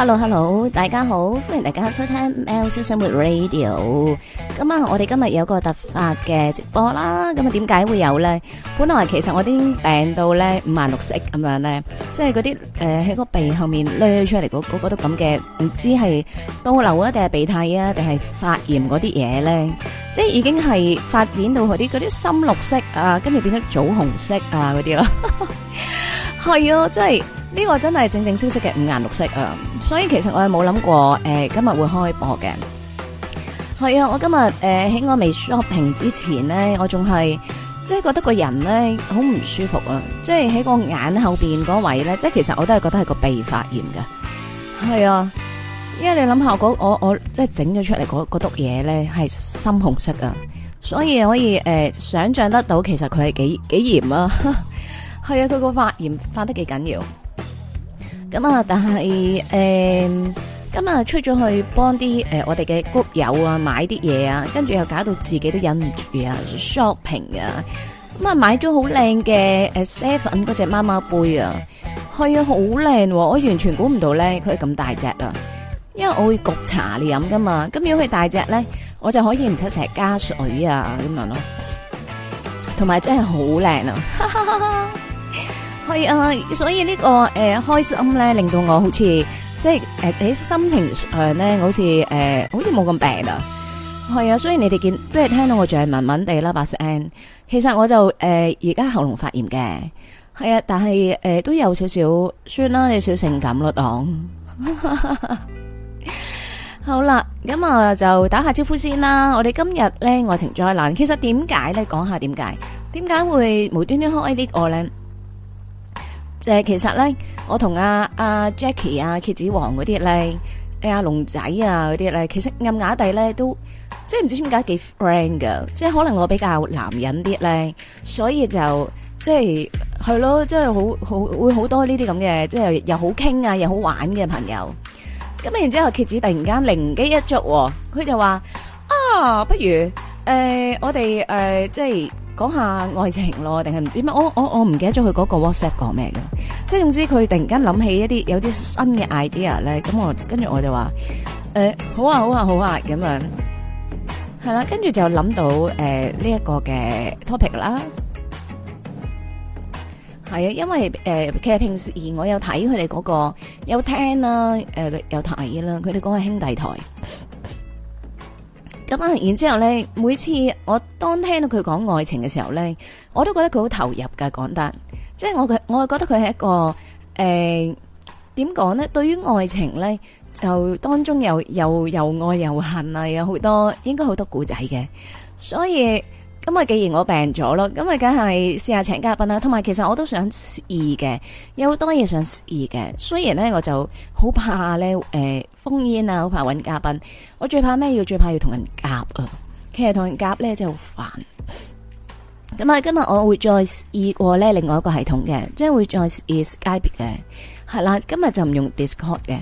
hello hello 大家好，歡迎大家收聽喵式生活 Radio。咁啊，我哋今日有個突發嘅直播啦。咁啊，點解會有咧？本來其實我啲病到咧五顏六色咁樣咧，即係嗰啲誒喺個鼻後面攞出嚟嗰嗰個都咁嘅，唔知係倒流啊，定係鼻涕啊，定係發炎嗰啲嘢咧，即係已經係發展到去啲嗰啲深綠色啊，跟住變咗棗紅色啊嗰啲咯，係啊，即係。呢個真係正正式式嘅五顏六色啊！所以其實我係冇諗過誒、呃，今日會開播嘅。係啊，我今日誒喺我未 shopping 之前咧，我仲係即係覺得個人咧好唔舒服啊！即係喺個眼後邊嗰位咧，即係其實我都係覺得係個鼻發炎嘅。係啊，因為你諗下，我我我即係整咗出嚟嗰嗰督嘢咧，係深紅色啊，所以可以誒、呃、想象得到，其實佢係幾幾炎啊。係 啊，佢個發炎發得幾緊要。咁、嗯嗯嗯嗯呃、啊！但係誒，今日出咗去幫啲誒我哋嘅谷友啊買啲嘢啊，跟住又搞到自己都忍唔住啊 shopping 啊！咁、嗯、啊買咗好靚嘅誒 Seven 嗰隻媽媽杯啊，係啊好靚、啊！我完全估唔到咧，佢咁大隻啊，因為我會焗茶嚟飲噶嘛。咁、嗯、如果佢大隻咧，我就可以唔使成日加水啊咁樣咯。同埋真係好靚啊！係啊，所以呢個誒開心咧，令到我好似即係誒喺心情上咧，好似誒好似冇咁病啊。係啊，雖然你哋見即係聽到我仲係文文地啦，把聲其實我就誒而家喉嚨發炎嘅，係啊，但係誒都有少少酸啦，有少少性感咯，當好啦。咁啊就打下招呼先啦。我哋今日咧愛情災難，其實點解咧？講下點解？點解會無端端開呢個咧？誒，其實咧，我同阿阿 Jackie 啊、蠍、啊啊、子王嗰啲咧，誒，阿龍仔啊嗰啲咧，其實暗雅帝咧都即係唔知點解幾 friend 噶，即係可能我比較男人啲咧，所以就即係係咯，即係好好會好多呢啲咁嘅，即係又，又好傾啊，又好玩嘅朋友。咁然之後蠍子突然間靈機一觸、哦，佢就話：啊，不如誒、呃，我哋誒、呃，即係。講下愛情咯，定係唔知咩？我我我唔記得咗佢嗰個 WhatsApp 講咩嘅，即係總之佢突然間諗起一啲有啲新嘅 idea 咧，咁我跟住我就話誒好啊好啊好啊咁樣，係啦，跟住就諗到誒呢一個嘅 topic 啦，係啊，因為誒其實平時而我有睇佢哋嗰個，有聽啦，誒有睇啦，佢哋嗰個兄弟台。咁啊！然之後呢，每次我當聽到佢講愛情嘅時候呢，我都覺得佢好投入㗎，講得，即係我佢，我係覺得佢係一個誒點講呢？對於愛情呢，就當中又又又愛又恨啊，有好多應該好多故仔嘅，所以。咁啊！既然我病咗咯，咁啊，梗係試下請嘉賓啦。同埋，其實我都想試嘅，有好多嘢想試嘅。雖然咧，我就好怕咧，誒、呃，烽煙啊，好怕揾嘉賓。我最怕咩？要最怕要同人夾啊！其實同人夾咧，真係好煩。咁啊，今日我會再試過呢另外一個系統嘅，即係會再試 Skype 嘅。係啦，今日就唔用 Discord 嘅。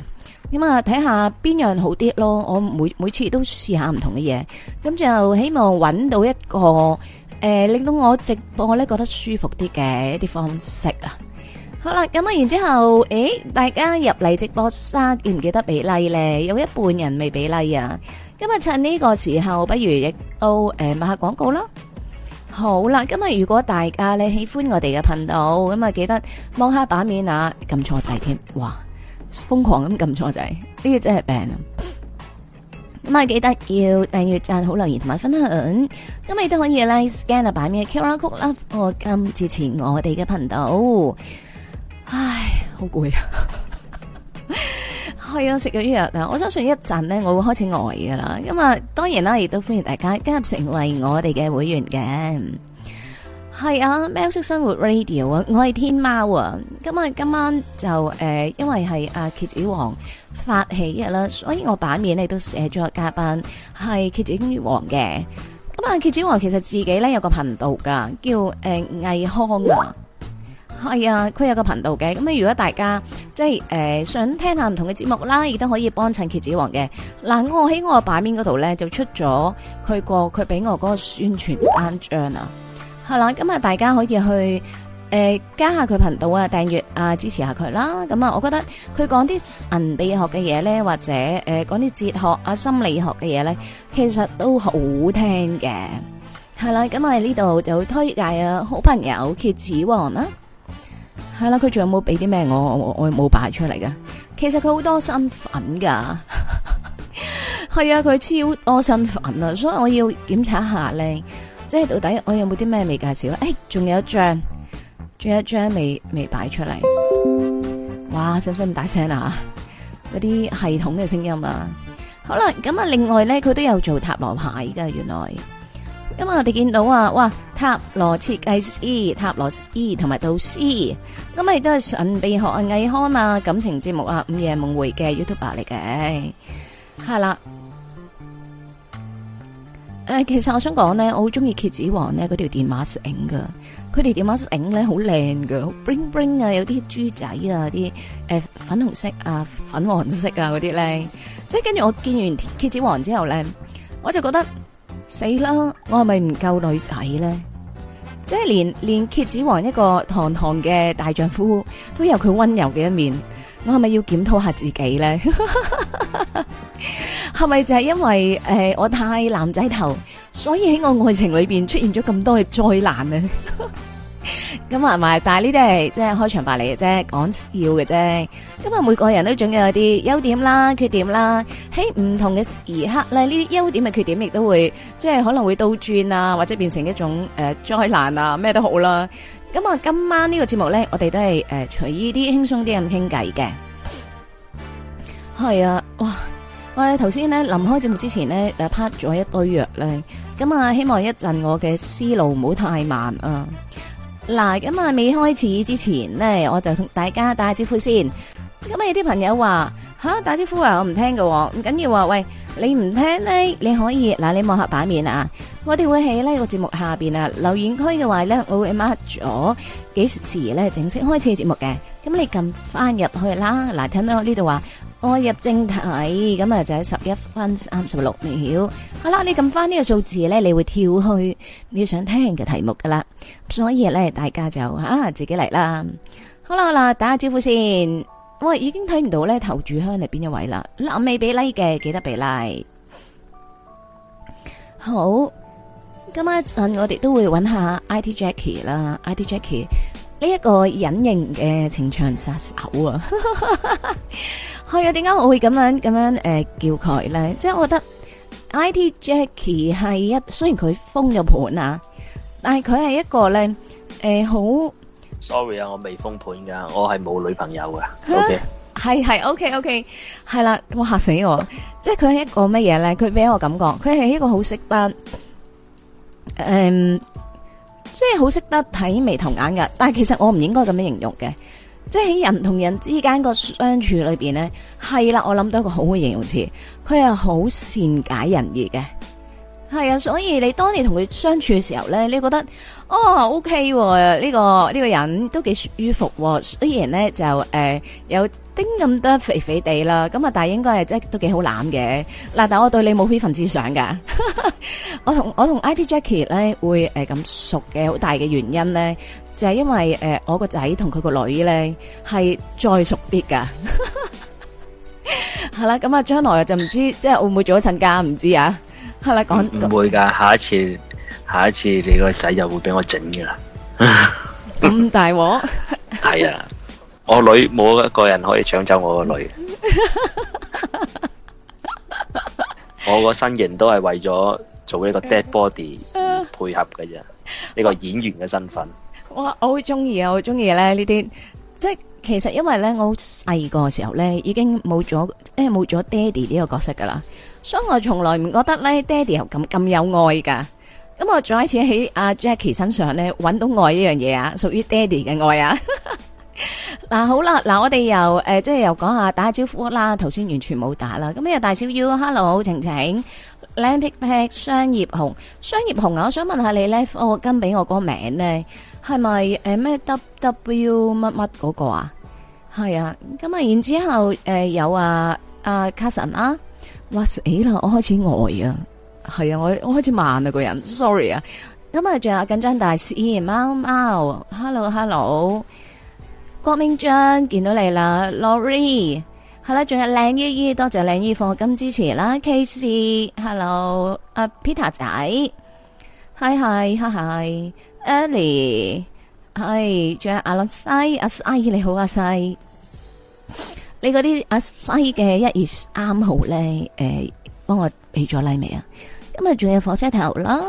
咁啊，睇下邊樣好啲咯。我每每次都試下唔同嘅嘢，咁就希望揾到一個誒，令到我直播我咧覺得舒服啲嘅一啲方式啊。好啦，咁啊，然之後誒，大家入嚟直播室記唔記得俾 like 咧？有一半人未俾 like 啊。咁啊趁，呢個時候，不如亦都誒賣下廣告啦。好啦，今日如果大家咧喜歡我哋嘅頻道，咁啊記得望下版面啊，撳錯掣添，哇！瘋狂咁撳錯掣，呢個真係病啊！咁啊，記得要訂閱讚好留言同埋分享，咁你都可以 scan 啊，擺咩 QR Code 啦，我咁支持我哋嘅頻道。唉，好攰啊，係呀，食咗藥啊！我相信一陣呢，我會開始呆噶啦。咁啊，當然啦，亦都歡迎大家加入成為我哋嘅會員嘅。係啊，m 喵式生活 radio 啊，我係天貓啊。咁啊，今晚就誒、呃，因為係阿蠍子王發起日啦，所以我版面咧都寫咗嘉賓係蠍子王嘅。咁啊，蠍子王其實自己咧有個頻道噶，叫誒偽呃、腔啊。係啊，佢有個頻道嘅。咁啊，如果大家即係誒、呃、想聽下唔同嘅節目啦，亦都可以幫襯蠍子王嘅。嗱，我喺我個版面嗰度咧就出咗佢個佢俾我嗰個宣傳單張啊。係啦，咁啊、嗯，大家可以去誒、呃、加一下佢頻道啊，訂閱啊，支持下佢啦。咁、嗯、啊，我覺得佢講啲神秘學嘅嘢咧，或者誒講啲哲學啊、心理學嘅嘢咧，其實都好聽嘅。係、嗯、啦，咁我哋呢度就推介啊，好朋友蠍子王啦。係、嗯、啦，佢、嗯、仲有冇俾啲咩我？我冇擺出嚟嘅。其實佢好多身份噶，係 啊，佢超多身份啊，所以我要檢查一下咧。即係到底我有冇啲咩未介紹？誒、哎，仲有一張，仲有一張未未擺出嚟。哇，使唔使咁大聲啊？嗰啲系統嘅聲音啊。好啦，咁啊，另外咧，佢都有做塔羅牌噶，原來。咁啊，我哋見到啊，哇，塔羅設計師、塔羅師同埋導師，咁、嗯、啊，亦都係神秘學、啊、藝康啊、感情節目啊、午夜夢回嘅 YouTuber 嚟嘅，係、嗯、啦。誒、呃，其實我想講咧，我好中意蠍子王咧嗰條電話繩噶。佢哋電話繩咧好靚噶，好 bling bling 啊，有啲豬仔啊，啲誒、呃、粉紅色啊、粉黃色啊嗰啲咧。即係跟住我見完蠍子王之後咧，我就覺得死啦，我係咪唔夠女仔咧？即係連連蠍子王一個堂堂嘅大丈夫都有佢温柔嘅一面。我係咪要檢討下自己咧？係 咪就係因為誒、呃、我太男仔頭，所以喺我愛情裏邊出現咗咁多嘅災難啊？咁係咪？但係呢啲係即係開場白嚟嘅啫，講笑嘅啫。咁啊，每個人都總有啲優點啦、缺點啦。喺唔同嘅時刻咧，呢啲優點嘅缺點亦都會即係、就是、可能會倒轉啊，或者變成一種誒災難啊，咩都好啦。咁啊，今晚呢個節目咧，我哋都係誒隨意啲、輕鬆啲咁傾偈嘅。係啊，哇！我頭先咧，臨開節目之前咧，就拍咗一堆藥咧。咁啊，希望一陣我嘅思路唔好太慢啊。嗱、啊，咁啊，未開始之前呢，我就同大家打個招呼先。咁啊！有啲朋友話吓打招呼啊，我唔聽噶喎，唔緊要呀。話喂，你唔聽呢？你可以嗱，你望下版面啊。我哋會喺呢個節目下邊啊留言區嘅話呢，我會 mark 咗幾時呢正式開始節目嘅。咁你撳翻入去啦，嗱，睇到我呢度話，我入正題，咁啊就喺十一分三十六秒。好啦，你撳翻呢個數字呢，你會跳去你想聽嘅題目噶啦。所以咧，大家就啊自己嚟啦。好啦，好啦，打下招呼先。我已經睇唔到咧，投住香係邊一位啦？男未俾 like 嘅，記得俾 like。好，今晚一陣我哋都會揾下 IT Jackie 啦，IT Jackie 呢一個隱形嘅情場殺手啊！係啊，點解我會咁樣咁樣誒、呃、叫佢咧？即係我覺得 IT Jackie 係一雖然佢封咗盤啊，但係佢係一個咧誒好。呃 sorry 啊，我未封盤噶，我係冇女朋友噶、啊 Okay。OK，係係 OK OK，係啦，我嚇死我。即係佢係一個乜嘢咧？佢俾我感覺，佢係一個好識得，誒、嗯，即係好識得睇眉頭眼噶。但係其實我唔應該咁樣形容嘅。即係喺人同人之間個相處裏邊咧，係啦，我諗到一個好嘅形容詞，佢係好善解人意嘅。係啊，所以你當你同佢相處嘅時候咧，你覺得哦 OK 呢、啊這個呢、這個人都幾舒服，啊，雖然咧就誒、呃、有丁咁多肥肥地啦，咁啊但係應該係即係都幾好攬嘅。嗱、啊，但我對你冇非分之想噶。 我同我同 I.T. Jackie 咧會誒咁、呃、熟嘅好大嘅原因咧，就係、是、因為誒、呃、我個仔同佢個女咧係再熟啲噶。係 啦、嗯，咁啊將來就唔知即係會唔會做咗親家唔知啊。係啦，講唔會噶，下一次下一次你個仔就會俾我整噶啦，咁大鑊。係啊，我女冇一個人可以搶走我個女。我個身形都係為咗做呢個 dead body 配合嘅啫，呢個演員嘅身份。哇，我好中意啊，我好中意咧呢啲，即係其實因為咧我好細個嘅時候咧已經冇咗，即係冇咗爹地呢個角色噶啦。所以我從來唔覺得咧，爹哋又咁咁有愛噶。咁我再一次喺阿 Jackie 身上咧，揾到愛呢樣嘢啊，屬於爹哋嘅愛啊。嗱好啦，嗱我哋又誒，即係又講下打下招呼啦。頭先完全冇打啦。咁今日大少少，Hello 晴晴，靚皮皮，商業紅，商業紅啊！我想問下你咧，我跟俾我個名咧，係咪誒咩 W 乜乜嗰個啊？係啊。咁啊，然之後誒有啊啊 Cassian 啊。哇！死啦，我開始呆啊，係啊，我我開始慢啊，個人，sorry 啊。咁啊，仲有緊張大師，貓貓，hello hello，郭明章見到你啦，Laurie，係啦，仲、啊、有靚姨姨，多謝靚姨貨金支持啦，Casey，hello，阿、uh, Peter 仔，hi hi hi Ellie 係，仲有阿阿西阿西你好阿西。你嗰啲阿西嘅一二三號咧，誒，幫我起咗拉未啊？今日仲有火車頭啦，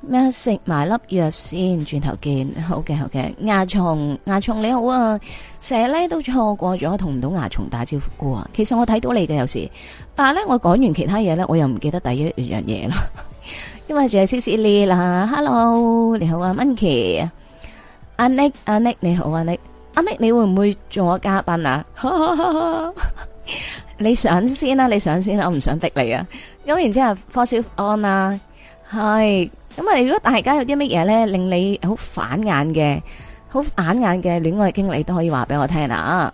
咩食埋粒藥先，轉頭見。好嘅，好嘅。牙蟲，牙蟲你好啊，成日咧都錯過咗同唔到牙蟲打招呼啊。其實我睇到你嘅有時，但係咧我講完其他嘢咧，我又唔記得第一樣嘢啦。因為仲係小小裂啦。Hello，你好啊，Monkey。阿叻，阿叻，你好啊，阿叻。阿 Nick，你會唔會做我嘉賓啊？你上先啦，你上先啦，我唔想逼你啊。咁然之後，方少安啦，係咁啊。如果大家有啲乜嘢咧，令你好反眼嘅，好反眼嘅戀愛經歷，都可以話俾我聽啊。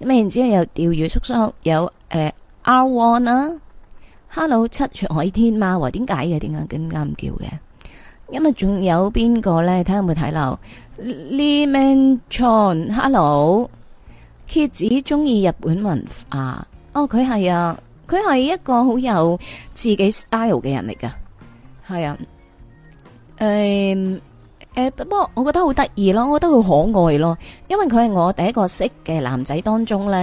咁啊，然之後又釣魚叔叔，有誒 R One 啦，Hello 七彩天喵，點解嘅？點解咁啱叫嘅？咁啊，仲有邊個咧？睇下有冇睇漏。Li Man Chan，Hello，蠍子中意日本文化。哦，佢係啊，佢係一個好有自己 style 嘅人嚟噶。係啊，誒、嗯、誒，不、嗯、過我覺得好得意咯，我覺得佢可愛咯，因為佢係我第一個識嘅男仔當中咧。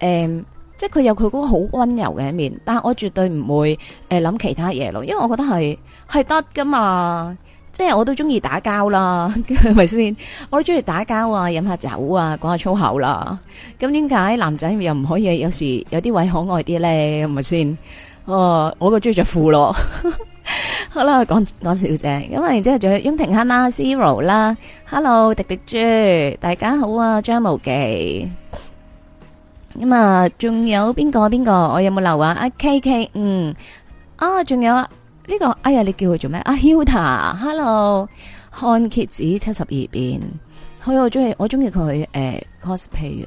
誒、嗯，即係佢有佢嗰個好温柔嘅一面，但係我絕對唔會誒諗其他嘢咯，因為我覺得係係得噶嘛。即係我都中意打交啦，係咪先？我都中意打交啊，飲下酒啊，講下粗口啦。咁點解男仔又唔可以有時有啲位可愛啲咧？係咪先？哦，我個中意着褲咯。好啦，講講笑啫，咁啊，然之後仲有雍庭亨啦、Zero 啦、Hello、迪迪豬，大家好啊，張無忌。咁啊，仲有邊個邊個？我有冇留啊？阿 K K，嗯，啊，仲有。呢、這個哎呀，你叫佢做咩？阿、啊、Huta，Hello，漢傑子七十二變，佢我中意，我中意佢誒 cosplay 啊，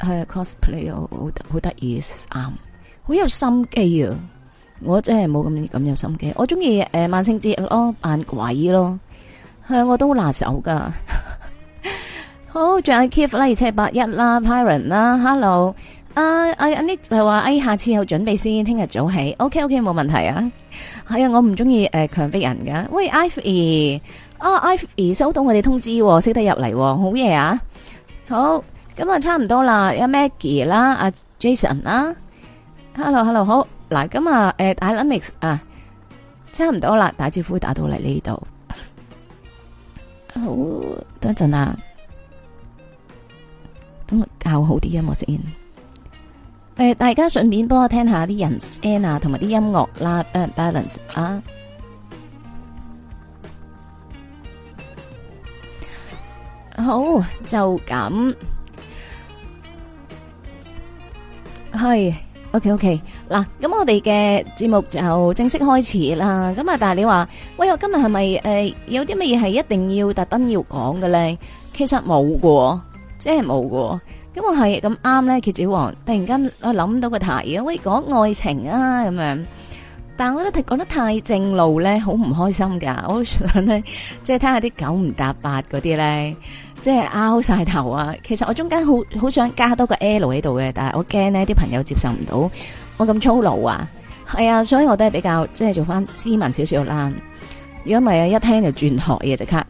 係、呃、cosplay、嗯、Cos 好好得意啱，好有心機啊！我真係冇咁咁有心機，我中意誒萬聖節咯，扮鬼咯，係、嗯、我都好難手噶。好，仲有 Kev 啦，而且八一啦 p i r a n 啦，Hello。啊！阿 Anik 係話，uh, 下次有準備先，聽日早起。OK，OK，okay, okay, 冇問題啊。係、uh, 啊，我唔中意誒強迫人噶。喂，Ivy，哦、uh，Ivy 收到我哋通知，識得入嚟，好嘢啊！好，咁啊，uh, 啊，差唔多啦。阿 Maggie 啦，阿 Jason 啦，Hello，Hello，好嗱。咁啊，誒，I love mix 啊，差唔多啦，打招呼打到嚟呢度。 好，等一陣啊，等我教好啲音樂先。誒，大家順便幫我聽下啲人聲啊，同埋啲音樂啦，balance 啊，好就咁係，ok ok 嗱，咁我哋嘅節目就正式開始啦。咁啊，但係你話，喂，我今日係咪誒有啲乜嘢係一定要特登要講嘅咧？其實冇嘅，即係冇嘅。因為我係咁啱咧，蠍子王突然間我諗到個題，喂，講愛情啊咁樣，但係我覺得太講得太正路咧，好唔開心噶，我好想咧，即係睇下啲九唔搭八嗰啲咧，即係拗晒頭啊！其實我中間好好想加多個 L 喺度嘅，但係我驚呢啲朋友接受唔到，我咁粗魯啊，係啊，所以我都係比較即係做翻斯文少少啦。如果唔係啊，一聽就轉學嘢，就卡。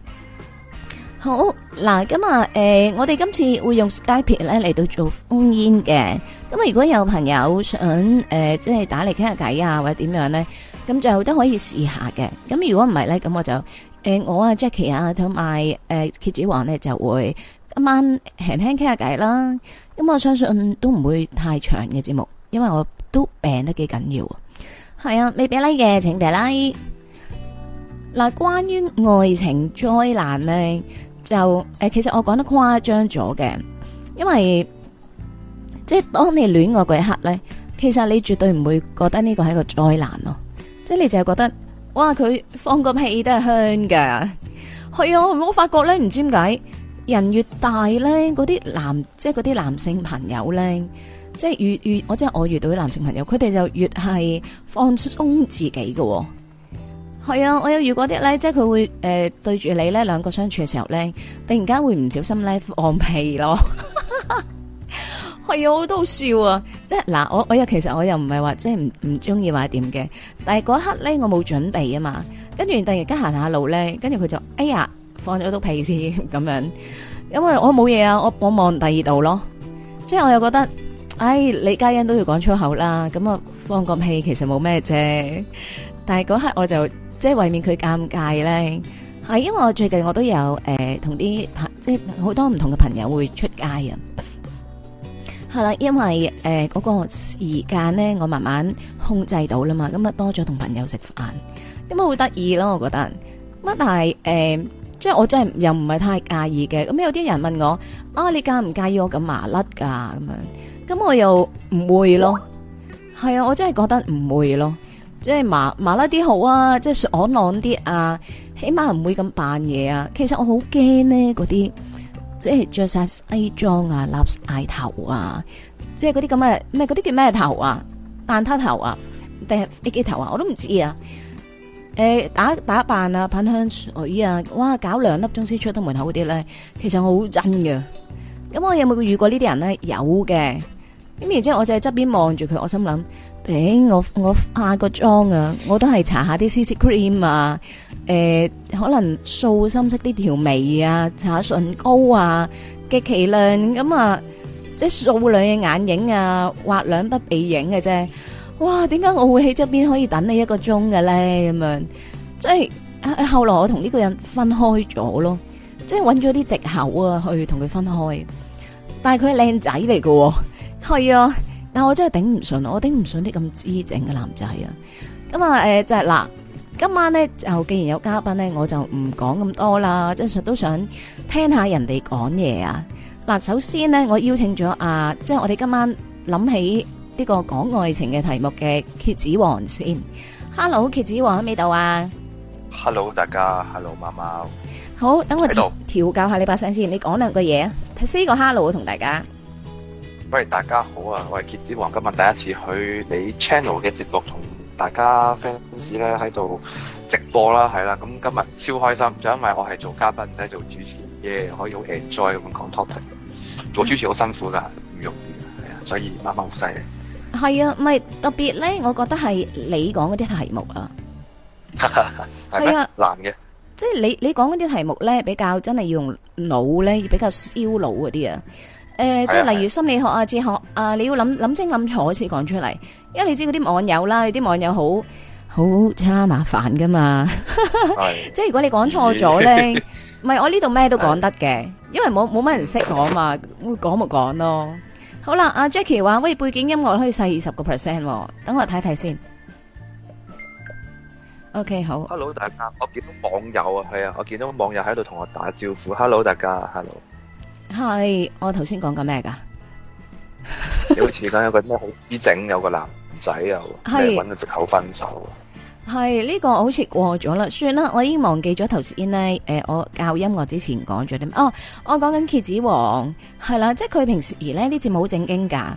好嗱，咁啊，誒、呃，我哋今次會用 Skype 咧，嚟到做烽煙嘅。咁啊，如果有朋友想誒、呃，即係打嚟傾下偈啊，或者點樣咧，咁就都可以試下嘅。咁如果唔係咧，咁我就誒、呃，我啊 Jackie 啊，同埋誒蠍子王咧，就會今晚輕輕傾下偈啦。咁、嗯、我相信都唔會太長嘅節目，因為我都病得幾緊要。係啊，未畀 like 嘅，請畀 like。嗱、呃，關於愛情災難咧。就誒，其實我講得誇張咗嘅，因為即係當你戀愛嗰一刻咧，其實你絕對唔會覺得呢個係一個災難咯，即係你就係覺得，哇，佢放個屁都係香噶係啊，我發覺咧，唔知點解人越大咧，嗰啲男即係嗰啲男性朋友咧，即係越越我即係我遇到啲男性朋友，佢哋就越係放鬆自己嘅喎。係啊，我有遇過啲咧，即係佢會誒、呃、對住你咧，兩個相處嘅時候咧，突然間會唔小心咧放屁咯。係 啊，我都笑啊，即係嗱，我我又其實我又唔係話即係唔唔中意話點嘅，但係嗰刻咧我冇準備啊嘛，跟住突然間行下路咧，跟住佢就哎呀放咗督屁先咁樣，因為我冇嘢啊，我我望第二度咯，即係我又覺得，哎李嘉欣都要講粗口啦，咁啊放個屁其實冇咩啫，但係嗰刻我就。即係為免佢尷尬咧，係因為我最近我都有誒同啲朋，即係好多唔同嘅朋友會出街啊。係啦，因為誒嗰、呃那個時間咧，我慢慢控制到啦嘛，咁啊多咗同朋友食飯，咁啊好得意咯，我覺得。乜但係誒、呃，即係我真係又唔係太介意嘅。咁、嗯、有啲人問我啊，你介唔介意我咁麻甩噶咁樣？咁、嗯、我又唔會咯。係啊，我真係覺得唔會咯。即係麻麻甩啲好啊，即係爽朗啲啊，起碼唔會咁扮嘢啊。其實我好驚呢嗰啲，即係着曬西裝啊、笠捱頭啊，即係嗰啲咁嘅，咩嗰啲叫咩頭啊？蛋撻頭啊，定係飛機頭啊？我都唔知啊。欸、打打扮啊，噴香水啊，哇！搞兩粒鐘先出到門口嗰啲咧，其實我好憎㗎。咁我有冇遇過呢啲人咧？有嘅。咁然之後，我就喺側邊望住佢，我心諗。誒，我我化個妝啊，我都係搽下啲 CC cream 啊，誒，可能掃深色啲條眉啊，搽下唇膏啊，極其量咁啊，即係掃兩隻眼影啊，畫兩筆鼻影嘅啫。哇，點解我會喺側邊可以等你一個鐘嘅咧？咁樣，即係後來我同呢個人分開咗咯，即係揾咗啲借口啊，去同佢分開。但係佢係靚仔嚟㗎喎，係啊。但我真係頂唔順，我頂唔順啲咁姿整嘅男仔啊！咁啊，誒、呃，就係嗱，今晚咧就既然有嘉賓咧，我就唔講咁多啦，即係想都想聽下人哋講嘢啊！嗱，首先咧，我邀請咗啊，即係我哋今晚諗起呢個講愛情嘅題目嘅蠍子王先。Hello，蠍子王喺未度啊？Hello，大家，Hello，貓貓。好，等我調教下你把聲先，你講兩句嘢啊！睇四個 Hello 同大家。喂，大家好啊！我係蠍子王。今日第一次去你 channel 嘅節目，同大家 fans 咧喺度直播啦，係啦。咁今日超開心，就因為我係做嘉賓，唔使做主持，耶可以好 enjoy 咁講 topic。做主持好辛苦噶，唔、嗯、容易啊，係啊，所以啱啱好犀利。係啊，唔係特別咧，我覺得係你講嗰啲題目啊，係 嗎啊，難嘅的。即係你你講嗰啲題目咧，比較真係要用腦咧，要比較燒腦嗰啲啊。誒，即係例如心理學啊、哲學啊，你要諗諗清諗楚先講出嚟，因為你知嗰啲網友啦，有啲網友好好差麻煩噶嘛，對呵呵即係如果你講錯咗咧，唔係 我呢度咩都講得嘅，對因為冇冇乜人識講嘛， 會講咪講咯。好啦，阿、啊、Jackie 話喂，背景音樂可以細二十個 percent，等我睇睇先。OK，好。Hello 大家，我見到網友啊，係啊，我見到網友喺度同我打招呼。Hello 大家，Hello。係，我頭先講緊咩噶？你好似講有個咩好姿整，有個男仔又係搵個借口分手。係呢、 這個好似過咗啦，算啦，我已經忘記咗頭先咧。誒、呃，我教音樂之前講咗啲咩？哦，我講緊蠍子王，係啦，即係佢平時咧呢節冇正經噶。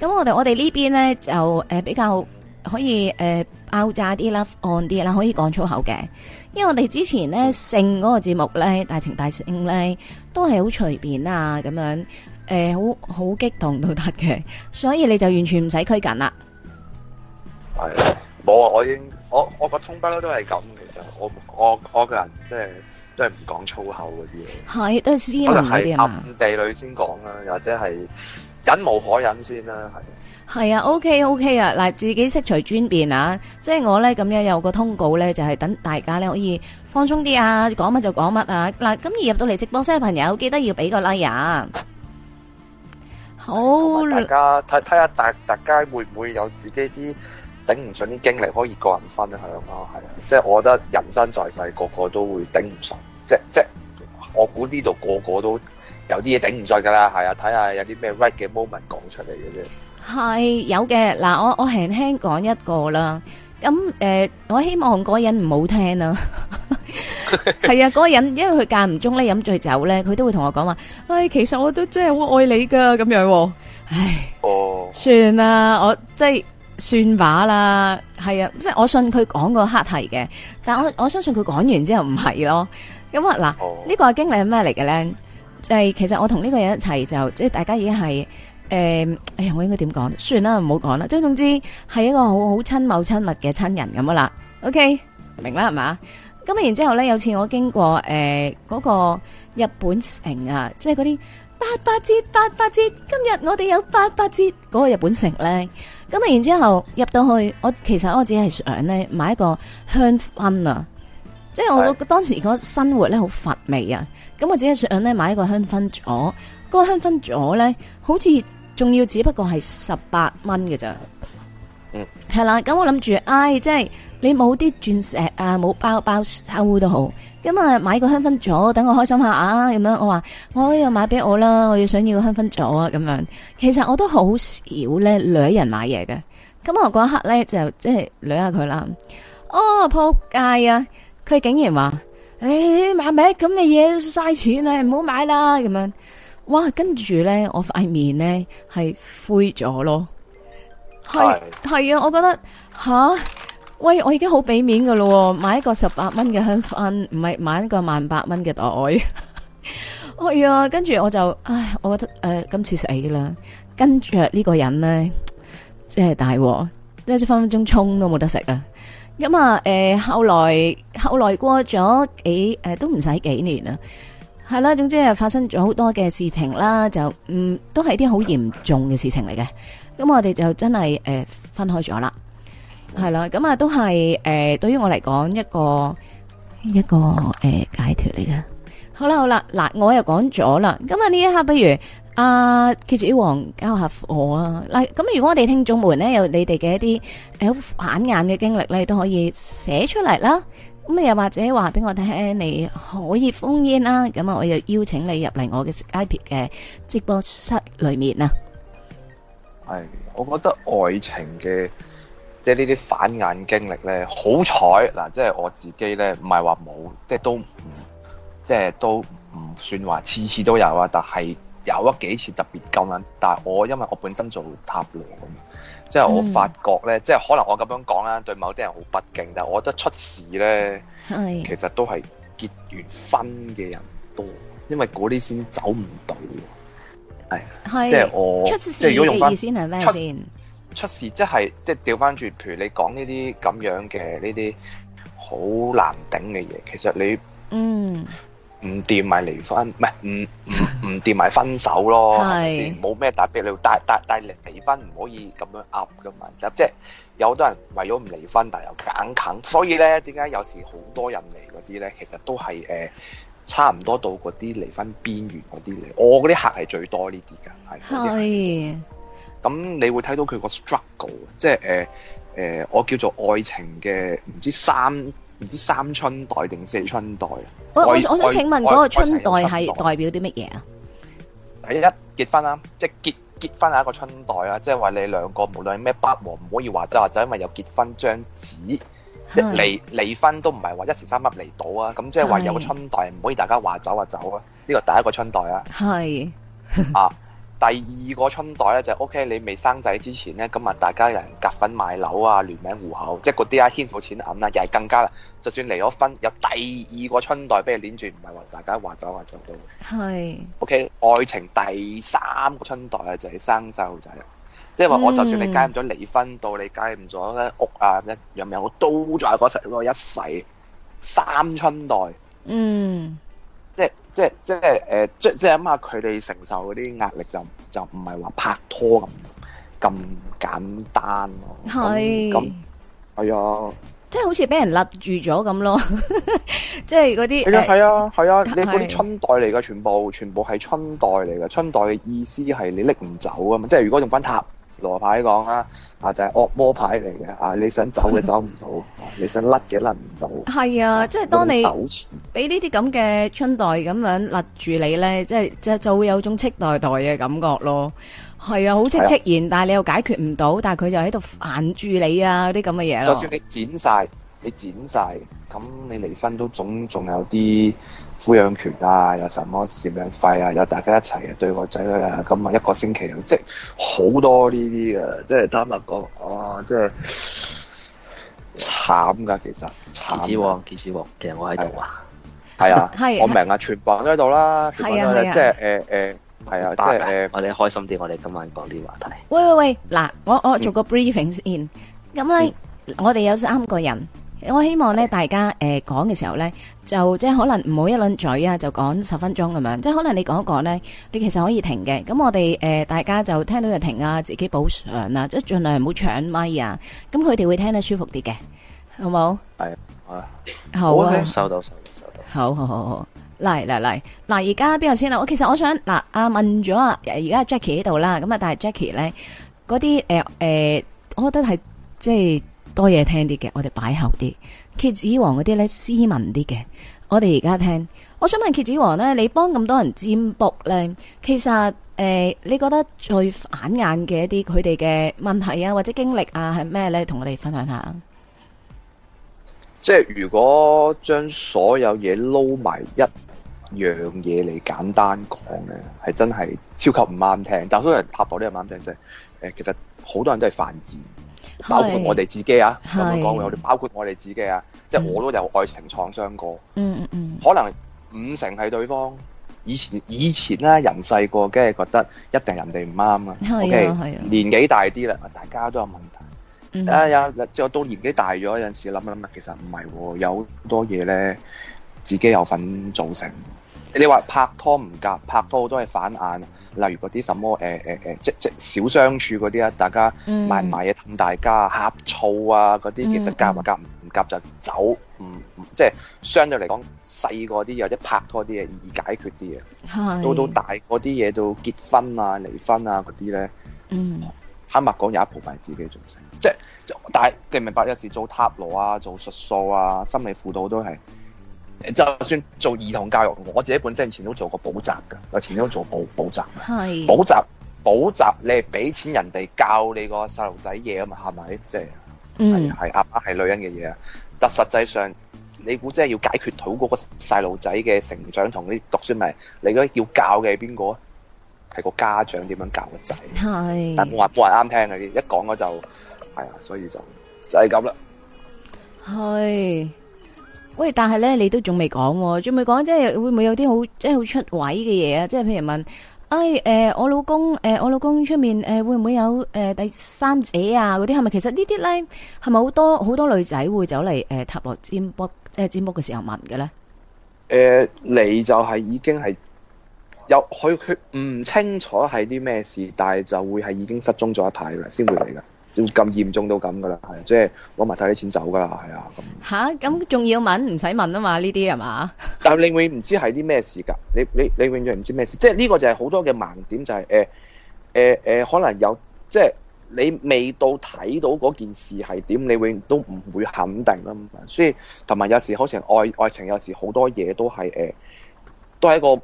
咁我哋我哋呢邊咧就誒比較可以誒、呃、爆炸啲啦，按啲啦，可以講粗口嘅。因為我哋之前咧性嗰個節目咧大情大性咧都係好隨便啊咁樣誒好好激動都得嘅，所以你就完全唔使拘謹啦。係，冇啊！我已經我我個通筆都都係咁，其實我我我個人即係都係唔講粗口嗰啲嘢，係都係斯文啲啊。可能係暗地裏先講啦，或者係忍無可忍先啦，係。係啊，OK OK 啊，嗱，自己悉隨尊便啊，即係我咧咁樣有個通告咧，就係、是、等大家咧可以放鬆啲啊，講乜就講乜啊，嗱，咁而入到嚟直播室嘅朋友，記得要俾個 like 啊，好，問問大家睇睇下大大家會唔會有自己啲頂唔順啲經歷，可以個人分享咯、啊，係啊，即係我覺得人生在世，個個都會頂唔順，即即我估呢度個個都有啲嘢頂唔順噶啦，係啊，睇下有啲咩 red 嘅 moment 講出嚟嘅啫。係有嘅，嗱，我我輕輕講一個啦。咁，誒，我希望嗰人唔好聽啦。係啊，嗰人因為佢間唔中咧飲醉酒咧，佢都會同我講話，誒，其實我都真係好愛你噶咁樣。唉，哦，算啦，我即係算話啦。係啊，即係我信佢講個黑題嘅，但係我我相信佢講完之後唔係咯。咁啊，嗱，呢個經歷係咩嚟嘅咧？就係其實我同呢個人一齊就即係大家已經係。誒，uh, 哎呀，我應該點講？算啦，唔好講啦。即總之係一個好好親某親密嘅親人咁啊啦。O、okay? K，明啦係嘛？咁啊，然之後咧，有次我經過誒嗰，呃那個日本城啊，即係嗰啲八八折八八折，今日我哋有八八折嗰，那個日本城咧。咁啊，然之後入到去，我其實我只係想咧買一個香薰啊，即係我當時個生活咧好乏味啊。咁我只係想咧買一個香薰座，那個香薰座咧好似。仲要只不過係十八蚊嘅咋。嗯，係啦，咁我諗住，唉，即係你冇啲鑽石啊，冇包包收都好，咁、嗯、啊買個香薰座，等我開心一下啊，咁樣，我話我又買俾我啦，我要想要個香薰座啊，咁樣，其實我都好少咧女人買嘢嘅，咁我嗰一刻咧就即係女下佢啦，哦撲街啊，佢竟然話，唉、欸、買咩咁嘅嘢嘥錢啊，唔好買啦，咁樣。哇！跟住呢，我塊面呢，係灰咗咯，係係 Hi. 啊！我覺得吓，喂，我已經好俾面噶咯，買一個十八蚊嘅香粉，唔係買一個萬八蚊嘅袋，係 啊！跟住我就，唉，我覺得誒、呃，今次死啦！跟住呢個人呢，即係大鑊，即係分分鐘冲都冇得食啊！咁、嗯、啊，誒、呃，後來後來過咗幾誒、呃，都唔使幾年啊。係啦，總之係發生咗好多嘅事情啦，就嗯都係一啲好嚴重嘅事情嚟嘅。咁我哋就真係誒分開咗啦，係啦，咁啊都係誒對於我嚟講一個一個誒解脱嚟嘅。好啦好啦，嗱我又講咗啦，咁啊呢一刻不如阿蠍子王交下我啊，嗱咁如果我哋聽眾們咧有你哋嘅一啲好反眼嘅經歷咧，都可以寫出嚟啦。咁啊，又或者話俾我聽，你可以封煙啦。咁啊，我又邀請你入嚟我嘅 I P 嘅直播室裏面啊。係、哎，我覺得愛情嘅即係呢啲反眼經歷咧，好彩嗱、啊，即係我自己咧，唔係話冇，即係都唔，即係都唔算話次次都有啊。但係有咗幾次特別咁啦，但係我因為我本身做塔羅咁即係我發覺咧，嗯、即係可能我咁樣講啦，對某啲人好不敬，但係我覺得出事咧，是其實都係結完婚嘅人多，因為嗰啲先走唔到，係是即係我即係如果用翻出出事，即係即係調翻轉，譬如你講呢啲咁樣嘅呢啲好難頂嘅嘢，其實你嗯。唔掂咪離婚，唔係唔唔唔掂咪分手咯，冇咩 大不了，但但但離婚唔可以咁樣噏噶嘛，即即有好多人為咗唔離婚，但又硬啃，所以咧，點解有時好多人嚟嗰啲咧，其實都係誒、呃、差唔多到嗰啲離婚邊緣嗰啲嚟，我嗰啲客係最多呢啲㗎，係。 係。咁你會睇到佢個 struggle，即係誒、呃呃、我叫做愛情嘅唔知三唔知三春代定四春代啊！我我我想請問嗰個春代係代表啲乜嘢啊？第一結婚啦，即結結婚係一個春代啦，即係話你兩個無論咩不和唔可以話走就走，因為有結婚張紙，的即離離婚都唔係話一時三刻離到啊。咁即係話有個春代唔可以大家話走就走啊。呢個的第一個春代啊，係啊是的。 第二個春代咧就係 OK，你未生仔之前咧，咁啊大家人夾份買樓啊，聯名戶口，即係啲啊牽涉錢銀啦，又係更加啦。就算離咗婚，有第二個春代俾你鏈住，唔係話大家話走啊，走到是。係。OK，愛情第三個春代啊，就係生細路仔。即係話我就算你介入咗離婚，嗯、到你介入咗咧屋啊，一樣樣，我都在嗰層一世三春代。嗯。即係即係誒，即係、呃、即係諗下佢哋承受嗰啲壓力，就就唔係話拍拖咁咁簡單咯。係咁係啊，即係好似俾人擸住咗咁咯。即係嗰啲係啊係啊係啊，你嗰啲春袋嚟嘅，全部是全部係春袋嚟嘅。春袋嘅意思係你拎唔走啊嘛。即係如果用翻塔羅牌講啦。啊！就係、是、惡魔牌嚟嘅，啊！你想走嘅走唔到、 啊，你想甩嘅甩唔到。係啊，啊即係當你俾呢啲咁嘅春代咁樣勒住你咧，即係 就，就就會有種戚代代嘅感覺咯。係啊，好戚戚然，啊、但係你又解決唔到，但係佢就喺度煩住你啊！嗰啲咁嘅嘢咯。就算你剪晒，你剪晒，咁你離婚都總仲有啲。撫養權啊，有什麼贍養費啊，有大家一齊對個仔女啊，咁啊一個星期啊，即係好多呢啲嘅，即係坦白講，哇，即係慘㗎，其實。蠍子王，蠍子王，其實我喺度啊，係啊，我明啊，全部喺度啦，即係誒誒，係啊，即係誒，我哋開心啲，我哋今晚講啲話題。喂喂喂，嗱，我我做個 briefing 先，咁咧，我哋有三個人。我希望咧，大家誒講嘅時候咧，就即係可能唔好一輪嘴啊，就講十分鐘咁樣。即係可能你講一講咧，你其實可以停嘅。咁我哋誒大家就聽到就停啊，自己補償啊，即係盡量唔好搶咪啊。咁佢哋會聽得舒服啲嘅，好冇？係啊，好啊，好啊，收到收到收到。好好好好，嚟嚟嚟，嗱而家邊個先啊？我其實我想嗱啊問咗啊，而家 Jackie 喺度啦，咁啊但係 Jackie 咧嗰啲誒誒，我覺得係即係。多嘢聽啲嘅，我哋擺後啲。蠍子王嗰啲咧，斯文啲嘅。我哋而家聽，我想問蠍子王咧，你幫咁多人占卜咧，其實誒、呃，你覺得最反眼嘅一啲佢哋嘅問題啊，或者經歷啊係咩咧？同我哋分享下。即係如果將所有嘢撈埋一樣嘢嚟簡單講咧，係真係超級唔啱聽。但係所有人塔羅都係唔啱聽，即係誒，其實好多人都係犯賤。包括我哋自己啊，咁樣講嘅，我哋包括我哋自己啊，啊即係我都有愛情創傷過。嗯嗯嗯，嗯可能五成係對方，以前以前咧、啊、人細個梗係覺得一定人哋唔啱啊。OK，係啊，係啊，年紀大啲啦，大家都有問題。有即係我到年紀大咗，有陣時諗一諗啊，其實唔係，有好多嘢咧，自己有份造成。你話拍拖唔夾，拍拖都係反眼。例如嗰啲什麼誒誒誒，即即少相處嗰啲啊，大家埋埋嘢氹大家、呷、嗯、醋啊嗰啲，嗯、其實夾唔夾唔夾就走。唔、嗯、即係相對嚟講細嗰啲或者拍拖啲嘢易解決啲嘢，到是到大嗰啲嘢到結婚啊離婚啊嗰啲咧，呢嗯、坦白講有一部分係自己造成。即係就但係你明白有時候做塔羅啊、做術數啊、心理輔導都係。就算做兒童教育，我自己本身以前都做過補習噶，我以前都做補補習嘅。係補習補習，你係俾錢人哋教你個細路仔嘢啊嘛，係咪？即係係係阿媽係女人嘅嘢啊，但實際上你估真係要解決到嗰個細路仔嘅成長同啲讀書咪？你嗰啲要教嘅係邊個啊？係個家長點樣教個仔？係是，但冇話冇話啱聽啊！一講咗就係啊，所以就就係咁啦。係。喂，但係咧，你都仲未講，仲未講，即係會唔會有啲好，即係好出位嘅嘢啊？即係譬如問，哎，誒、呃，我老公，誒、呃，我老公出面，誒，會唔會有誒、呃、第三者啊？嗰啲係咪？其實這些呢啲咧，係咪好多好多女仔會走嚟誒、呃，塔羅占卜，即、呃、係占卜嘅時候問嘅咧？誒、呃，嚟就係已經係有，佢佢唔清楚係啲咩事，但係就會係已經失蹤咗一排啦，先會嚟噶。咁嚴重到咁噶啦，即係攞埋曬啲錢走噶啦，係啊咁。嚇咁仲要問？唔使問啊嘛，呢啲係嘛？ 但係你永唔知係啲咩事㗎？你你你永遠唔知咩事，事，即係呢個就係好多嘅盲點，就係，就係誒可能有即係你未到睇到嗰件事係點，你永遠都唔會肯定啦。所以同埋有，有時好似愛，愛情，有時好多嘢都係誒、呃，都係一個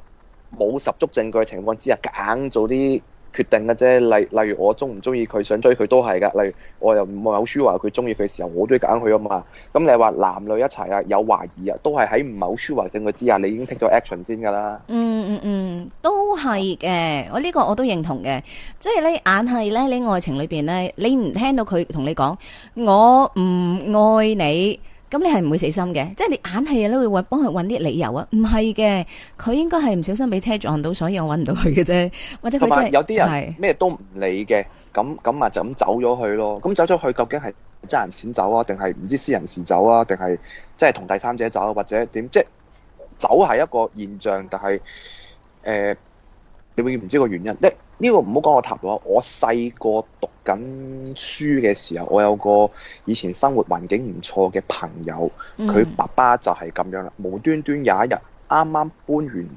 冇十足證據嘅情況之下，硬做啲，決定嘅啫，例例如我中唔中意佢，想追佢都係噶。例如我又唔係好 sure 話佢中意佢嘅時候，我都揀佢啊嘛。咁你話男女一齊啊，有懷疑啊，都係喺唔係好 sure 話先，我知啊，你已經 take 咗 action 先噶啦。嗯嗯嗯，都係嘅，我呢個我都認同嘅，即係咧硬係咧你，你愛情裏邊咧，你唔聽到佢同你講我唔愛你。咁你係唔會死心嘅，即、就、係、是、你硬係呀你會幫佢搵啲理由啊？唔係嘅，佢應該係唔小心俾車撞到，所以我搵唔到佢嘅啫。或者佢即係有啲、就是、人咩都唔理嘅，咁咁啊就咁走咗去咯。咁走咗去究竟係揸人錢走啊，定係唔知私人事走啊，定係即係同第三者走、啊、或者點？即、就、係、是、走係一個現象，但係誒、呃，你永遠唔知個原因。呢個唔好講我塔羅。我細個讀緊書嘅時候，我有個以前生活環境唔錯嘅朋友，佢爸爸就係咁樣啦。嗯、無端端有一日，啱啱搬完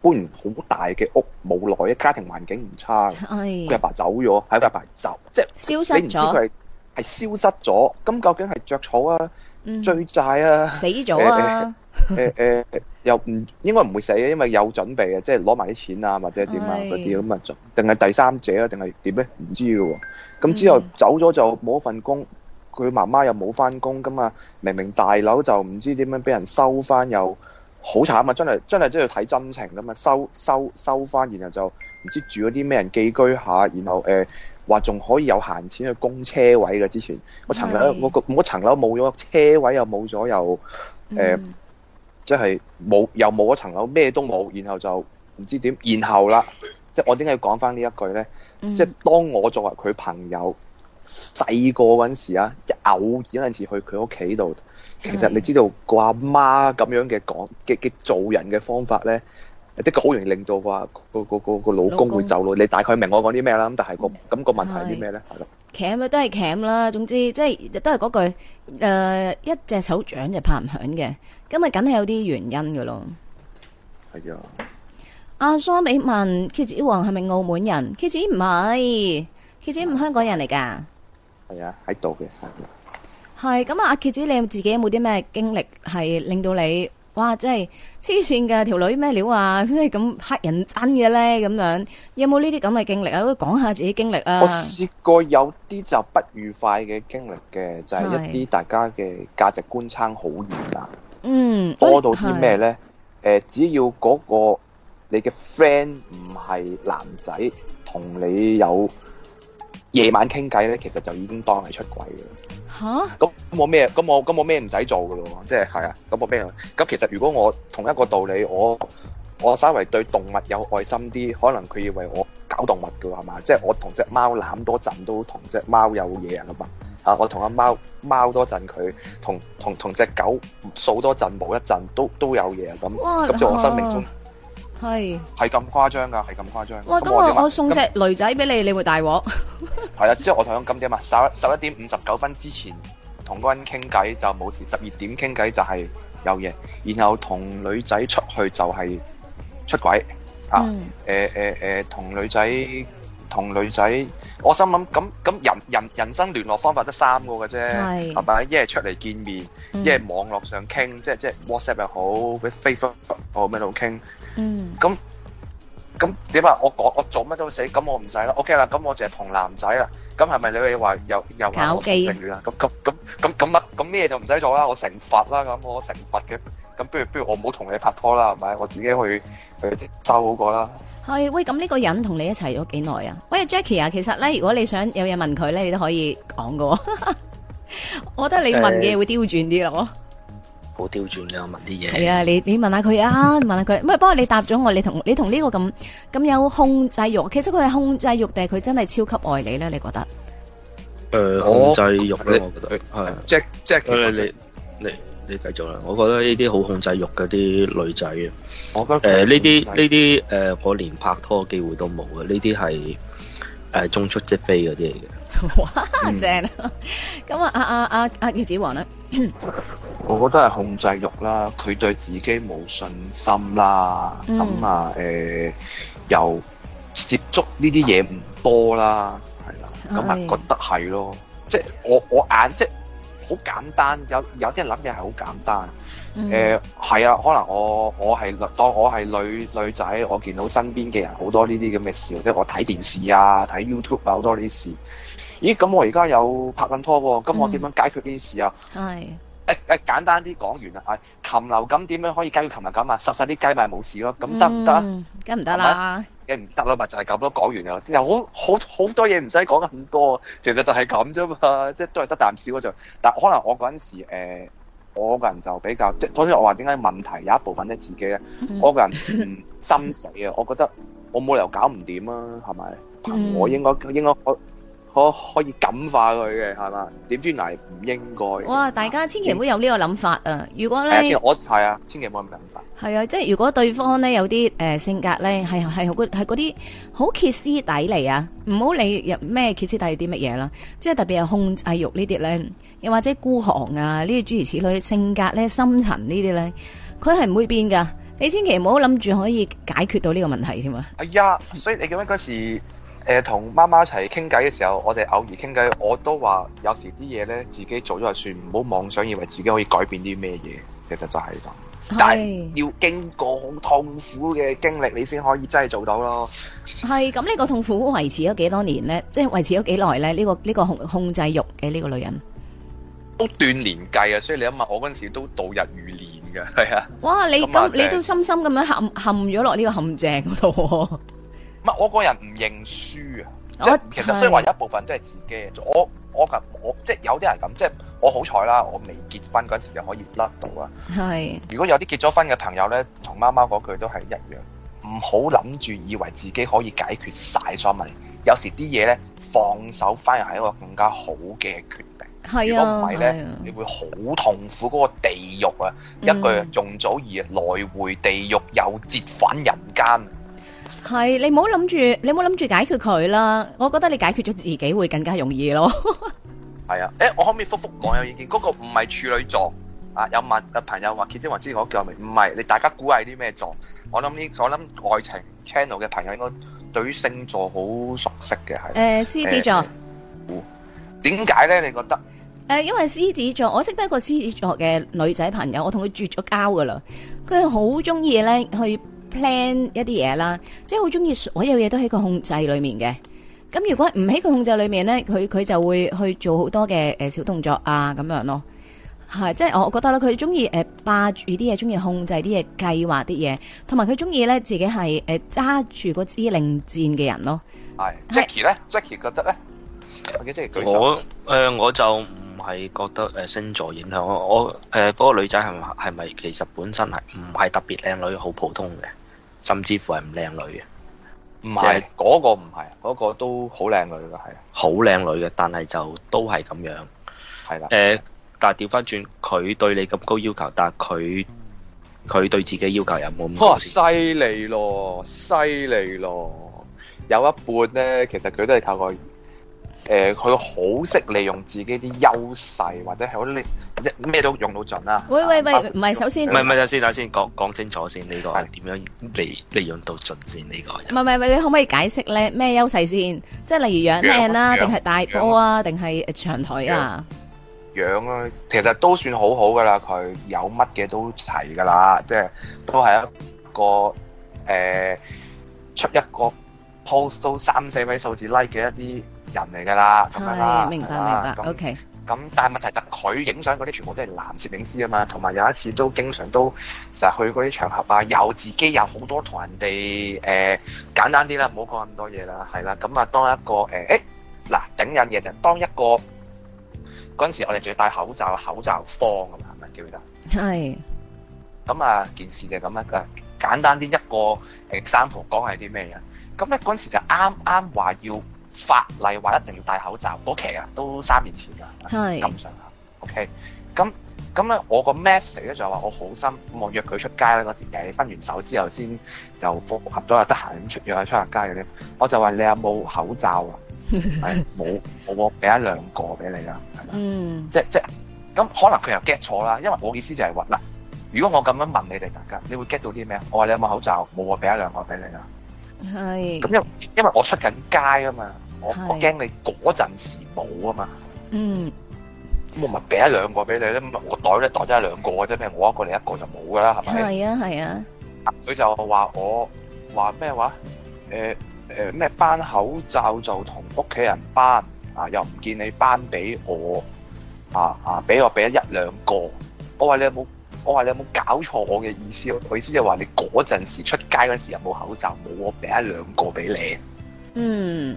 搬完好大嘅屋，冇耐啊，家庭環境唔差，佢阿、哎、爸爸走咗，喺佢阿爸走，即係消失咗。你唔知佢係消失咗，咁究竟係着草啊？嗯，追債啊！死咗啊！誒誒，又唔應該唔會死，因為有準備嘅，即係攞埋啲錢啊，或者點啊嗰啲咁啊，仲定係第三者啊，定係點咧？唔知嘅。咁之後走咗就冇一份工，佢媽媽又冇翻工，咁啊，明明大樓就唔知點樣俾人收翻，又好慘啊！真係真係真係睇真情噶嘛，收收收翻，然後就唔知住嗰啲咩人寄居下，然後誒。話仲可以有閒錢去供車位嘅，之前我層樓，的嗯、我、那個我層樓冇咗，車位又冇咗，又誒，即係冇，又冇咗層樓，咩都冇，然後就唔知點。然後啦， 即係我點解要講翻呢一句咧？嗯、即係當我作為佢朋友細個嗰陣時啊，偶然陣時去佢屋企度，的嗯、其實你知道個阿媽咁樣嘅講嘅嘅做人嘅方法咧。即係好容易令到話個個個個老公會走佬，你大概明我講啲咩啦？咁但係個咁個問題係啲咩咧？係囉，鉗咪都係鉗啦，總之即係都係嗰句誒，一隻手掌就拍唔響嘅，咁啊，梗係有啲原因噶咯。係啊，阿蘇美問蠍子王係咪澳門人？蠍子唔係，蠍子唔香港人嚟噶。係啊，喺度嘅。係，咁啊，阿蠍子你自己有冇啲咩經歷係令到你？哇！真係黐線噶，條女咩料啊？真係咁乞人憎嘅咧，咁樣有冇呢啲咁嘅經歷啊？都講下自己經歷啊！我試過有啲就不愉快嘅經歷嘅，就係、是、一啲大家嘅價值觀差好遠啊。是嗯，多到啲咩咧？誒是，只要嗰個你嘅 friend 唔係男仔，同你有夜晚傾偈咧，其實就已經當係出軌嘅。吓？咁咁 Huh? 我咩？咁我咁我咩唔使做噶咯？即係，係啊？咁我咩？咁其實如果我同一個道理，我我稍微對動物有愛心啲，可能佢以為我搞動物嘅，係嘛？即係、就是、我同隻貓攬多陣，都同隻貓有嘢啊嘛？吓，我同阿貓貓多陣，佢同同同隻狗掃多陣，冇一陣都都有嘢咁？咁在哇我生命中。係係咁誇張噶，係咁誇張。誇張哦、我都話我送隻女仔俾你，樣你會大鑊。係 啊，即係我同樣咁點啊，十一十一點五十九分之前同嗰人傾偈就冇事，十二點傾偈就係有嘢，然後同女仔出去就係出軌、嗯、啊！誒誒誒，同、呃呃、女仔同女仔。我心諗咁咁人人人生聯絡方法得三個嘅啫，係咪是？一係出嚟見面，一係、嗯、網絡上傾，即係即係 WhatsApp 又好，Facebook 我咩喺度傾。嗯。咁咁點啊？我講我，我做乜都死，咁我唔使啦。OK 啦，咁我淨係同男仔啦。咁係咪你話又又話成遠啊？咁咁咁咁咁乜？咁呢嘢就唔使做啦。我懲罰啦。咁我懲罰嘅。咁不如不如我唔同你拍拖啦，係咪？我自己、嗯、去去周好過啦。喂喂，咁呢個人同你一齊咗幾耐啊？喂 Jackie 啊，其實咧，如果你想有嘢問佢咧，你都可以講嘅。我覺得你問嘢會刁轉啲咯。好、欸、刁轉啊！我問啲嘢。係啊，你你問下佢啊， 問下佢。唔係，不過你答咗我，你同你同呢個咁咁有控制欲，其實佢係控制欲定係佢真係超級愛你咧？你覺得？誒、呃，控制欲咧，我覺得係 Jack Jackie 你你。你繼續啦，我覺得呢啲好控制欲嗰啲女仔啊，我覺得誒呢啲呢啲誒我連拍拖嘅機會都冇啊，呢啲係誒中出即飛嗰啲嚟嘅。哇，正啊！咁、嗯、啊啊啊啊蠍子王咧， 我覺得係控制欲啦，佢對自己冇信心啦，咁、嗯、啊誒、呃、又接觸呢啲嘢唔多啦，係、啊、啦，咁啊覺得係咯，是的即係我我眼即。好簡單，有有啲人諗嘢係好簡單。誒、嗯，係、呃、啊，可能我我係當我係女女仔，我見到身邊嘅人好多呢啲咁嘅事，即係我睇電視啊、睇 YouTube 啊好多呢啲事。咦，咁我而家有拍緊拖喎，哦，咁我點樣解決呢啲事啊？係、嗯。誒誒、哎哎、簡單啲講完啦，誒禽流感點樣可以解到禽流感啊，殺曬啲雞咪冇事咯，咁得唔得啊？梗唔得啦，誒唔得啦咪就係咁咯，講完先後好好好多嘢唔使講咁多，其實就係咁啫嘛，即係都係得啖笑嗰種。但可能我嗰陣時、呃、我個人就比較，即係頭先我話點解問題有一部分咧自己咧，嗯、我個人唔心死啊，嗯、我覺得我冇理由搞唔掂啊，係咪？嗯、我應該應該可可以感化佢嘅係嘛？點知嚟唔應該的？哇！大家千祈唔好有呢個諗法啊！嗯、如果咧，我係啊，千祈唔好咁呢諗法。係啊，即係如果對方咧有啲誒、呃、性格咧，係係好嗰係嗰啲好歇斯底里啊！唔好理咩歇斯底里啲乜嘢啦。即係特別係控制欲呢啲咧，又或者孤寒啊呢啲諸如此類性格咧，深層呢啲咧，佢係唔會變噶。你千祈唔好諗住可以解決到呢個問題添啊！哎呀，所以你咁樣嗰時候。誒，同媽媽一齊傾偈嘅時候，我哋偶爾傾偈，我都話有時啲嘢咧，自己做咗就算，唔好妄想，以為自己可以改變啲咩嘢，其實就係咁。是但係要經過好痛苦嘅經歷，你先可以真係做到咯。係咁，呢個痛苦維持咗幾多年咧？即係維持咗幾耐咧？呢、這個呢、這個控控制欲嘅呢個女人都斷年計啊！所以你諗下，我嗰陣時都度日如年㗎。係啊。哇！你咁麼、嗯、你都深深咁樣陷陷咗落呢個陷阱嗰度。我個人唔認輸啊！即我其實，雖然話一部分都係自己。是我我咁，我即係有啲人咁，即係我好彩啦！我未結婚嗰陣時就可以甩到啊！係是。如果有啲結咗婚嘅朋友呢，同貓貓嗰句都係一樣，唔好諗住以為自己可以解決晒所有問題。有時啲嘢呢，放手反而係一個更加好嘅決定。係啊。如果唔係呢，啊、你會好痛苦，嗰個地獄啊！嗯、一句容祖兒來回地獄又折返人間。係，你唔好諗住，你唔好諗住解決佢啦。我覺得你解決咗自己會更加容易咯。係啊，誒，我可唔可以覆覆網友意見？嗰個唔係處女座啊，有問朋友話，杰晶華我叫講句明，唔係你大家估係啲咩座？我諗呢，我諗愛情 channel 嘅朋友應該對於星座好熟悉嘅係。誒，獅子座。點解咧？你覺得？誒，因為獅子座，我識得一個獅子座嘅女仔朋友，我同佢絕咗交噶啦，佢係好中意咧去。plan 一啲嘢啦，即係好中意所有嘢都喺個控制裏面嘅。咁如果唔喺個控制裏面咧，佢佢就會去做好多嘅誒小動作啊，咁樣咯，係即係我覺得咧，佢中意誒霸住啲嘢，中意控制啲嘢，計劃啲嘢，同埋佢中意咧自己係誒揸住支令箭嘅人咯。係是 Jackie 咧，Jackie 覺得咧我誒、呃，我就唔係覺得誒、呃、星座影響我。誒嗰個女仔係咪係咪其實本身係唔係特別靚女，好普通嘅？甚至乎係唔靚女嘅，唔係是，嗰、就是、個唔係，嗰、那個都好靚女嘅，係。好靚女嘅，但係就都係咁樣，係啦的。誒、呃，但係掉返轉，佢對你咁高要求，但係佢佢對自己要求又沒有冇咁高，哦？犀利咯，犀利咯！有一半咧，其實佢都係靠過。誒，佢好識利用自己啲優勢，或者係好叻，咩都用到盡啦。喂喂喂，唔係括首先，唔係唔係先，先講講清楚先，呢、這個係點樣利利用到盡先？呢是的 個唔係唔係，你可唔可以解釋咧咩優勢先？即係例如樣靚啊，定係養大波啊，定係養長腿啊？樣啊，其實都算好好噶啦。佢有乜嘅都齊噶啦，即係都係一個誒、呃、出一個 post 都三四位數字 like 嘅一啲，人嚟㗎啦，咁是明白明白、啊、但，OK。咁但係問題就佢影相嗰啲全部都係男攝影師啊嘛，同埋有一次都經常都成日去嗰啲場合啊，有自己有好多同人哋誒、呃、簡單啲啦，唔好講咁多嘢啦，係啦，咁啊當一個誒，誒、欸、嗱、欸啊、頂癮嘅就當一個嗰陣時，我哋仲要戴口罩，口罩放咁啊，係咪記唔記得？係是。咁啊，件事就咁啊，簡單啲一個 example 講係啲咩嘢？咁咧嗰陣時就啱啱話要，法例話一定要戴口罩，嗰期啊都三年前啦，係，咁上下 OK，咁咁咧，我個 message 咧就係話我好心，望約佢出街啦嗰時，誒分完手之後先又復合咗又得閒咁出約去出下街嗰啲，我就話你有冇口罩啊？冇 冇冇我俾一兩個俾你啦，嗯，即即咁可能佢又 get 錯啦，因為我意思就係話嗱，如果我咁樣問你哋大家，你會 get 到啲咩？我話你有冇口罩？冇我俾一兩個俾你啦。係是，咁因因為我出緊街啊嘛。我、啊、我驚你嗰陣時冇啊嘛，嗯，咁我咪俾一兩個俾你咧，我袋咧袋咗一兩個嘅啫咩？我一個你一個就冇噶啦，係咪？係啊係啊，佢、啊、就話我話咩話？誒誒咩？欸呃、班口罩就同屋企人班，啊，又唔見你班俾我啊啊！俾、啊、我俾一兩個，我話你有冇？我話你有冇搞錯我嘅意思？我意思就話你嗰陣時出街嗰時候有冇口罩，冇我俾一兩個俾你，嗯。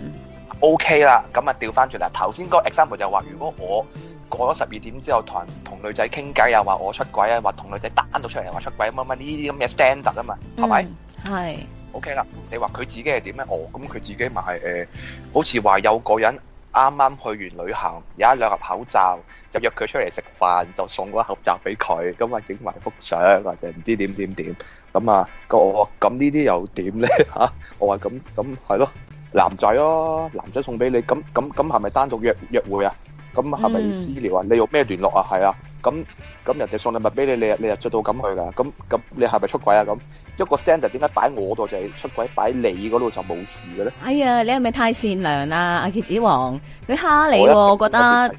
O K 啦，咁啊掉翻轉嚟，頭先個 example 就話，如果我過咗十二點之後同同女仔傾偈，又話我出軌啊，話同女仔單到出嚟又話出軌乜乜呢啲咁嘅 standard 啊嘛，係咪、嗯？係 right? 是。O K 啦，你話佢自己係點咧？哦，咁佢自己咪、呃、好似話有個人啱啱去完旅行，有一兩盒口罩，就約佢出嚟食飯，就送嗰盒口罩俾佢，咁啊影埋幅相，或者唔知點點點，咁啊個咁呢啲又點咧？吓， 我話咁咁係咯。男仔咯、啊，男仔送俾你，咁咁咁係咪單獨約約會啊？咁係咪私聊啊？你用咩聯絡啊？係啊，咁咁人哋送禮物俾你，你又你又着到咁去噶？咁咁你係咪出軌啊？咁一個 standard 點解擺我度就係出軌，擺你嗰度就冇事嘅咧？哎呀，你係咪太善良啦、啊，阿蠍子王，佢蝦你喎、啊，我，我覺得我、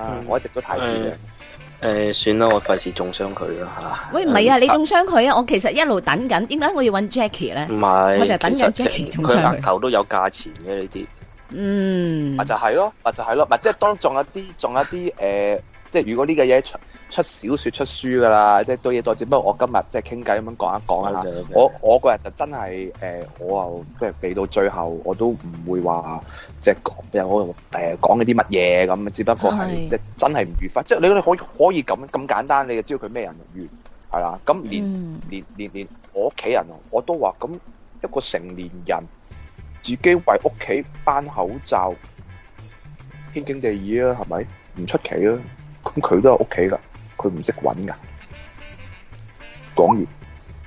嗯啊。我一直都太善良。嗯嗯。誒、呃，算啦，我費事中傷佢啦吓。喂，唔係啊，嗯、你中傷佢啊，我其實一路等緊，點解我要搵 Jackie 咧？唔係是，我就等緊 Jackie 中傷佢。頭都有價錢嘅呢啲，嗯，咪就係咯，咪就係、是、咯，咪即係當中一啲，仲有一啲誒，即、就、係、是、如果呢個嘢出出小說出書噶啦，即係多嘢多，只不過我今日即係傾偈咁樣講一講吓 Okay, okay.。我我個人就真係誒、呃，我就不如俾到最後，我都唔會話。即係講，譬如我誒講嗰啲乜嘢咁，只不過係即係真係唔愉快。即係你可可以咁咁簡單，你就知道佢咩人唔願係啦。咁連連連連我屋企人我都話咁一個成年人自己為屋企搬口罩，天經地義啦，係咪唔出奇啦？咁佢都係屋企啦，佢唔識搵噶。講完。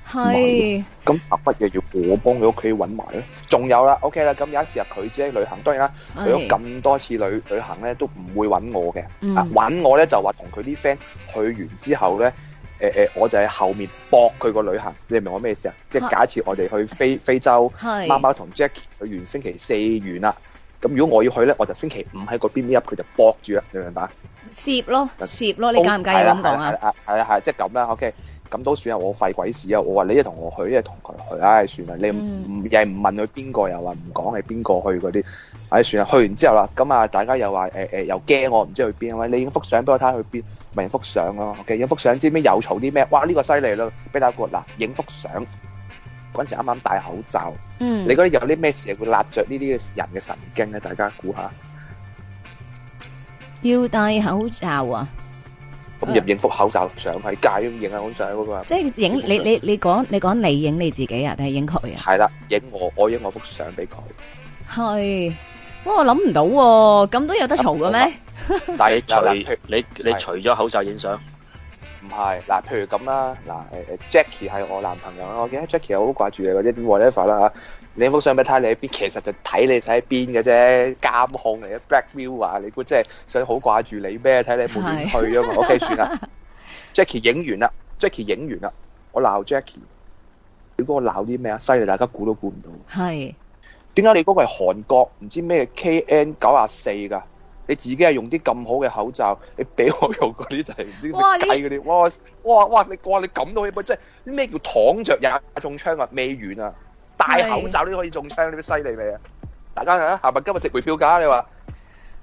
係，咁阿乜嘢要我幫佢屋企揾埋咧？仲有啦，OK 啦，咁有一次啊，佢自己旅行，當然啦，去咗咁多次旅旅行咧，都唔會揾我嘅。啊，揾我咧就話同佢啲 friend 去完之後咧，誒誒，我就喺後面駁佢個旅行，你明唔明我咩意思啊？即係假設我哋去非非洲，媽媽同 Jackie 去完星期四完啦，咁如果我要去咧，我就星期五喺嗰邊 up，佢就駁住啦，你明唔明白？攝咯，攝咯，你介唔介意咁講啊？係啊係，即係咁啦，OK。咁都算係我費鬼事啊！我話我你一同我去，一係同佢去，唉、哎，算啦！你唔亦唔問佢邊個，又話唔講係邊個去嗰啲，唉、哎，算啦！去完之後啦，咁啊，大家又話誒誒，又驚我唔知我去邊啊！你影幅相俾我睇下，去邊，咪影幅相咯，影幅相知咩又嘈啲咩？哇！呢、這個犀利咯，俾打過嗱，影幅相嗰陣時啱啱戴口罩，嗯、你覺得有啲咩事會辣着呢啲人嘅神經咧？大家估下，要戴口罩啊！咁入影幅口罩相喺街咁影啊，好相嗰個。即係影你你你講你講你影你自己啊，定係影佢啊？係啦，影我我影我幅相俾佢。係，我諗唔到喎，咁都有得嘈嘅咩？但係除你，是你除咗口罩影相，唔係嗱，譬如咁啦，嗱、呃、誒誒，Jackie 係我男朋友啦，我記得 Jackie 好掛住你嗰啲 whatever 啦吓。你幅相俾睇你喺邊，其實就睇你使喺邊嘅啫，監控嚟嘅。Blackview 啊，你估真係想好掛住你咩？睇你冇亂去啊嘛。OK 算啦 Jackie 影完啦，Jackie 影完啦，我鬧 Jackie，你估我鬧啲咩啊？犀利，大家估都估唔到。係是。點解你嗰個係韓國唔知咩 KN 九廿四噶？你自己係用啲咁好嘅口罩，你俾我用嗰啲就係唔知點解嗰啲。哇！哇！哇！你哇！你咁到你咪即係咩叫躺着也中槍啊？未完啊！戴口罩都可以中槍，呢啲犀利未啊？大家睇下啊，係咪今日值回票價？你話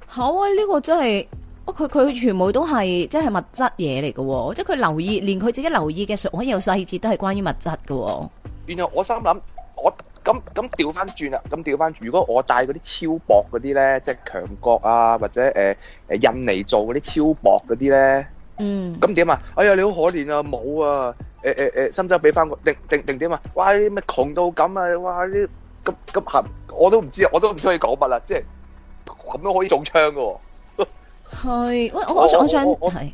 好啊？呢個真係，哦佢佢全部都係，即係物質嘢嚟嘅，即係佢留意，連佢自己留意嘅所有細節都係關於物質嘅，哦。原來我心諗，我咁咁調翻轉啦，咁調翻轉。如果我戴嗰啲超薄嗰啲咧，即係強國啊，或者誒誒、呃、印尼做嗰啲超薄嗰啲咧，咁點、嗯、啊？哎呀，你好可憐啊，冇啊！誒誒誒，深圳俾翻我，定定定點啊！哇，啲咩窮到咁啊！哇，啲咁咁行，我都唔知啊，我都唔想去講乜啦，即係咁都可以中槍嘅、哦。係，喂，我想我，我想，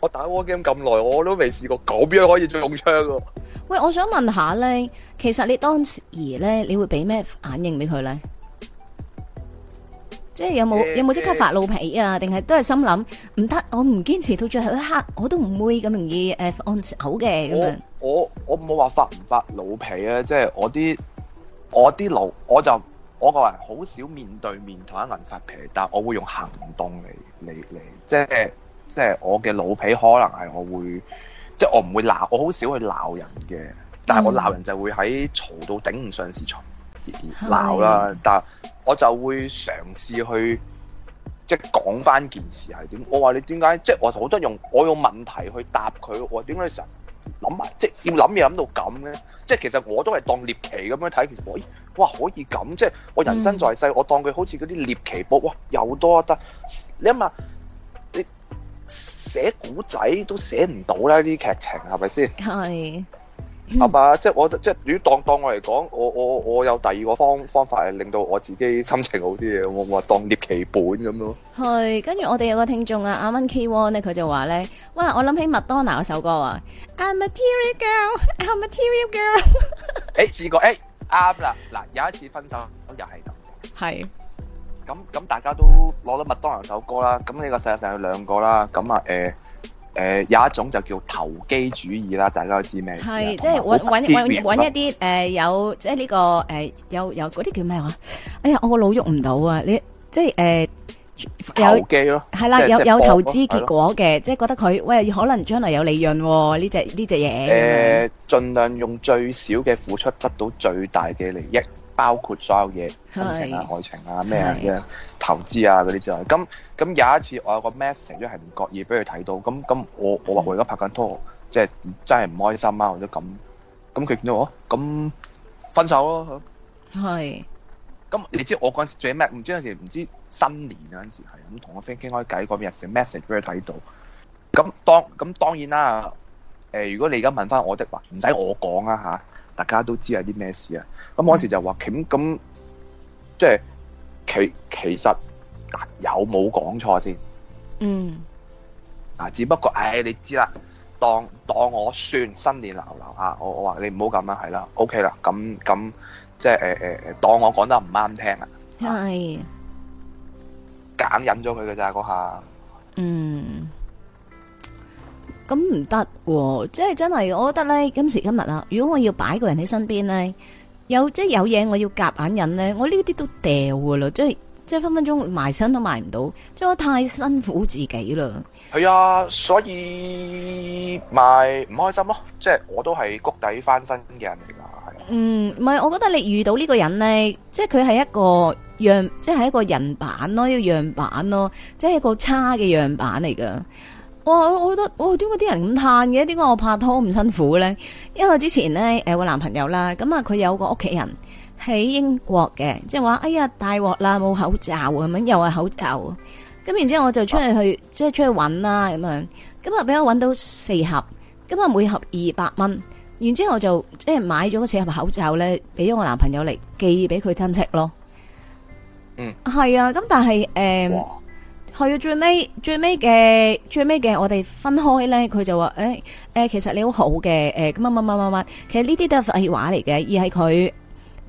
我打 war game 咁耐，我都未試過九邊可以中中槍、哦、喂，我想問下咧，其實你當時咧，你會俾咩反應俾佢咧？即係有冇有冇即刻發老脾啊？定係都係心諗唔得，我唔堅持到最後一刻，我都唔會咁容易誒按手嘅咁樣我。我我冇話發唔發老脾啊！即係我啲我啲老我就我個人好少面對面同啲人發脾，但係我會用行動嚟嚟嚟。即係即係我嘅老脾可能係我會，即係我唔會鬧，我好少去鬧人嘅。但係我鬧人就會喺嘈到頂唔上時才鬧啦。是的但係我就會嘗試去即係講翻件事係點。我話你點解即係我好多用我用問題去答佢。我點解成日諗埋即係要諗嘢諗到咁咧？即係其實我都係當獵奇咁樣睇。其實我，咦、欸，哇，可以咁即係我人生在世，嗯、我當佢好似嗰啲獵奇報，哇，又多得你諗下，你寫古仔都寫唔到啦，啲劇情係咪先？係。係嘛、嗯？即係我即係如果當當我嚟講，我我我有第二個方方法嚟令到我自己心情好啲嘅，我我當捏其本咁咯。係，跟住我哋有個聽眾啊， 阿蚊 Key One 咧，佢就話咧，哇！我諗起麥當娜首歌啊，I'm a Material Girl，I'm a Material Girl。誒、 欸，試過誒，啱、欸、啦，嗱，有一次分手，又係咁。係是。咁咁，大家都攞咗麥當娜首歌啦。咁呢個世界上有兩個啦。咁啊，誒、欸。誒、呃、有一種就叫投機主義啦，大家都知咩、啊？係、就是呃、即係搵一啲誒有即係呢個誒有有嗰啲叫咩話、啊？哎呀，我個腦喐唔到啊！你即係誒、呃、有，係啦，有有投資結果嘅，咯即係覺得佢喂，可能將來有利潤呢隻呢隻嘢。誒、呃，盡量用最少嘅付出得到最大嘅利益。包括所有嘢，心情啊、愛情啊、咩啊、投資啊嗰啲之外，咁咁有一次我有個 message 係唔覺意俾佢睇到，咁咁我我話我而家拍緊拖，即係真係唔開心啊，或者咁，咁佢見到我，咁分手咯，係。咁你知我嗰陣時最咩？唔知嗰陣時唔知新年嗰陣時係咁同我 friend 傾開偈，嗰邊有成 message 俾佢睇到，咁當咁當然啦。誒，如果你而家問翻我的話，唔使我講啊嚇，大家都知係啲咩事啊。咁嗰時就話：咁咁，即係其其實有冇講錯先？嗯。嗱，只不過，唉，你知啦，當當我説新年流流啊，我我話你唔好咁啦，係啦，OK 啦，咁咁，即係誒誒誒，當我講得唔啱聽啊。係。揀引咗佢嘅咋嗰下。嗯。咁唔得喎，即係真係，我覺得咧，今時今日啊，如果我要擺個人喺身邊咧。有即係有嘢，我要夾硬忍咧，我呢啲都掉噶啦，即係即係分分鐘埋身都埋唔到，即係我太辛苦自己啦。係啊，所以咪唔開心咯，即係我都係谷底翻身嘅人嚟噶，係。嗯，唔係，我覺得你遇到呢個人咧，即係佢係一個樣，即係一個人版咯，一個樣板咯，即係一個差嘅樣板嚟噶。我我覺得，我點解啲人咁嘆嘅？點解我拍拖咁辛苦咧？因為我之前咧，誒，我男朋友啦，咁啊，佢有個屋企人喺英國嘅，即係話，哎呀，大鑊啦，冇口罩，係咪？又係口罩，咁然之後我就出去去，即係、啊、出去揾啦，咁樣，咁啊，俾我揾到四盒，咁啊，每盒二百蚊，然之後我就即係、就係、買咗嗰四盒口罩咧，俾咗我男朋友嚟寄俾佢親戚咯。嗯，係啊，咁但係誒。呃係啊，最尾最尾嘅最尾嘅。我哋分開咧，佢就話：，誒誒，其實你好好嘅，誒咁啊，乜乜乜乜，其實呢啲都係廢話嚟嘅，而係佢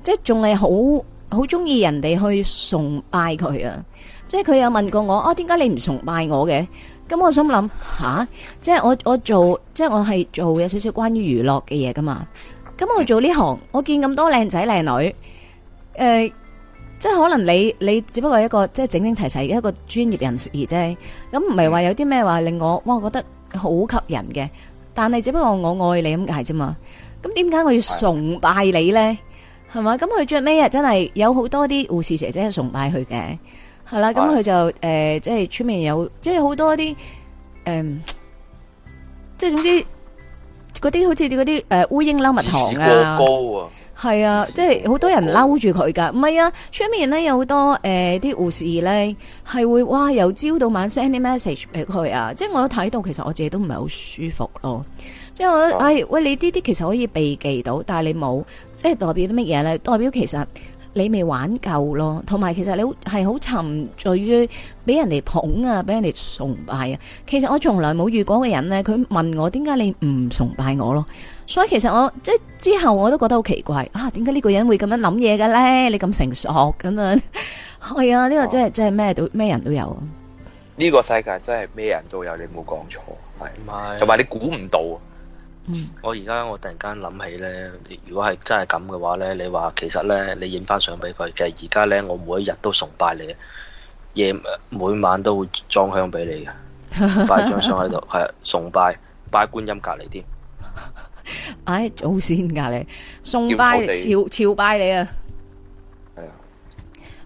即係仲係好好中意人哋去崇拜佢啊！即係佢有問過我：，啊，點解你唔崇拜我嘅？咁我心諗吓，即係我我做即係我係做有少少關於娛樂嘅嘢噶嘛？咁我做呢行，我見咁多靚仔靚女，誒。即係可能你你只不過一個即係整整齊齊一個專業人士而啫，咁唔係話有啲咩話令我哇覺得好吸引嘅，但係只不過我愛你咁解啫嘛。咁點解我要崇拜你呢？係嘛是的？咁佢最尾啊？真係有好多啲護士姐姐崇拜佢嘅，係啦。咁佢就誒，即係出面有即係好多啲誒，即係、呃、總之嗰啲好似啲嗰啲誒烏蠅撈蜜糖啊。係啊，即係好多人嬲住佢噶，唔係啊，出面咧有好多誒啲護士咧係會哇由朝到晚 send 啲 message 俾佢啊，即係我睇到其實我自己都唔係好舒服咯，即係我覺得，哎，喂你呢啲其實可以避忌到，但係你冇，即係代表啲乜嘢咧？代表其實你未玩夠咯，同埋其實你好係好沉醉於俾人哋捧啊，俾人哋崇拜啊。其實我從來冇遇過嘅人咧，佢問我點解你唔崇拜我咯？所以其實我即係之後我都覺得好奇怪啊，點解呢個人會咁樣諗嘢嘅咧？你咁成熟咁 啊，係啊，呢個真係、oh. 真係咩都咩人都有。啊。呢個世界真係咩人都有，你冇講錯，係係？同埋、啊、你估唔到，嗯，我而家我突然間諗起咧，如果係真係咁嘅話咧，你話其實咧，你影翻相俾佢嘅，而家咧我每一日都崇拜你，夜每晚都會裝香俾你嘅，擺張相喺度，係 崇拜，拜觀音隔籬添。唉，放在祖先噶你，送拜朝朝拜你、哎、呀啊，係、這、啊、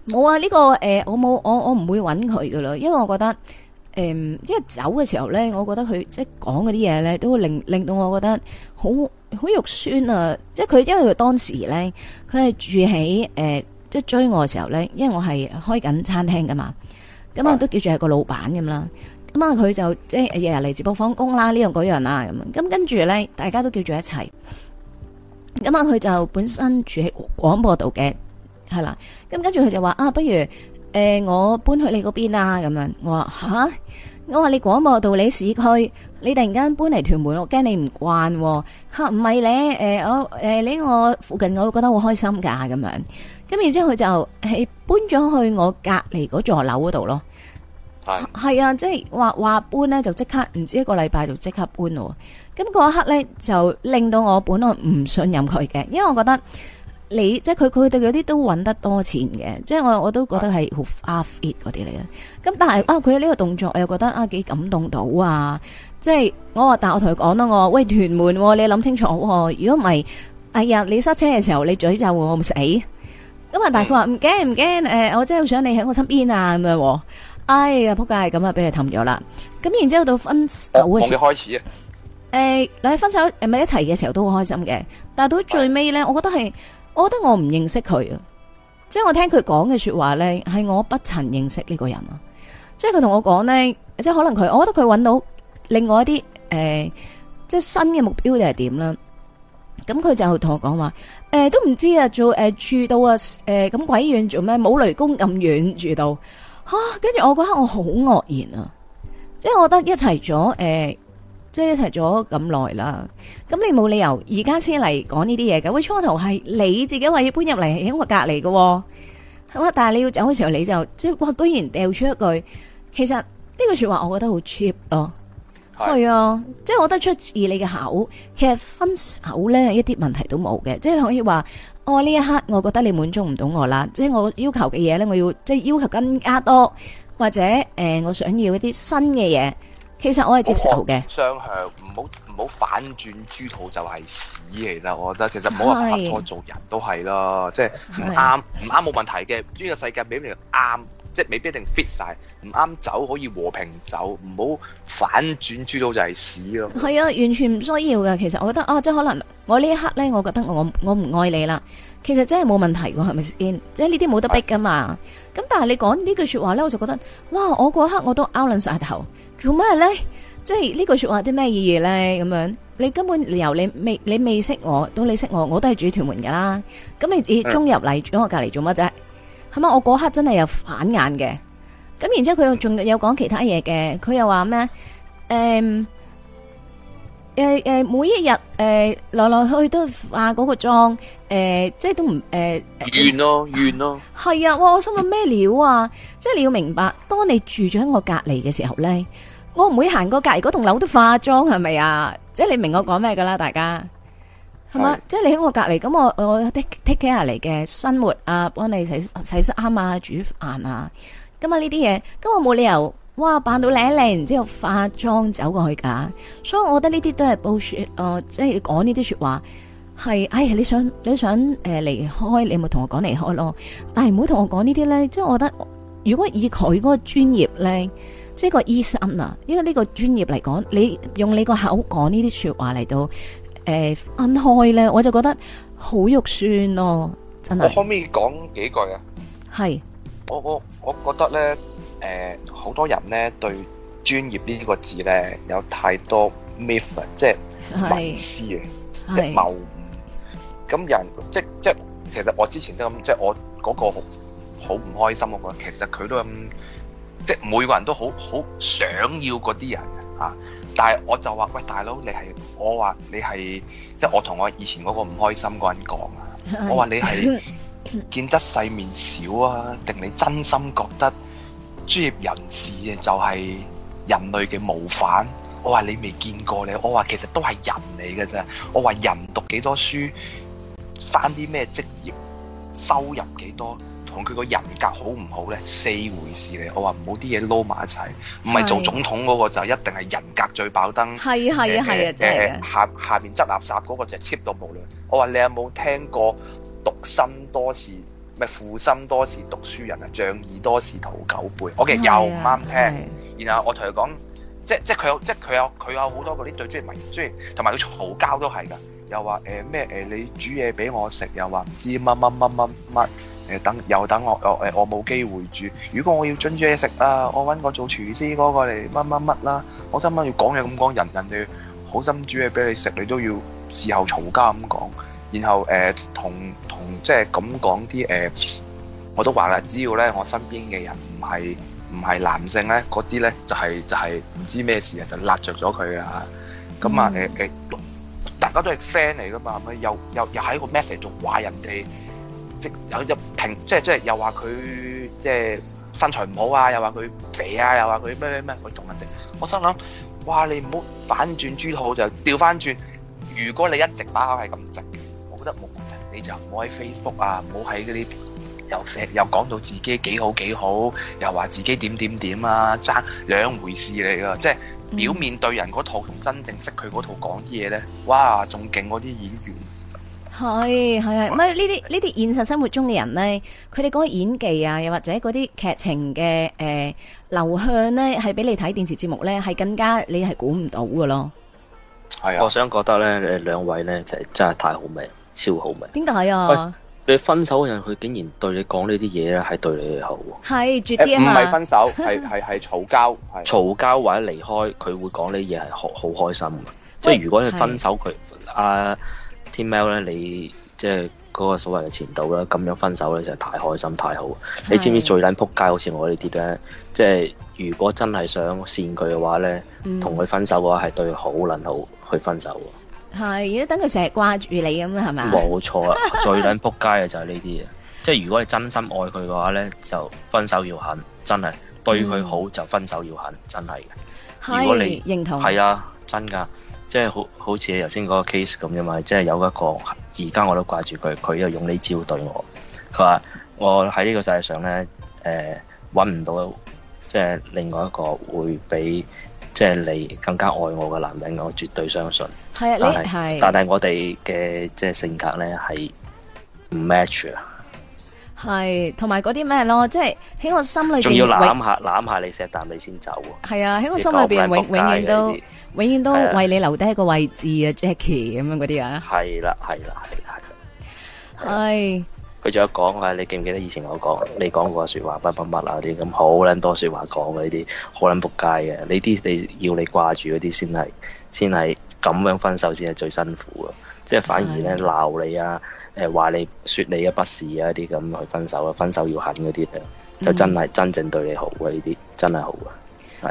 個，冇啊呢個誒，我冇我我唔會揾佢噶啦，因為我覺得誒、呃，因為走嘅時候咧，我覺得佢即係講嗰啲嘢咧，都會令令到我覺得好好肉酸啊！即係佢因為佢當時咧，佢係住喺誒，即、呃、係、就是、追我嘅時候咧，因為我係開緊餐廳噶嘛，咁我都叫做係個老闆咁啦。咁啊，佢、嗯、就即係日日嚟自播放工啦，呢樣嗰樣啦，咁樣。咁跟住咧，大家都叫住一齊。咁啊，佢就本身住喺廣播道嘅，係啦。咁跟住佢就話啊，不如誒、呃，我搬去你嗰邊啦。」咁樣。我話吓，我話你廣播道你市區，你突然間搬嚟屯門，我驚你唔慣。吓唔係你誒我誒你喺我附近，我會覺得好開心噶，咁樣。咁然之後佢就係、欸、搬咗去我隔籬嗰座樓嗰度咯。係啊，啊，即係話，話搬咧就即刻，唔知一個禮拜就即刻搬喎。咁嗰一刻咧就令到我本來唔信任佢嘅，因為我覺得你即係佢佢哋嗰啲都搵得多錢嘅，即係我我都覺得係好 a f it 嗰啲嚟嘅。咁但係啊，佢呢個動作我又覺得啊幾感動到啊！即係我話，但我同佢講啦，我話喂屯門，啊，你諗清楚，啊，如果唔係，哎呀你塞車嘅時候你咀咒我唔死。咁，嗯呃、啊，但係佢話唔驚唔驚，誒我真係好想你喺我身邊啊咁樣。哎呀，仆街咁啊，俾佢氹咗啦。咁然之後到分手嗰時，我先開始啊。誒，兩分手誒，咪一齊嘅時候都好開心嘅，但係到最尾咧，我覺得係，我覺得我唔認識佢啊。即係我聽佢講嘅說話咧，係我不曾認識呢個人啊。即係佢同我講咧，即係可能佢，我覺得佢搵到另外一啲誒，即係新嘅目標定係點啦。咁佢就同我講話，誒，都唔知啊，做誒住到啊，誒咁鬼遠做咩？冇雷公咁遠住到。吓，跟住、啊、我嗰刻我好愕然啊！即係我覺得一齊咗誒，即係一齊咗咁耐啦，咁你冇理由而家先嚟講呢啲嘢噶？喂，初頭係你自己話要搬入嚟喺我隔籬嘅，喎。係嘛？但係你要走嘅時候，你就即係哇，居然掉出一句，其實呢句說話我覺得好 cheap 咯、啊。係啊，是啊，即係我覺得出自你嘅口，其實分手咧一啲問題都冇嘅。即係可以話我呢一刻我覺得你滿足唔到我啦，即係我要求嘅嘢咧，我要即係要求更加多，或者誒、呃、我想要一啲新嘅嘢，其實我係接受嘅。雙向唔好唔好反轉豬肚就係屎嚟啦，其實我覺得其實唔好話拍拖做人都係咯，即係唔啱唔啱冇問題嘅，呢個世界畀你啱。即係未必一定 fit 晒，唔啱走可以和平走，唔好反轉豬肚就係屎咯。係啊，完全唔需要嘅。其實我覺得，哦、啊，即係可能我呢一刻咧，我覺得我我唔愛你啦。其實真係冇問題喎，係咪先？即係呢啲冇得逼噶嘛。咁、哎、但係你講呢句説話咧，我就覺得，哇！我嗰刻我都 out 曬頭，做咩咧？即係呢句説話啲咩意義咧？咁樣你根本由你未你未，你未識我，到你識我，我都係住屯門㗎啦。咁你自中入嚟咗、嗯、我隔離做乜啫？咁啊！我嗰刻真係又反眼嘅，咁然之後佢又仲有講其他嘢嘅，佢又話咩？誒誒誒，每一日誒來來去去都化嗰個妝，誒即係都唔誒。怨咯怨咯。係啊！哇！我心諗咩料啊？即係你要明白，當你住咗喺我隔籬嘅時候咧，我唔會行過隔籬嗰棟樓都化妝係咪啊？即係你明我講咩噶啦，大家。對即係你喺我隔離，咁我我 take take care 下你嘅生活啊，幫你洗洗衫啊、煮飯啊，咁啊呢啲嘢，咁我冇理由哇扮到靚靚，然之後化妝走過去㗎。所以我覺得呢啲都係 bullshit，即係講呢啲說話係，哎呀你想你想誒、呃、離開，你咪同我講離開咯，但係唔好同我講呢啲咧。即係我覺得，如果以佢嗰個專業咧，即係個醫生啊，因為呢個專業嚟講，你用你個口講呢啲説話嚟到。誒，分開咧，我就覺得好肉酸咯。哦，真係是。我可唔可以講幾句啊？係，我我我覺得咧，誒、呃，好多人咧對專業呢個字咧有太多 myth 是即係迷思是即係謬誤。咁，嗯、人即即，即其實我之前都咁，即係我嗰個好好唔開心嗰，那個，其實佢都咁，即係每個人都好好想要嗰啲人啊。但係我就話：喂，大佬，你係我話你係，即係我同我以前嗰個唔開心嗰人講啊！我話你係見得世面少啊，定你真心覺得專業人士嘅就係人類嘅模範？我話你未見過你，我話其實都係人嚟嘅啫。我話人讀幾多書，返啲咩職業，收入幾多。同佢個人格好唔好咧，四回事嚟。我話唔好啲嘢撈埋一齊，唔係是做總統嗰個就一定係人格最爆燈。係啊係啊係啊！誒、呃的呃、下下邊執垃圾嗰、那個就係 cheap 到冇啦。我話你有冇聽過讀心多事，咪負心多事，讀書人啊，仗義多事，屠狗輩。OK，、啊、又唔啱聽。啊、然後我同佢講，即即佢有即佢有佢有好多嗰啲對文唔中意，同埋佢嘈交都係㗎。又話誒咩誒？你煮嘢俾我食，又話唔知乜乜乜乜乜。誒等又等我我我冇機會煮。如果我要樽煮嘢食啊，我揾個做廚師嗰個嚟乜乜乜啦。我真係要講嘢咁講人，人哋好心煮嘢俾你食，你都要事後嘈交咁講。然後誒、呃、同同即係咁講啲誒，我都話啦，只要咧我身邊嘅人唔係唔係男性咧，嗰啲咧就係就係唔知咩事啊，就揦着咗佢啦。咁啊誒誒，大家都係 friend 嚟噶嘛，又又又喺個 message 度話人哋。即有入停，即即又話佢即身材唔好啊，又話佢肥啊，又話佢咩咩咩，佢同人哋，我心諗哇，你唔好反轉豬肚就掉翻轉。如果你一直把口係咁直，我覺得冇問題，你就唔好喺 Facebook 啊，唔好喺嗰啲又寫又講到自己幾好幾好，又話自己點點點啊，爭兩回事嚟噶。即表面對人嗰套同真正識佢嗰套講啲嘢咧，哇，仲勁嗰啲演員。係係係，呢啲呢啲現實生活中嘅人咧，佢哋嗰個演技啊，又或者嗰啲劇情嘅誒、呃、流向咧，係俾你睇電視節目咧，係更加你係估唔到噶咯。係啊，我想覺得咧，你兩位咧，其實真係太好味，超好味。點解啊？你分手嘅人，佢竟然對你講呢啲嘢咧，係對你好。係絕啲。唔係分手，係係係嘈交，嘈交或者離開，佢會講呢嘢係好好開心。喂即係如果你分手，佢是啊。天喵咧，你即係嗰、嗰個所謂嘅前度啦，咁樣分手咧就太開心太好。是你知唔知最撚撲街好似我呢啲咧？即係如果真係想扇佢嘅話咧，同佢、嗯、分手嘅話係對佢好撚好去分手。係，而家等佢成日掛住你咁樣，係咪？冇錯啊，最撚撲街嘅就係呢啲嘢。 即係如果你真心愛佢嘅話咧，就分手要狠，真係對佢好、嗯、就分手要狠，真係嘅。係，認同。係啊，真㗎、啊。即係好好似你頭先嗰個 case 咁啫嘛，即係有一個而家我都掛住佢，佢又用呢招對我。佢話我喺呢個世界上咧，誒揾唔到即係另外一個會比即係你更加愛我嘅男人，我絕對相信。係啊，但係是是但係我哋嘅即係性格咧係唔 match 啊。係，同埋嗰啲咩咯，即係喺我心裏仲要攬下攬永下你錫啖你先走喎。係啊，喺我心裏邊永永遠都永遠都為你留低一個位置啊，Jacky 咁樣嗰啲啊。係啦、啊，係啦、啊，係、啊。唉、啊，佢仲有講啊，你記唔記得以前我講你講過說話乜乜乜啊啲咁好撚多說話講嘅呢啲，好撚仆街嘅呢啲，你要你掛住嗰啲先係先係咁樣分手先係最辛苦啊。即係反而咧鬧是你啊。誒話你説，你嘅不是啊啲咁去分手啊，分手要狠嗰啲咧，就真係真正對你好嘅呢啲，真係好啊。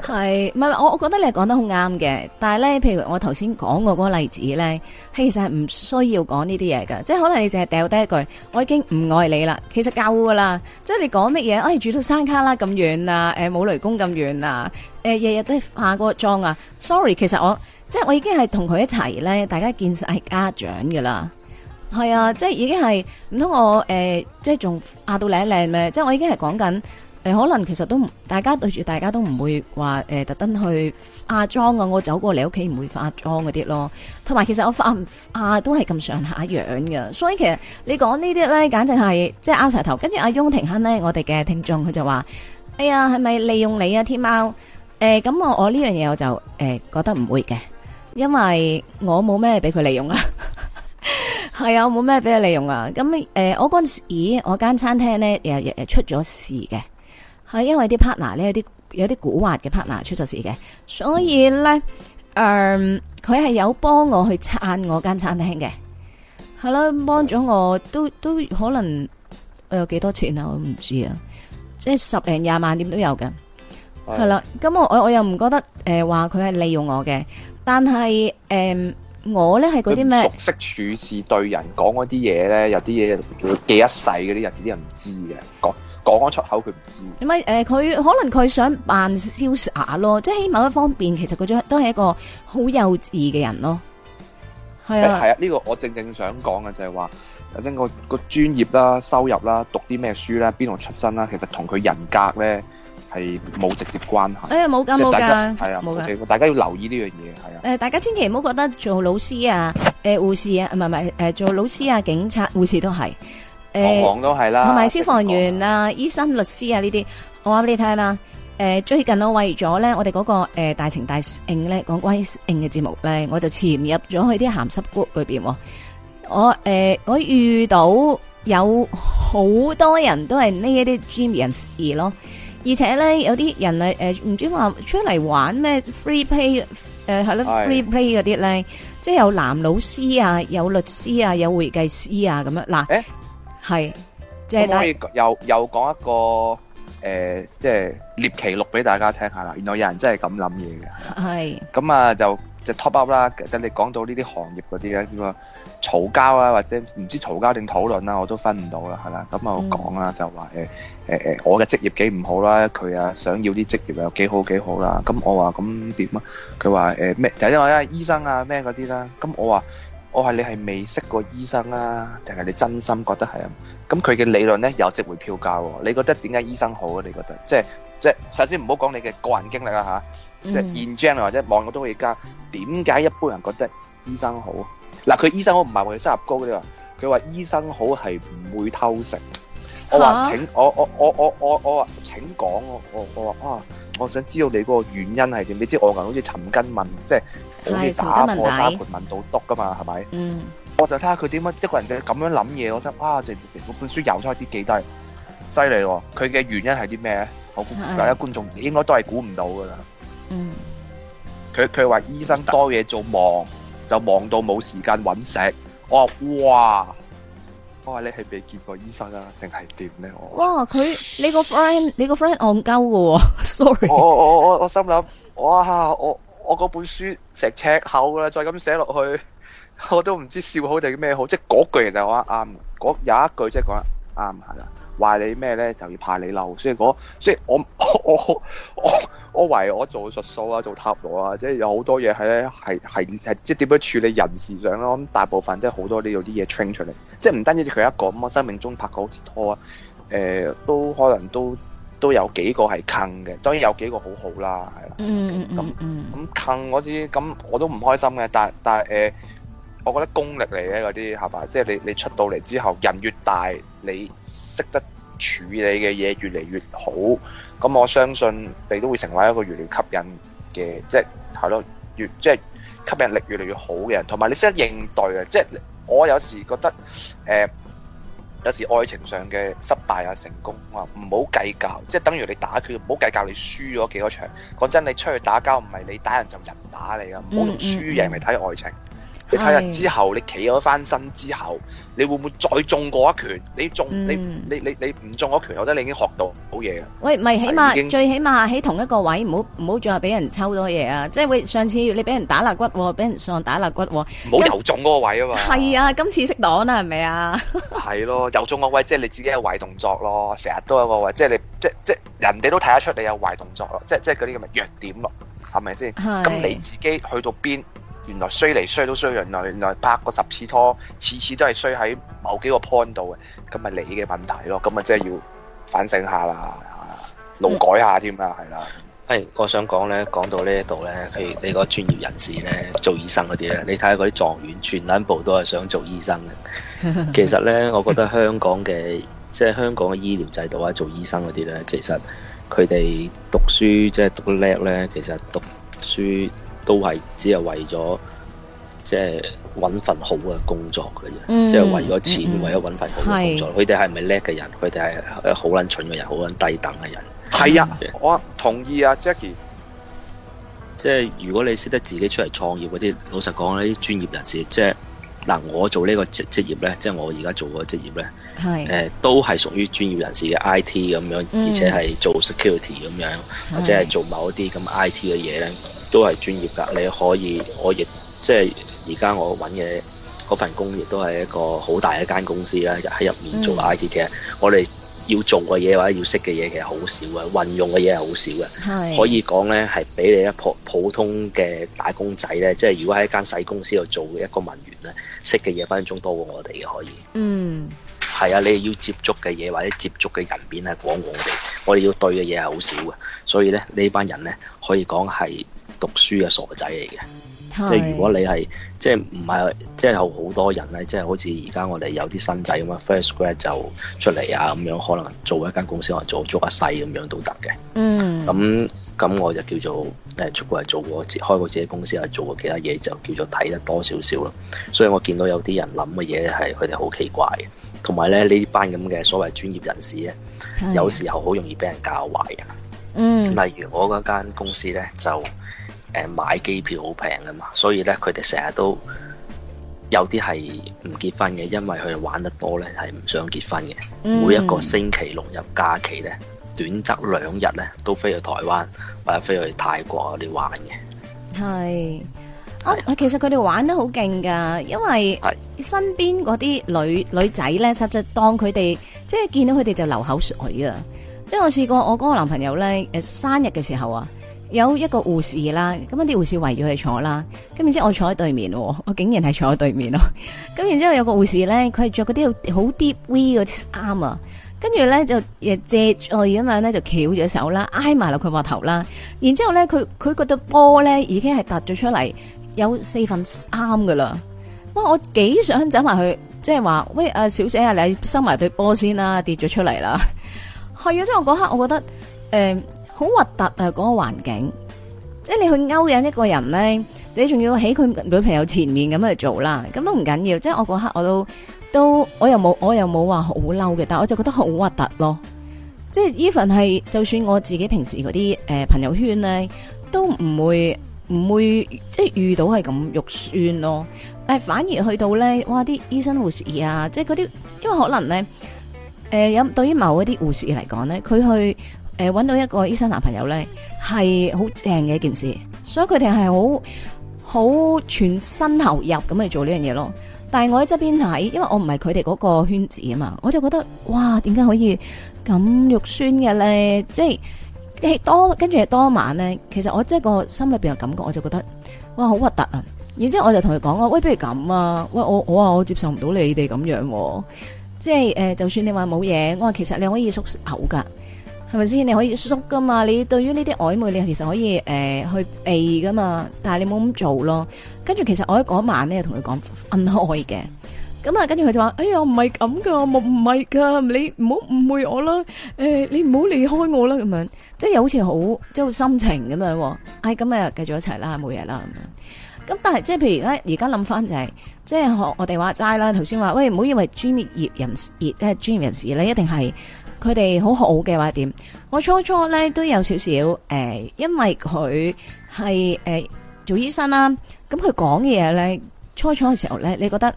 係唔係？我我覺得你係講得好啱嘅，但係咧，譬如我頭先講過嗰個例子咧，其實係唔需要講呢啲嘢㗎。即係可能你淨係掉低一句，我已經唔愛你啦。其實夠噶啦，即係你講乜嘢？誒、哎、住到山卡啦咁遠啊！冇、呃、雷公咁遠啊！誒，日日都化嗰個妝啊！Sorry，其實我即係我已經係同佢一齊咧，大家見晒家長㗎啦。係啊，即係已經係唔通我誒、呃，即係仲化到靚靚咩？即係我已經係講緊誒，可能其實都大家對住大家都唔會話誒、呃，特登去化妝啊，我走過你屋企唔會化妝嗰啲咯。同埋其實我化，化都係咁上下樣嘅，所以其實你講呢啲咧，簡直係即係拗柴頭。跟住阿翁庭亨咧，我哋嘅聽眾佢就話，哎呀，係咪利用你啊，天喵？誒、呃，咁我我呢樣嘢我就誒、呃、覺得唔會嘅，因為我冇咩俾佢利用啊。 係 啊，冇咩俾佢利用啊。咁誒、呃，我嗰陣時，咦，我間餐廳咧又又出咗事嘅，係因為啲 partner 咧有啲有啲古惑嘅 partner 出咗事嘅，所以咧，嗯，佢係、嗯、有幫我去撐我間餐廳嘅，係啦、啊，幫咗我都都可能我有幾多錢啊，我唔知啊，即係十零廿萬點都有嘅，係啦、嗯。咁、啊、我我又唔覺得誒話佢係利用我嘅，但係誒。嗯我咧係嗰啲咩？熟悉處事對人講嗰啲嘢咧，有啲嘢記一世嗰啲日子。啲人唔知嘅。講講咗出口佢唔知道。咁啊誒，佢、呃、可能佢想扮瀟灑咯，即係某一方面，其實佢都係一個好幼稚嘅人咯。係啊係啊，呢個我正正想講嘅就係話，頭先個個專業啦、收入啦、讀啲咩書啦、邊度出身啦，其實同佢人格咧，係冇直接關係。誒冇噶冇噶，係啊冇噶。的大家要留意呢樣嘢，係啊、呃。大家千祈唔好覺得做老師啊、誒、呃、護士啊，唔係唔係做老師啊、警察、護士都係。行、呃、行都係啦。同埋消防員啊、醫生、律師啊呢啲，我話俾你聽啦、呃。最近我為咗咧，我哋嗰個大情大應咧，講關於應嘅節目咧，我就潛入咗去啲鹹濕谷裏面喎。我、呃、我遇到有好多人都係呢一啲 dreamers 而咯。而且咧有啲人啊，誒唔知話出嚟玩咩 free play，誒係咯 free play 嗰啲咧，即係有男老師啊，有律師啊，有會計師啊咁樣嗱，係即係可唔可以又又講一個誒，即係獵奇錄俾大家聽下啦。原來有人真係咁諗嘢嘅，係咁啊就就 top up 啦。等你講到呢啲行業嗰啲咧點啊。嘈交啊，或者唔知嘈交定討論啦，我都分唔到啦，係啦。咁、嗯呃呃呃、啊講啦、啊嗯呃，就話誒誒誒，我嘅職業幾唔好啦，佢啊想要啲職業又幾好幾好啦。咁我話咁點啊？佢話誒咩？就因為醫生啊咩嗰啲啦。咁、啊、我話我話你係未識過醫生啊，定係你真心覺得係啊？咁佢嘅理論咧有值回票價喎。你覺得點解醫生好啊？你覺得即係即係首先唔好講你嘅個人經歷啊吓，啊嗯、即係現象，或者望到都可以加。點解、嗯、一般人覺得醫生好、啊？嗱，佢醫生好唔係為佢收入高嗰啲話，佢話醫生好係唔會偷食。我話請、啊、我我我我我我話請講，我我我話啊，我想知道你嗰個原因係點？你知我個好似尋根問，即係好似打破沙盤問到篤噶嘛，係咪？吧嗯。我就睇下佢點樣一個人嘅咁樣諗嘢，我心啊，成成本書又開始記低，犀利喎！佢嘅原因係啲咩咧？好，大家、嗯、觀眾應該都係估唔到噶啦。嗯。佢佢話醫生多嘢做忙。就忙到冇時間揾食，我話哇，我話你係未見過醫生啊，定係點咧？我哇，佢你個 friend 你個 friend 戇鳩噶，sorry。我我我我心諗，哇，我我嗰本書成尺厚啦，再咁寫落去，我都唔知笑好定咩好。即係嗰句就係話啱，嗰有一句即係講得啱係啦，話你咩咧就要怕你嬲所以嗰所以我我我。我我我為我做術數啊，做塔羅啊，即係有好多嘢係咧，係係係，即係點樣處理人事上咯。咁大部分即係好多呢度啲嘢 train 出嚟，即係唔單止佢一個。咁我生命中拍過好多拖，誒、呃，都可能都都有幾個係坑嘅，當然有幾個好好啦，係啦。嗯嗯嗯。咁咁坑嗰啲，咁我都唔開心嘅。但但係誒、呃，我覺得功力嚟嘅嗰啲係嘛？即係你你出到嚟之後，人越大，你識得處理嘅嘢越嚟越好。咁我相信你都會成為一個越嚟越吸引嘅，即係係咯，越即係吸引力越嚟越好嘅人。同埋你識得應對嘅，即係我有時覺得誒、呃，有時愛情上嘅失敗啊、成功啊，唔好計較，即係等於你打拳，唔好計較你輸咗幾多場。講真，你出去打交唔係你打人就人打你噶，唔好用輸贏嚟睇愛情。嗯嗯。你睇下之後，你企咗翻身之後，你會唔會再中過一拳？你中你你你你唔中嗰拳，我覺得你已經學到好嘢喇喂，咪起碼經最起碼喺同一個位，唔好唔好再俾人抽到嘢啊！即係會上次你俾人打肋骨，俾人上打肋骨，唔好又中嗰個位啊嘛！係啊，今次識擋啦，係咪啊？係 咯，又中嗰位，即係你自己有壞動作咯。成日都有個位，即係你即即係人哋都睇得出你有壞動作咯。即即嗰啲咁嘅弱點咯，係咪先？咁是你自己去到邊？原來衰嚟衰都衰，原來原來拍過十次拖，次次都係衰喺某幾個 point 度嘅，咁咪你嘅問題咯，咁咪即係要反省下啦，勞改下添啊，係啦。係，我想講咧，講到呢一度咧，譬如你個專業人士咧，做醫生嗰啲咧，你睇下嗰啲狀元，全班部都係想做醫生嘅。其實咧，我覺得香港嘅 即係香港嘅醫療制度啊，做醫生嗰啲咧，其實佢哋讀書即係讀叻咧，其實讀書。都係只係為咗即係搵份好嘅工作嘅啫，即係、嗯、為咗錢，嗯嗯、為咗搵份好嘅工作。佢哋係咪叻嘅人？佢哋係好撚蠢嘅人，好撚低等嘅人？係啊，對我同意啊，Jackie。即係如果你識得自己出嚟創業嗰啲，老實講，呢啲專業人士，即係嗱，我做這個職呢個職職業咧，即係我而家做嗰個職業咧，係誒、呃，都係屬於專業人士嘅 IT 咁樣，嗯、而且係做 security 咁樣，或者係做某一啲咁 IT 嘅嘢咧。都係專業㗎，你可以，我亦即係而家我揾嘅嗰份工亦都係一個好大一間公司啦，喺入面做 IT 嘅，嗯、我哋要做嘅嘢或者要識嘅嘢其實好少嘅，運用嘅嘢係好少嘅，是 可以講呢，係俾你一普普通嘅打工仔呢。即係如果喺一間細公司度做嘅一個文員呢，識嘅嘢分分鐘多過我哋嘅可以。嗯，係啊，你要接觸嘅嘢或者接觸嘅人面係廣過我哋，我哋要對嘅嘢係好少嘅，所以呢，呢班人呢，可以講係，讀書嘅傻仔嚟嘅，是即係如果你係即係唔係即有好多人咧，即係好似而家我哋有啲新仔咁樣，first grade 就出嚟啊，咁樣可能做一間公司可能做足一世咁樣都得嘅。嗯，咁咁我就叫做誒出過嚟做過，開過自己公司又做過其他嘢，就叫做睇得多少少咯。所以我見到有啲人諗嘅嘢係佢哋好奇怪嘅，同埋咧呢班咁嘅所謂專業人士咧，是有時候好容易俾人教壞嘅。嗯，例如我嗰間公司咧就。誒買機票好平㗎嘛，所以咧佢哋成日都有啲係唔結婚嘅，因為佢哋玩得多咧係唔想結婚嘅。嗯、每一個星期六日假期咧，短則兩日咧，都飛去台灣或者飛去泰國嗰啲玩嘅。係，啊其實佢哋玩得好勁噶，因為身邊嗰啲女是女仔咧，實在當佢哋即係見到佢哋就流口水啊！即係我試過我嗰個男朋友咧，誒生日嘅時候啊。有一個護士啦，咁一啲護士圍住佢坐啦，咁然之後我坐喺對面，我竟然係坐喺對面咯。咁 然之後有個護士咧，佢係着嗰啲好 deep V 嗰啲衫啊，跟住咧就借住坐咁樣咧就翹咗手啦，挨埋落佢膊頭啦。然之後咧佢佢覺得波咧已經係突咗出嚟，有四分啱噶啦。哇！我幾想走埋去，即係話喂啊小姐啊，你先收埋對波先啦，跌咗出嚟啦。係啊，即係我嗰刻我覺得誒。呃好核突啊！嗰個環境，即係你去勾引一個人咧，你仲要喺佢女朋友前面咁去做啦，咁都唔緊要。即係我嗰刻我都都，我又冇我又冇話好嬲嘅，但係我就覺得好核突咯。即係 even 係，就算我自己平時嗰啲誒朋友圈咧，都唔會唔會即係遇到係咁肉酸咯。誒，反而去到咧，哇！啲醫生護士啊，即係嗰啲，因為可能咧，誒、呃、有對於某一啲護士嚟講咧，佢去。誒，搵到一個醫生男朋友咧，係好正嘅一件事，所以佢哋係好好全身投入咁去做呢樣嘢咯。但係我喺側邊睇，因為我唔係佢哋嗰個圈子啊嘛，我就覺得哇，點解可以咁肉酸嘅咧？即係多跟住多晚咧，其實我即係個心裏邊嘅感覺，我就覺得哇，好核突啊！然之後我就同佢講咯，喂，不如咁啊，喂，我我話我，我接受唔到你哋咁樣、啊，即係誒、呃，就算你話冇嘢，我話其實你可以縮口噶。係咪先？你可以縮噶嘛？你對於呢啲曖昧，你其實可以誒、呃、去避噶嘛？但係你冇咁做咯。跟住其實我喺嗰晚咧，同佢講分開嘅。咁啊，跟住佢就話：哎呀，唔係咁噶，唔係噶，你唔好誤會我啦、呃。你唔好離開我啦。咁樣即係又好似好即係好深情咁樣喎。哎，咁啊，繼續一齊啦，每日啦咁樣。咁但係即係譬如而家而家諗翻就係、是，即係學我哋話齋啦。頭先話：喂，唔好以為專業,業人士業即係、啊、專業人士咧，一定係。佢哋好好嘅話點？我初初咧，都有少少誒，因為佢係誒做醫生啦、啊，咁佢講嘢咧，初初嘅時候咧，你覺得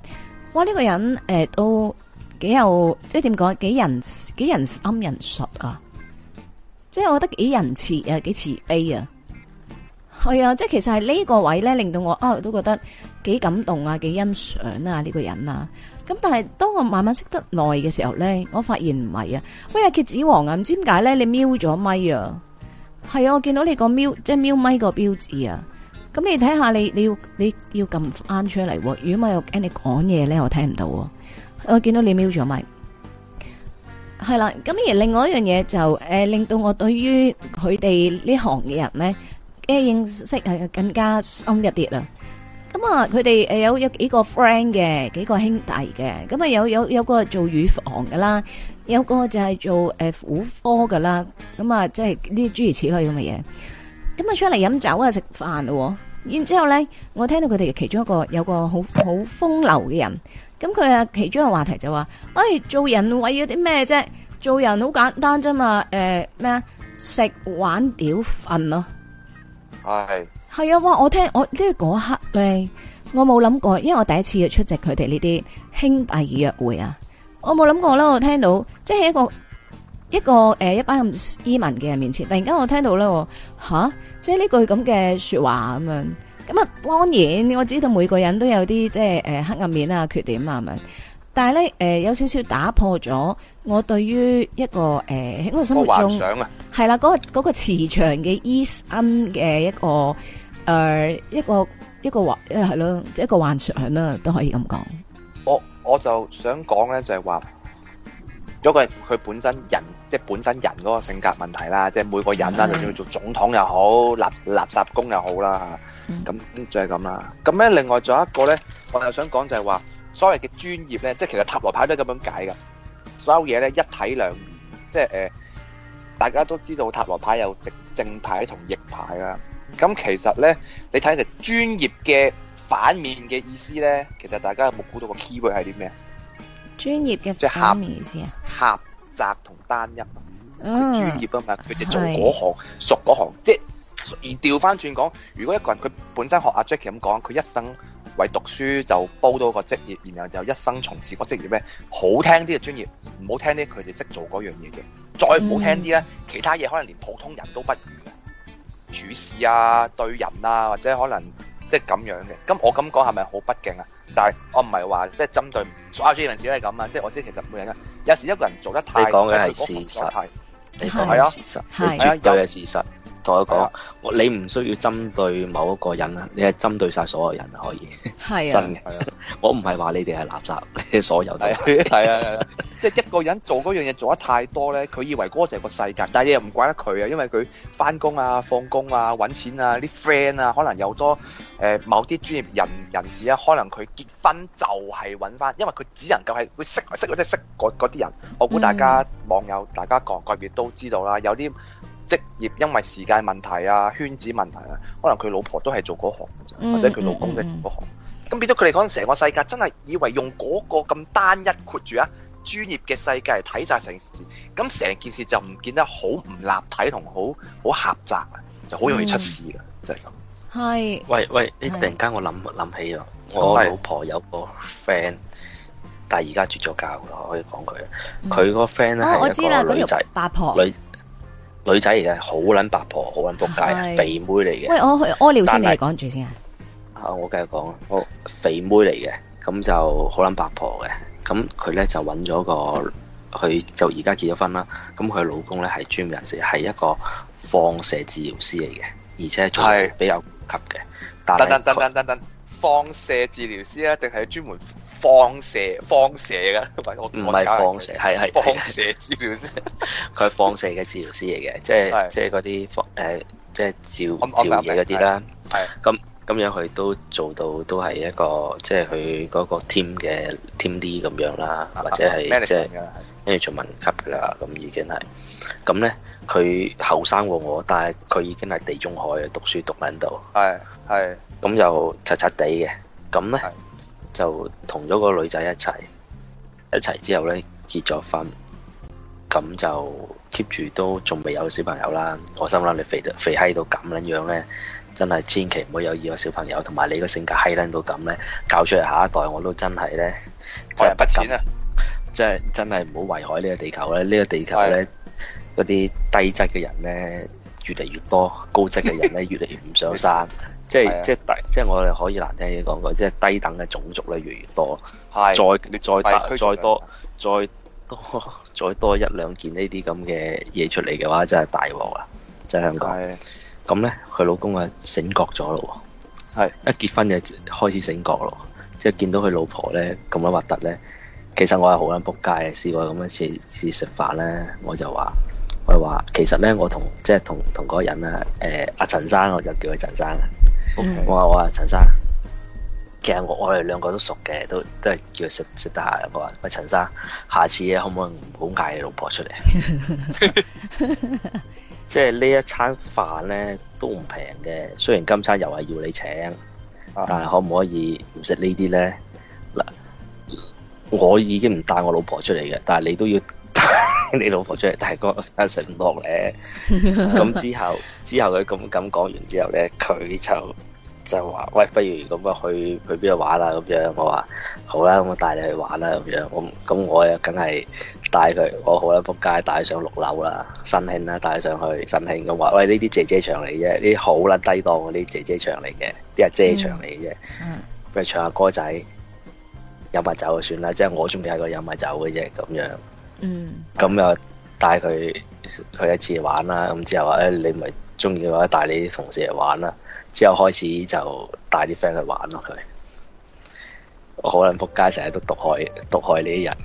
哇呢、這個人誒、欸、都幾有，即係點講，幾人幾人心人術啊？即係我覺得幾仁慈啊，幾慈悲啊？係啊，即係其實係呢個位咧，令到我啊我都覺得幾感動啊，幾欣賞啊呢、這個人啊。咁但係當我慢慢識得耐嘅時候咧，我發現唔係啊，喂啊，蠍子王啊，唔知點解咧？你瞄咗咪啊？係啊，我見到你個瞄，即係瞄咪個標誌啊。咁你睇下你你要你要撳翻出嚟，如果唔係又驚你講嘢咧，我聽唔到。我見到你瞄咗咪。係啦，咁而另外一樣嘢就誒，令到我對於佢哋呢行嘅人咧嘅認識係更加深一啲啦。咁啊，佢哋誒有有幾個 friend 嘅，幾個兄弟嘅，咁啊有有有個做乳房噶啦，有個就係做誒婦科噶啦，咁啊即係呢諸如此類咁嘅嘢。咁啊出嚟飲酒啊食飯咯，然之後咧，我聽到佢哋其中一個有個好好風流嘅人，咁佢啊其中一個話題就話，喂，做人為咗啲咩啫？做人好簡單啫嘛，誒咩啊？食玩屌瞓咯。係。係啊哇，我聽我呢個嗰刻咧，我冇諗、這個、過，因為我第一次要出席佢哋呢啲兄弟約會啊，我冇諗過啦，我聽到即係一個一個誒、呃、一班咁斯文嘅人面前，突然間我聽到啦吓，即係呢句咁嘅說話咁樣。咁啊，當然我知道每個人都有啲即係誒、呃、黑暗面啊、缺點啊咪，但係咧誒有少少打破咗我對於一個誒喺我心目中係啦，嗰個嗰個慈祥嘅伊恩嘅一個。呃誒，一個一個幻，係咯，即係一個幻想啦，都可以咁講。我我就想講咧，就係話，咁佢佢本身人，即係本身人嗰個性格問題啦，即係每個人啦，就算做總統又好，垃垃圾工又好啦，吓，咁就係咁啦。咁咧，另外仲有一個咧，我又想講就係話，所謂嘅專業咧，即係其實塔羅牌都係咁樣解噶，所有嘢咧一體兩面，即係誒，大家都知道塔羅牌有正正牌同逆牌啦。咁其實咧，你睇嚟專業嘅反面嘅意思咧，其實大家有冇估到個 keyword 係啲咩啊？專業嘅即係狹義意思啊，狹窄同單一。嗯、專業啊嘛，佢就做嗰行，是熟嗰行。即係而調翻轉講，如果一個人佢本身學阿 Jacky 咁講，佢一生為讀書就煲到個職業，然後就一生從事嗰職業咧，好聽啲嘅專業，唔好聽啲佢哋識做嗰樣嘢嘅，再唔好聽啲咧，嗯、其他嘢可能連普通人都不如。處事啊，對人啊，或者可能即係咁樣嘅，咁我咁講係咪好不敬啊？但係我唔係話即係針對所有專業人士都係咁啊，即係我知其實每個人，有時一個人做得太，你講嘅係事實，係啊，你事實，係絕對嘅事實。我講，啊、你唔需要針對某一個人啊，你係針對晒所有人可以，真嘅。我唔係話你哋係垃圾，你所有都係啊，係啊，即係一個人做嗰樣嘢做得太多呢佢以為嗰就係個世界，但係你又唔怪得佢啊，因為佢翻工啊、放工啊、揾錢啊、啲 friend 啊，可能有多誒、呃、某啲專業人人士啊，可能佢結婚就係揾翻，因為佢只能夠係會識識即係、就係、識嗰啲人。我估大家、嗯、網友大家各各別都知道啦，有啲。職業因為時間問題啊、圈子問題啊，可能佢老婆都係做嗰行嘅、嗯、或者佢老公咧做嗰行嘅，咁、嗯嗯嗯、變咗佢哋講成個世界真係以為用嗰個咁單一括住啊專業嘅世界嚟睇晒成件事，咁成件事就唔見得好唔立體同好好狹窄啊，就好容易出事啦，嗯、就係咁。係。喂喂，你、欸、突然間我諗諗起咗，是我老婆有個 friend，但係而家絕咗交啦，我可以講佢，佢個 friend 咧係一個女仔八、啊、婆女仔嚟嘅，好撚八婆，好撚仆街，肥妹嚟嘅。喂，我去屙尿先，你係講住先啊？啊，我繼續講啊，我肥妹嚟嘅，咁就好撚八婆嘅。咁佢咧就揾咗個，佢就而家結咗婚啦。咁佢老公咧係專業人士，係一個放射治療師嚟嘅，而且仲係比較高級嘅。的但等等等等等等，放射治療師啊，定係專門？放射放射噶，唔係放射，係係放射治療師。佢放射嘅治療師嚟嘅，即係即係嗰啲放誒，即係照照嘢嗰啲啦。係咁咁樣，佢都做到，都係一個即係佢嗰個 team 嘅 team D 咁樣啦，或者係即係跟住做文級噶啦，咁已經係咁咧。佢後生過我，但係佢已經係地中海嘅讀書讀緊度。係係咁又柒柒地嘅咁咧。就同咗個女仔一齊，一齊之後呢，結咗婚，咁就 keep 住都仲未有小朋友啦。我心諗你肥肥閪到咁撚樣咧，真係千祈唔好有二個小朋友，同埋你個性格閪撚到咁呢，教出嚟下一代我都真係呢，真係不敢呀，即係真係唔好遺害呢個地球咧。呢、呢個地球呢，嗰啲的低質嘅人呢，越嚟越多，高質嘅人呢，越嚟越唔想生。 即係是的 即係即係我哋可以難聽啲講句，即係低等嘅種族咧越嚟越多，的再再再多的再多，的再，多再多一兩件呢啲咁嘅嘢出嚟嘅話，真係大鑊啦！即係香港咁咧，佢是的 老公啊醒覺咗咯，係是的 一結婚就開始醒覺咯，是的 即係見到佢老婆咧咁樣核突咧。其實我係好撚仆街嘅，試過咁樣次次食飯咧，我就話我話其實咧，我同即係同同嗰個人咧，誒阿陳生，我就叫佢陳生。我話我陳生，其實我我哋兩個都熟嘅，都都係叫識食得下。我話喂陳生，下次呢可唔可以唔好嗌你老婆出嚟？ 即係呢一餐飯咧都唔平嘅，雖然今餐又係要你請，uh huh. 但係可唔可以唔食呢啲咧？嗱，我已經唔帶我老婆出嚟嘅，但係你都要帶你老婆出嚟，但嗰但食唔落咧。咁 之後之後佢咁咁講完之後咧，佢就。就話喂，不如咁啊，去去邊度玩啊？咁樣我話好啦，我帶你去玩啦、啊。咁樣我咁我又梗係帶佢，我好啦，仆街帶佢上六樓啦，新興啦，帶佢上去新興。咁話喂，呢啲姐姐場嚟啫，呢啲好啦低檔嗰啲姐姐場嚟嘅，啲係姐場嚟啫。嗯，不如唱下歌仔，飲下、嗯、酒就算啦，即係我中意喺度飲下酒嘅啫。咁樣，嗯，咁又帶佢去一次玩啦、啊。咁之後話咧、欸，你咪中意嘅話，帶你啲同事嚟玩啦、啊。之後開始就帶啲 friend 去玩咯，佢可能仆街成日都毒害毒害你啲人，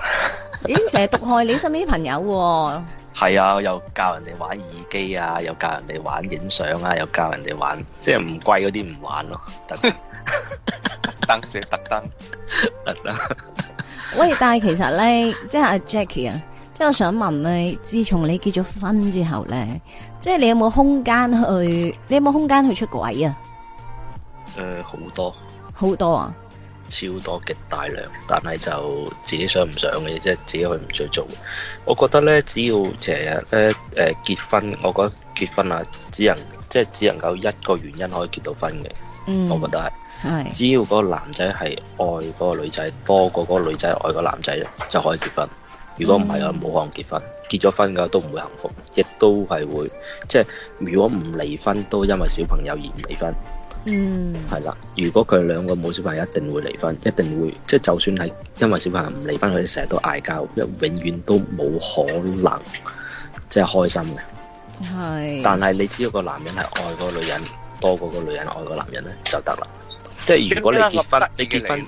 已經成日毒害你身邊啲朋友、啊？係 啊，有啊有，又教人哋玩耳機啊，又教人哋玩影相啊，又教人哋玩，即係唔貴嗰啲唔玩咯，特登，特登，特登。喂，但係其實咧，即係阿 Jacky 啊。即係我想問你，自從你結咗婚之後咧，即係你有冇空間去？你有冇空間去出軌啊？誒、呃，好多，好多啊，超多極大量，但係就自己想唔想嘅嘢，即係自己去唔再做。我覺得咧，只要成日咧誒，結婚，我覺得結婚啊，只能即係只能夠一個原因可以結到婚嘅。嗯、我覺得係，係，只要嗰個男仔係愛嗰個女仔多過嗰個女仔愛個男仔，就可以結婚。如果唔係啊，冇可能結婚。結咗婚嘅都唔會幸福，亦都係會，即係如果唔離婚，都因為小朋友而唔離婚。嗯，係啦。如果佢兩個冇小朋友，一定會離婚，一定會，即係就算係因為小朋友唔離婚，佢哋成日都嗌交，永遠都冇可能即係開心嘅。係。但係你只要個男人係愛個女人多過個女人愛個男人咧，就得啦。即係如果你結婚，你，你結婚。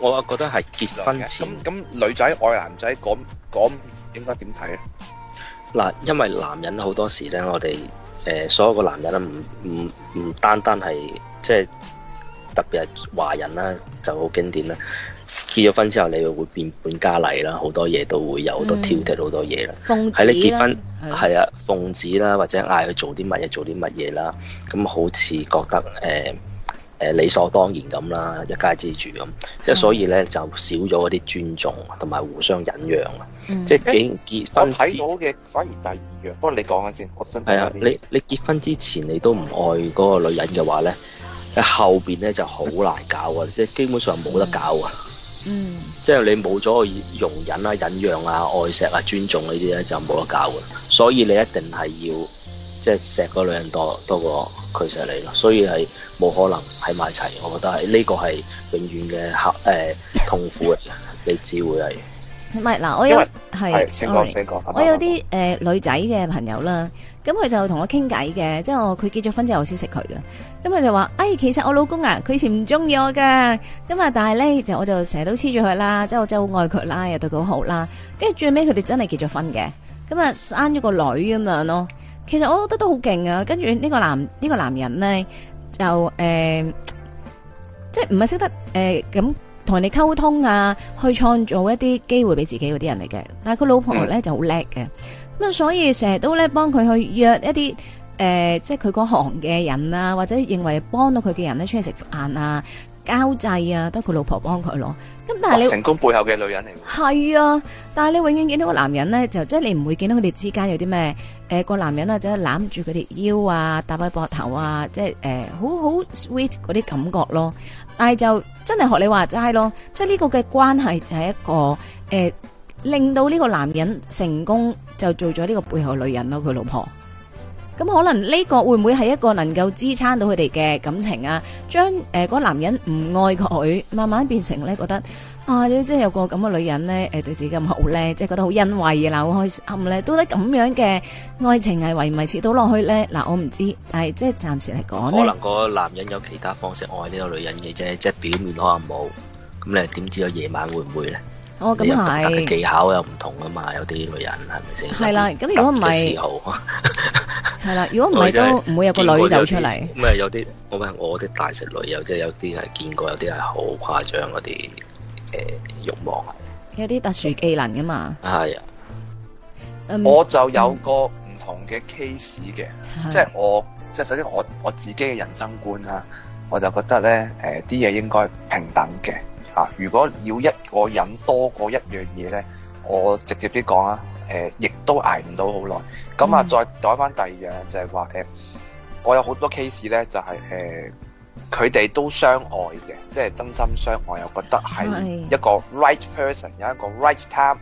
我覺得係結婚前咁、okay. 女仔愛男仔講講應該點睇咧？嗱，因為男人好多時咧，我哋誒、呃、所有個男人咧，唔唔唔，唔單單係即係特別係華人啦，就好經典啦。結咗婚之後，你會變本加厲啦，好多嘢都會有好多挑剔好多嘢啦。係、嗯、你結婚係啊，奉旨的啦，或者嗌佢做啲乜嘢，做啲乜嘢啦？咁好似覺得誒。呃誒理所當然咁啦，一家之主咁，即、就、係、是、所以咧就少咗嗰啲尊重同埋互相忍讓啊！嗯、即係結結婚，我睇到嘅反而第二樣。不過你講下先，我先係啊！你你結婚之前你都唔愛嗰個女人嘅話咧，嗯、你後面咧就好難搞啊！即係、嗯、基本上冇得搞啊！嗯，即係你冇咗容忍啊、忍讓啊、愛錫啊、尊重呢啲咧，就冇得搞嘅。所以你一定係要。即係錫個女人多多過佢錫你咯，所以係冇可能喺埋一齊。我覺得係呢個係永遠嘅客、呃、痛苦 你只會係唔係嗱？我有係先講我有啲誒、嗯呃呃、女仔嘅朋友啦。咁佢就同我傾偈嘅，即係佢結咗婚之後我先識佢嘅。咁佢就話：哎，其實我老公啊，佢以前唔中意我嘅。咁啊，但係咧，就我就成日都黐住佢啦，即係我真係好愛佢啦，又對佢好好啦。跟住最尾佢哋真係結咗婚嘅，咁啊生咗個女咁樣咯。其實我覺得都好勁啊！跟住呢個男呢、呢個男人咧，就誒、呃，即係唔係識得誒咁同人哋溝通啊，去創造一啲機會俾自己嗰啲人嚟嘅。但係佢老婆咧就好叻嘅，咁啊，所以成日都咧幫佢去約一啲誒、呃，即係佢嗰行嘅人啊，或者認為幫到佢嘅人咧出去食飯啊。交際啊，得佢老婆幫佢囉。咁但係你、哦、成功背後嘅女人嚟，係啊！但係你永遠見到個男人咧，就即係你唔會見到佢哋之間有啲咩誒個男人啊，就係攬住佢哋腰啊，搭喺膊頭啊，即係誒、呃、好好 sweet 嗰啲感覺咯。但係就真係學你話齋咯，即係呢個嘅關係就係一個誒、呃、令到呢個男人成功就做咗呢個背後女人咯，佢老婆。咁可能呢個會唔會係一個能夠支撐到佢哋嘅感情啊？將誒嗰男人唔愛佢，慢慢變成咧覺得啊，即係有個咁嘅女人咧，誒對自己咁好咧，即係覺得好欣慰嘅啦，好開心咧，到底咁樣嘅愛情係維唔維持到落去咧？嗱，我唔知，但係即係暫時嚟講咧，可能個男人有其他方式愛呢個女人嘅啫，即係表面可能冇，咁你點知個夜晚會唔會咧？我咁係技巧又唔同啊嘛，有啲女人係咪先？係啦，咁如果唔係。係啦，如果唔係都唔會有個女走出嚟。咁係有啲，我咪我啲大食女友，即係有啲係見過，有啲係好誇張嗰啲，誒欲望，有啲特殊技能噶嘛？係啊，我就有個唔同嘅 case 嘅、嗯，即係我即係首先我我自己嘅人生觀啊，我就覺得咧，誒啲嘢應該平等嘅啊。如果要一個人多過一樣嘢咧，我直接啲講啊。誒，亦、呃、都捱唔到好耐，咁啊、嗯，再講翻第二樣就係、是、話，誒、呃，我有好多 case 咧、就是，就係誒，佢哋都相愛嘅，即係真心相愛，又覺得係一個 right person，有是一個 right time，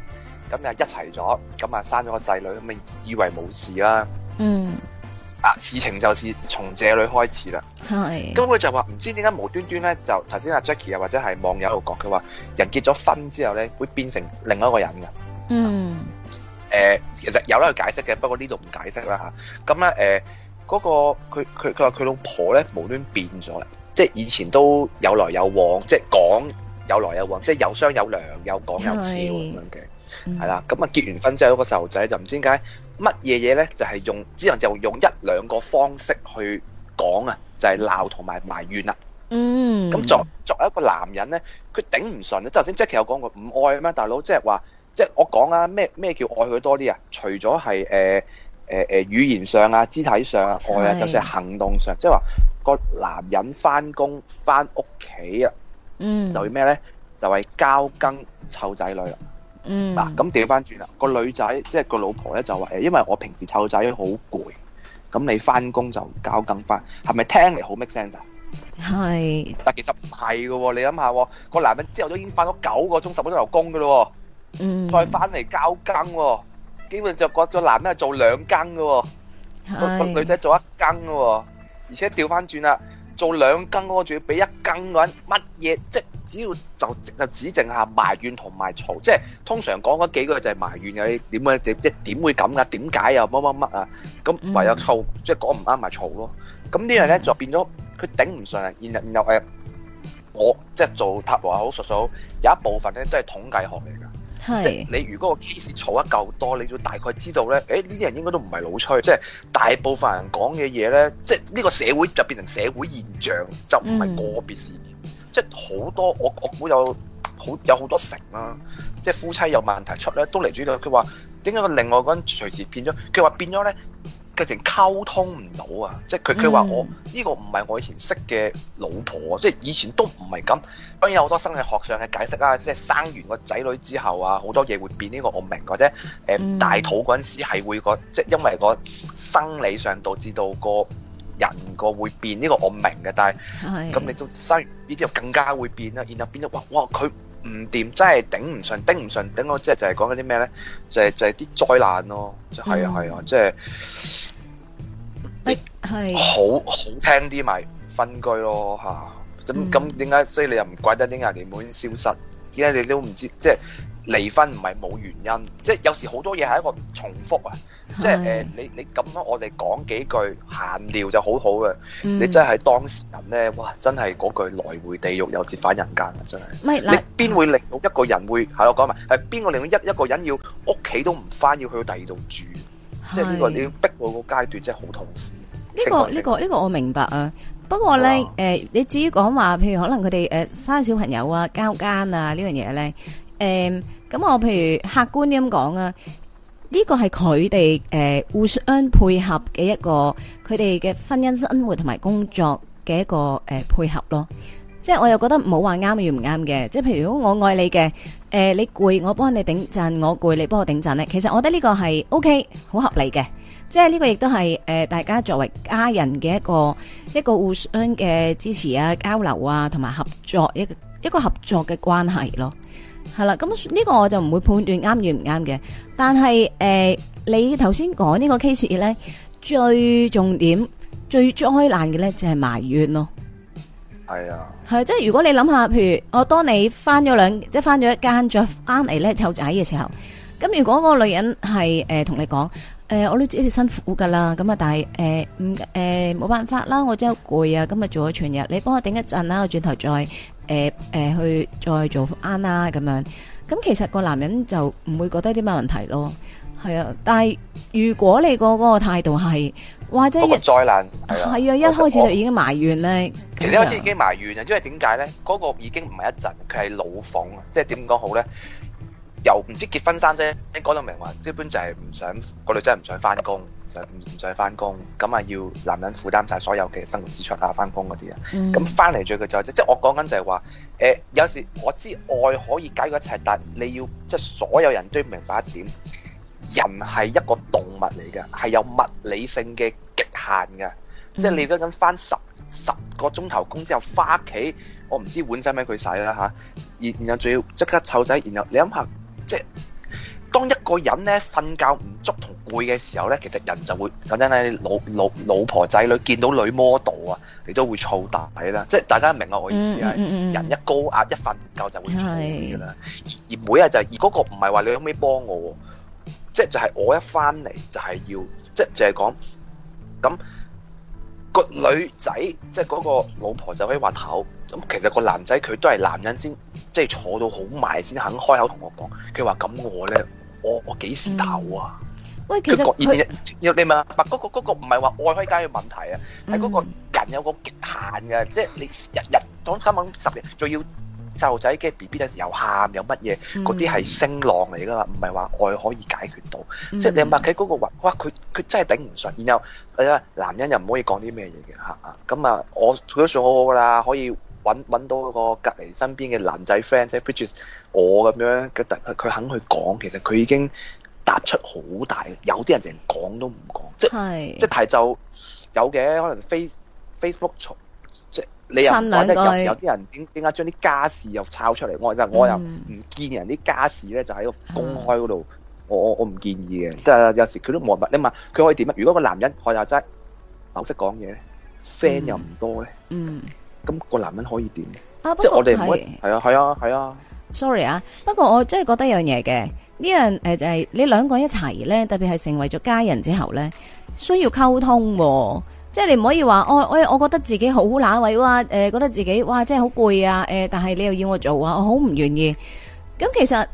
咁啊一齊咗，咁啊生咗個仔女，咪以為冇事啦。嗯，啊，事情就是從這裏開始啦。係是。咁佢、嗯、就話唔知點解無端端咧，就頭先阿 Jackie 又或者係網友度講，佢話人結咗婚之後咧，會變成另外一個人嘅。嗯。啊誒其實有得去解釋嘅，不過呢度唔解釋啦嚇。咁咧誒，嗰、嗰個佢佢佢話佢老婆咧無端變咗啦，即係以前都有來有往，即係講有來有往，即係有商有量，有講有笑咁樣嘅，係啦。咁啊結完婚之後，嗰個細路仔就唔知點解乜嘢嘢咧，就係、是、用只能就用一兩個方式去講啊，就係鬧同埋埋怨啦。嗯。咁作作為一個男人咧，佢頂唔順啦。即頭先 Jacky 有講過唔愛啊咩？大佬即係話。就是即係我講啦，咩咩叫愛佢多啲啊？除咗係誒誒誒語言上啊、肢體上啊愛啊，就算係行動上，即係話個男人翻工翻屋企啊，嗯，就係咩咧？就係交更湊仔女啦，嗯，嗱咁調翻轉啦，個女仔即係個老婆咧就話誒，因為我平時湊仔好攰，咁你翻工就交更翻，係咪聽嚟好 make sense 啊？係的，但其實唔係噶，你諗下個男人之後都已經翻咗九個鐘、十個鐘頭工噶喎，哦。再翻嚟交更喎，基本上就覺咗男咧做兩更嘅，個個女仔做一更嘅，而且調翻轉啦，做兩更咯，仲要畀一更搵乜嘢？即係只要就就只剩下埋怨同埋嘈，即係通常講嗰幾句就係埋怨嘅，你點啊？即係點會咁噶？點解又乜乜乜啊？咁唯有嘈，即係講唔啱咪嘈咯。咁呢樣咧就變咗佢頂唔順，然後然後誒，我即係做塔羅啊，好熟數，有一部分咧都係統計學嚟。即係是你如果個 case 儲得夠多，你要大概知道咧，誒呢啲人應該都唔係老吹，即係大部分人講嘅嘢咧，即係呢個社會就變成社會現象，就唔係個別事件，即係、嗯、好多我我估有好有好多成啦、啊，即係夫妻有問題出咧都嚟主要。佢話點解個另外嗰人隨時變咗，佢話變咗咧。直成溝通唔到啊！即係佢佢話我呢個唔係我以前識嘅老婆，mm. 即係以前都唔係咁。當然有好多生理學上嘅解釋啦，即係生完個仔女之後啊，好多嘢會變。呢個我明或者誒大肚嗰陣時係會個，即係因為個生理上導致到個人個會變。呢個我明嘅，但係咁、mm. 你都生完呢啲又更加會變啦。然後變咗哇哇佢。佢唔掂，真係頂唔順，頂唔順，頂到即係就係講緊啲咩咧，就係就係啲災難咯，係啊係啊，即係你係好好聽啲咪分居咯吓，咁咁點解？所以你又唔怪得啲人哋冇消失，點解你都唔知即係。就是離婚唔係冇原因，即係有時好多嘢係一個重複啊！是的即係誒、呃，你你咁樣，我哋講幾句閒聊就好好嘅。嗯、你真係當事人咧，哇！真係嗰句來回地獄又折返人間啊！真係，是你邊會令到一個人會係、嗯、我講埋，係邊個令到一一個人要屋企都唔返，要去到第二度住？是的即係呢個你要逼我個階段，真係好痛苦。呢、這個呢、這個呢、這個我明白啊。不過咧，誒的、呃，你至於講話譬如可能佢哋誒生小朋友啊、交奸啊這呢樣嘢咧。誒，咁、嗯、我譬如客觀咁講啊，呢、這個係佢哋誒互相配合嘅一個，佢哋嘅婚姻生活同埋工作嘅一個誒、呃、配合咯。即係我又覺得唔好話啱與唔啱嘅，即係譬如如果我愛你嘅，誒、呃、你攰我幫你頂陣，我攰你幫我頂陣呢，其實我覺得呢個係 OK，好合理嘅。即係呢個亦都係誒大家作為家人嘅一個一個互相嘅支持啊、交流啊，同埋合作一個一個合作嘅關係咯。係啦，咁呢個我就唔會判斷啱與唔啱嘅，但係誒、呃，你頭先講呢個 case 咧，最重點、最災難嘅咧就係、是、埋怨咯。係啊、哎呀。係，即係如果你諗下，譬如我當你翻咗兩，即係翻咗一間再翻嚟，咧湊仔嘅時候，咁如果個女人係誒同你講。誒，我都知你辛苦噶啦，咁啊，但係誒，唔誒，冇辦法啦，我真係攰啊，今日做咗全日，你幫我頂一陣啦，我轉頭再誒誒去再做翻啦，咁樣。咁其實個男人就唔會覺得啲咩問題咯，係啊。但係如果你個個態度係或者一個災難，係啊，一開始就已經埋怨咧。其實你開始已經埋怨啊，因為點解咧？嗰個已經唔係一陣，佢係老奉啊，即係點講好咧？又唔知結婚生啫，你講到明話，基本就係唔想個女仔唔想翻工，就唔唔想翻工，咁啊要男人負擔晒所有嘅生活支出，阿翻工嗰啲啊，咁翻嚟最緊就即係我講緊就係、是、話，誒、呃、有時我知愛可以解決一切，但係你要即係、就是、所有人都要明白一點，人係一個動物嚟嘅，係有物理性嘅極限嘅，即係、嗯、你嗰陣翻十十個鐘頭工之後翻屋企，我唔知碗使洗唔佢洗啦嚇，然然後仲要即刻湊仔，然後，然後你諗下。即係當一個人咧瞓覺唔足同攰嘅時候咧，其實人就會講真咧，老老老婆仔女見到女 model 啊，你都會燥大啦。即係大家明我意思係，嗯嗯嗯、人一高壓一瞓覺就會燥啲噶啦。而而每日就係而嗰個唔係話你可唔可以幫我，即係就係我一翻嚟就係要，即係就係講咁個女仔，即係嗰個老婆就可以話頭。咁其實個男仔佢都係男人先，即、就、係、是、坐到好埋先肯開口同我講。佢話咁我咧，我我幾時唞啊、嗯？喂，佢你問，唔係嗰個唔係話愛可以解決問題啊，係嗰個人有個極限嘅，嗯、即係你日日當今晚十日，仲要就仔嘅 B B 有時又喊有乜嘢，嗰啲係聲浪嚟㗎嘛，唔係話愛可以解決到。即係、嗯、你問佢嗰個話，哇！佢佢真係頂唔順，然後係啊，男人又唔可以講啲咩嘢嘅嚇咁啊，我佢都算好好㗎啦，可以。揾揾到個隔離身邊嘅男仔 friend 即係，which is 我咁樣，佢佢佢肯去講，其實佢已經達出好大。有啲人成講都唔講，即係是即係就有嘅。可能 face Facebook 即係你又人或者有有啲人點點解將啲家事又抄出嚟？我就我又唔見人啲家事咧，就喺個公開嗰度。我我我唔建議嘅。即係有時佢都冇乜你問佢可以點啊？如果個男人我又真係唔識講嘢，friend 又唔多咧。嗯。咁個男人可以點啊？不過即係我哋唔可以係啊，係啊，係啊。啊 Sorry 啊，不過我真係覺得一樣嘢嘅呢樣誒就係、是、你兩個一齊咧，特別係成為咗家人之後咧，需要溝通喎、哦。即係你唔可以話我我我覺得自己好乸位哇誒、呃，覺得自己哇真係好攰啊、呃、但係你又要我做啊，我好唔願意。咁其實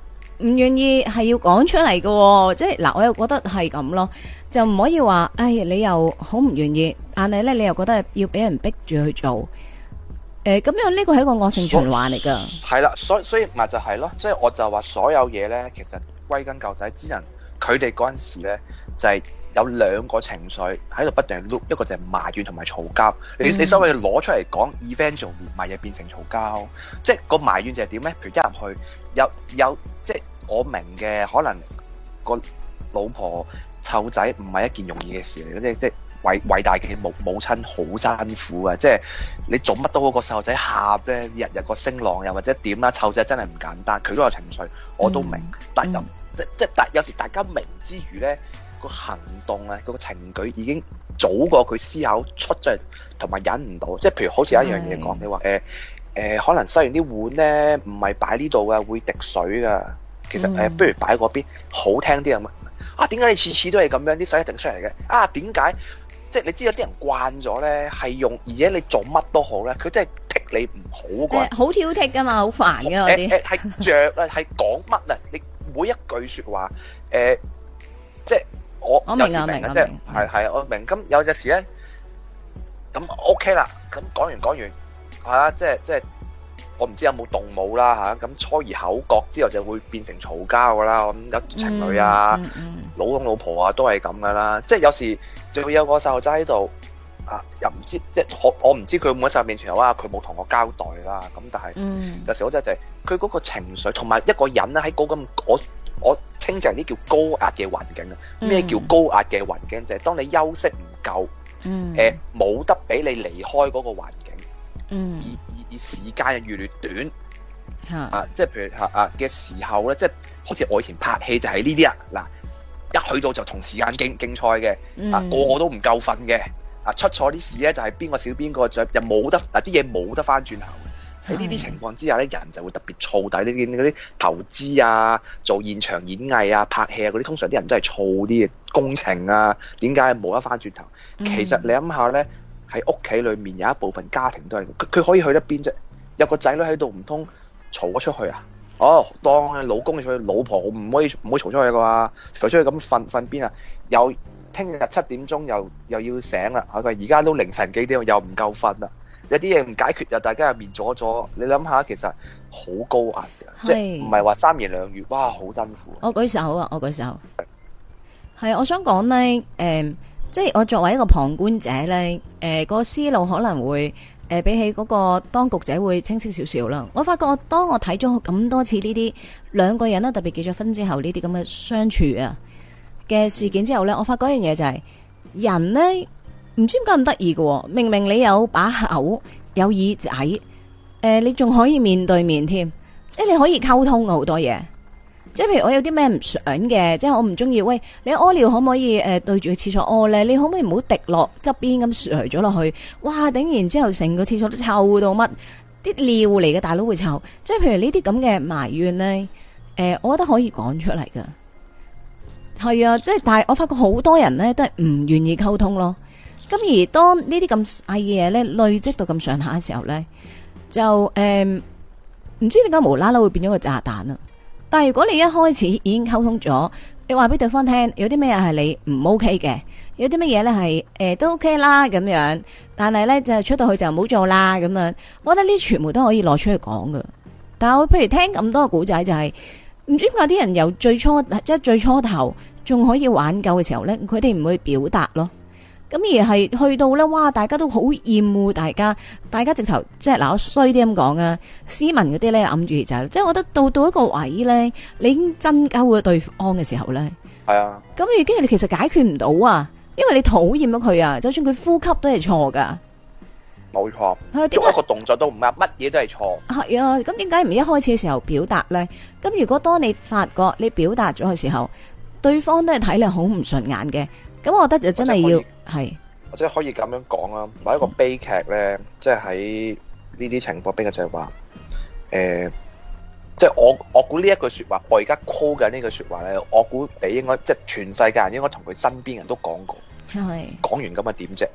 唔願意係要講出嚟嘅喎，即係嗱，我又覺得係咁咯，就唔可以話誒、哎、你又好唔願意，但係咧你又覺得要俾人逼住去做。誒，咁、欸、樣呢個係一個惡性循環嚟噶，係啦、哦，所以所以咪就係咯，所以我就話所有嘢咧，其實歸根究底，只能佢哋嗰陣時咧，就係、是、有兩個情緒喺度不斷 look 一個就係埋怨同埋嘈交。你你稍微攞出嚟講 eventually 咪又變成嘈交，即係個埋怨就係點咧？譬如一入去有有，即係我明嘅，可能個老婆湊仔唔係一件容易嘅事嚟嘅。即即偉偉大嘅母母親好辛苦啊！即係你做乜都好，個細路仔喊咧，日日個聲浪又或者點啦，湊仔真係唔簡單，佢都有情緒，我都明。但又即即但有時大家明知之餘咧，個行動啊，個情緒已經早過佢思考出咗，同埋忍唔到。即係譬如好似有一樣嘢講，對 你話、呃呃、可能洗完啲碗咧，唔係擺呢度嘅，會滴水㗎。其實、嗯呃、不如擺喺嗰邊，好聽啲咁啊？點解你次次都係咁樣啲水滴出嚟嘅？啊，點解？即係你知有啲人慣咗咧，係用而且你做乜都好咧，佢真係剔你唔好嘅。好、呃、挑剔噶嘛，好煩噶嗰啲。係着啊，係講乜啊？欸、 你每一句說話，誒、欸，即係我我明啊明啊，即係係係我明。咁有陣時咧，咁 OK 啦。咁講完講完，即係即係，我唔知有冇動武啦吓。咁、啊啊、初而口角之後就會變成嘈交噶啦。咁、啊、有情侶啊，嗯嗯嗯、老公老婆啊，都係咁噶啦。即係有時。仲有個細路仔喺度，啊，又唔知即係我我唔知佢會唔會喺細面前，又話佢冇同我交代啦。咁但係有時候我真係佢嗰個情緒，同埋一個人咧喺高金，我我稱之為啲叫高壓嘅環境啊。咩叫高壓嘅環境？就係、嗯、當你休息唔夠，誒冇、嗯呃、得俾你離開嗰個環境，而而而時間越嚟越短啊，嗯、啊！即係譬如嚇啊嘅、啊、時候咧，即係好似我以前拍戲就係呢啲啊嗱。一去到就同時間競競賽嘅。啊、嗯、個個都唔夠瞓嘅。啊出錯啲事咧就係、是、邊個少邊個就又冇得啲嘢冇得翻轉頭。喺呢啲情況之下咧，人就會特別燥底。你見嗰啲投資啊、做現場演藝啊、拍戲啊嗰啲，通常啲人真係燥啲嘅工程啊，點解冇得翻轉頭？嗯、其實你諗下咧，喺屋企裏面有一部分家庭都係，佢佢可以去得邊啫？有個仔女喺度唔通嘈咗出去啊？哦，當佢老公去，老婆唔可以唔可以嘈出去嘅話，嘈出去咁瞓瞓邊啊？又聽日七點鐘又又要醒啦，係咪？而家都凌晨幾點又唔夠瞓啦，有啲嘢唔解決又大家又面阻阻，你諗下其實好高壓嘅，是即係唔係話三言兩語哇好辛苦。我舉手啊！我舉手。係，我想講咧，誒、呃，即係我作為一個旁觀者咧，誒、呃，個思路可能會，誒，比起嗰個當局者會清晰少少啦。我發覺當我睇咗咁多次呢啲兩個人呢，特別結咗婚之後呢啲咁嘅相處啊嘅事件之後呢，我發覺一樣嘢就係人呢，唔知點解咁得意嘅，明明你有把口有耳仔，誒你仲可以面對面添，你可以溝通好多嘢。即係譬如我有啲咩唔想嘅，即係我唔中意。喂，你屙尿可唔可以誒、呃、對住個廁所屙咧？你可唔可以唔好滴落側邊咁垂咗落去？哇！頂！然之後成個廁所都臭到乜？啲尿嚟嘅大佬，會臭。即係譬如呢啲咁嘅埋怨呢，誒、呃，我覺得可以講出嚟噶。係啊，即係但係我發覺好多人呢都係唔願意溝通咯。咁而當呢啲咁細嘅嘢呢累積到咁上下嘅時候呢，就誒唔、呃、知點解無啦啦會變咗個炸彈但如果你一開始已經溝通咗，你話俾對方聽，有啲咩係你唔 OK 嘅，有啲乜嘢咧係誒都 OK 啦咁樣，但係咧就出到去就唔好做啦咁樣，我覺得呢全部都可以攞出去講噶。但係我譬如聽咁多個古仔，就係唔知點解啲人由最初即係最初頭仲可以挽救嘅時候咧，佢哋唔會表達咯。咁而係去到咧，哇！大家都好厭惡，大家大家直頭即係嗱，我衰啲咁講啊，斯文嗰啲咧掩住耳仔。即係我覺得到到一個位咧，你已經真加會對方嘅時候咧，係啊。咁而經日你其實解決唔到啊，因為你討厭咗佢啊，就算佢呼吸都係錯噶，冇錯，佢解一個動作都唔係？乜嘢都係錯。係啊，咁點解唔一開始嘅時候表達咧？咁如果當你發覺你表達咗嘅時候，對方都係睇你好唔順眼嘅。咁我覺得就真係要係，是或者可以咁樣講啊。某一個悲劇咧，即係喺呢啲情況，悲劇就係話，誒、呃，即、就、係、是、我我估呢一句說話，我而家 call 緊呢句說話咧，我估你應該即係全世界人應該同佢身邊人都講過，講的完咁啊點啫？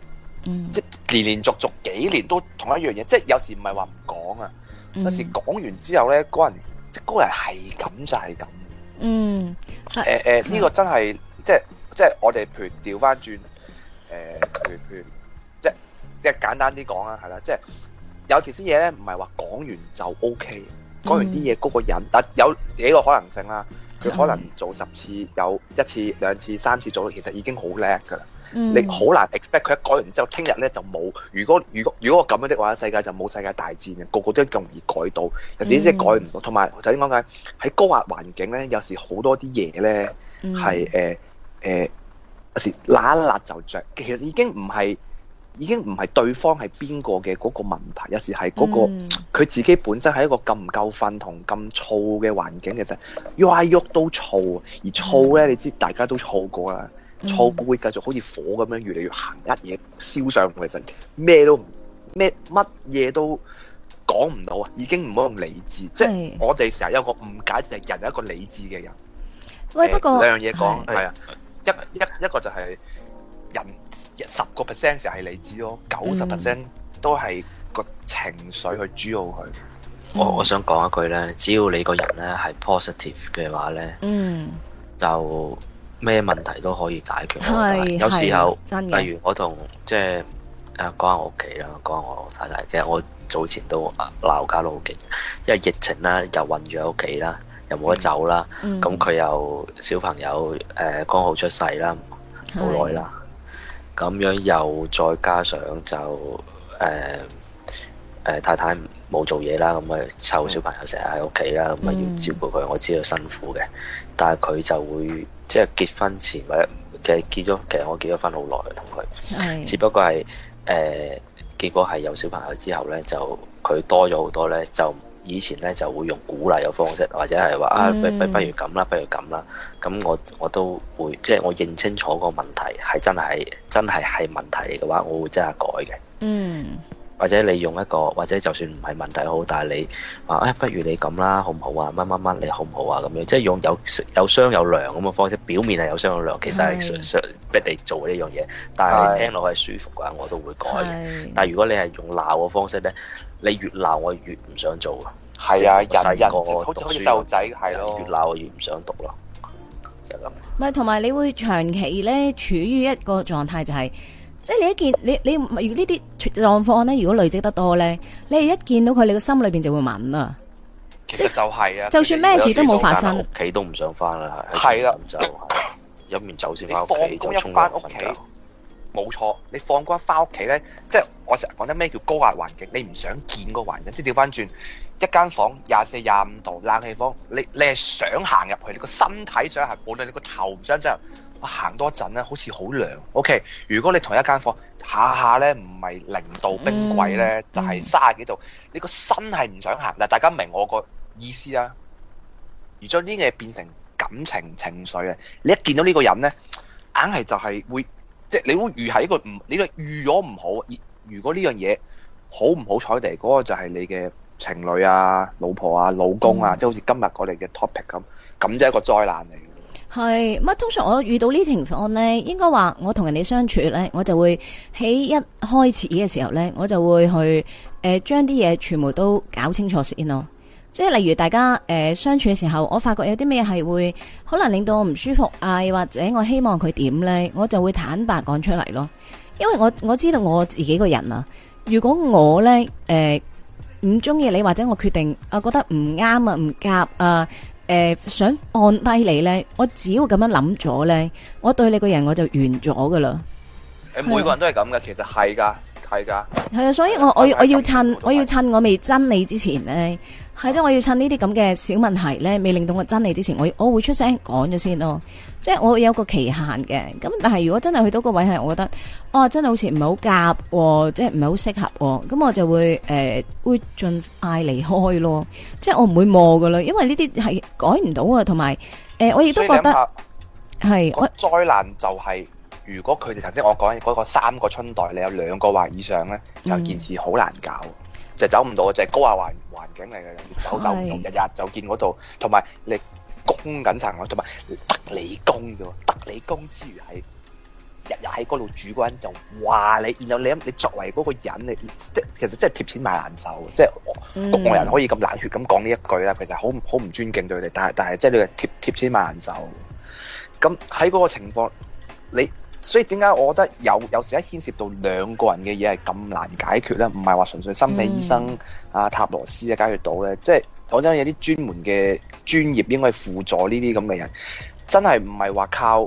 嗯，即係連連續續幾年都同一樣嘢，即係有時唔係話唔講啊，嗯、但有時講完之後咧，嗰人即係嗰人係咁就係咁。嗯，誒誒、呃，呢、呃嗯、個真係即係。即係我哋盤調翻轉，誒，即係即係簡單啲講啊，係啦，即係有啲先嘢咧，唔係話講完就 O K，講完啲嘢高個人，但有幾個可能性啦，佢可能做十次有一次、兩次、三次做到，其實已經好叻㗎啦。嗯，你好難 expect 佢一改完之後，聽日咧就冇。如果如果如果我咁樣的話，世界就冇世界大戰嘅，個個都咁容易改到，有時即係改唔到。同埋頭先講解，喺高壓環境咧，有時好多啲嘢咧係誒，有時嗱嗱就着，其實已經唔係，已經唔係對方係邊個嘅嗰個問題，有時係嗰個佢、嗯、自己本身係一個咁唔夠瞓同咁燥嘅環境，其實喐下喐都燥，而燥咧，你知大家都燥過啦，燥、嗯、會繼續好似火咁樣越嚟越行一嘢，燒上其實咩都唔，咩乜嘢都講唔到啊，已經唔好用理智，是即係我哋成日有個誤解就係人一個理智嘅人，喂，不過兩、欸、樣嘢講係啊。一一一,一個就係人十個 percent 就係你知咯，九十 percent 都係個情緒去主導佢。我我想講一句咧，只要你個人咧係 positive 嘅話咧，嗯、就咩問題都可以解決。係係，是真嘅。例如我同即係誒，講下我屋企啦，講下我太太。其實我早前都鬧交都好勁，因為疫情啦，又困住喺屋企啦。又冇得走啦，咁佢、嗯嗯、又小朋友誒，剛、呃、好出世啦，好耐啦，咁是樣又再加上就誒誒、呃呃、太太冇做嘢啦，咁啊湊小朋友成日喺屋企啦，咁啊要照顧佢，我知道辛苦嘅，嗯、但係佢就會即係、就是、結婚前或者其實結咗，其實我結咗婚好耐同佢，是只不過係誒、呃、結果係有小朋友之後咧，就佢多咗好多咧就。以前咧就會用鼓勵嘅方式，或者係話、mm. 啊，不不不如咁啦，不如咁啦。咁我我都會，即、就、係、是、我認清楚個問題係真係真係係問題嘅話，我會即刻改嘅。嗯。Mm. 或者你用一個，或者就算唔係問題好，但係你話啊、哎，不如你咁啦，好唔好啊？乜乜乜，你好唔好啊？咁樣即係、就是、用有有商有量咁嘅方式，表面係有商有量，其實係想是逼你做呢樣嘢。但係你聽落係舒服嘅話，我都會改嘅。是但係如果你係用鬧嘅方式咧。你越鬧我越唔想做係啊！係啊，細個讀書，細個越鬧我越唔想讀咯，就係、係、咁。唔係同埋你會長期咧處於一個狀態、就係，就係即係你一見你你如果呢啲狀況咧，如果累積得多咧，你一見到佢，你個心裏邊就會悶啊。即係就係啊！就算咩事都冇發生，企都唔想翻啦，係、啊。係啦，就飲完酒先翻屋企，就衝入屋企。冇錯，你放工翻屋企咧，即係我成日講緊咩叫高壓環境，你唔想見個環境。即係調翻轉，一間房廿四廿五度冷氣房，你你係想行入去，你個身體想行，無論你個頭唔想走。我行多陣咧，好似好涼。OK，如果你同一間房下下咧唔係零度冰櫃咧，嗯、就係卅幾度，嗯、你個身係唔想行。嗱，大家明我個意思啊？而將呢嘢變成感情情緒啊！你一見到呢個人咧，硬係就係會。即係你會遇係一個唔你個遇咗唔好，如果呢樣嘢好唔好彩地，嗰、嗰個就係你嘅情侶啊、老婆啊、老公啊，嗯、即係好似今日我哋嘅 topic 咁，咁就係一個災難嚟。係乜？通常我遇到呢情況咧，應該話我同人哋相處咧，我就會喺一開始嘅時候咧，我就會去誒將啲嘢全部都搞清楚先咯。即係例如大家誒、呃、相處嘅時候，我發覺有啲咩係會可能令到我唔舒服啊，又或者我希望佢點呢？我就會坦白講出嚟咯。因為我我知道我自己個人啊，如果我呢誒唔中意你，或者我決定啊覺得唔啱啊唔夾啊、呃、想按低你呢，我只要咁樣諗咗呢，我對你個人我就完咗噶啦。每個人都係咁嘅，的其實係噶，係噶。係啊，所以我我的我要趁我要趁我未憎你之前呢。係，即係我要趁呢啲咁嘅小問題咧，未令到我真嬲之前，我我會出聲講咗先咯。即係我有個期限嘅。咁但係如果真係去到個位係，我覺得，哦，真係好似唔係好夾，即係唔係好適合。咁我就會誒會盡快離開咯。即係我唔會磨㗎喇，因為呢啲係改唔到啊。同埋誒，我亦都覺得係災難就係如果佢哋頭先我講嗰個三個春代，你有兩個話以上咧，就件事好難搞。就走唔到，就係高壓環境嚟嘅，走走唔同，日日就見嗰度，同埋你供緊層咯，同埋得你供啫喎，得你供之餘係日日喺嗰度主嗰人就話你，然後你你作為嗰個人，你即其實真係貼錢買難受，即係局外人可以咁冷血咁講呢一句啦，其實好好唔尊敬對你，但係但係即係你貼貼錢買難受，咁喺嗰個情況你。所以點解我覺得有有時一牽涉到兩個人嘅嘢係咁難解決咧？唔係話純粹心理醫生、嗯、啊塔羅師啊解決到咧，即係講真有啲專門嘅專業應該輔助呢啲咁嘅人，真係唔係話靠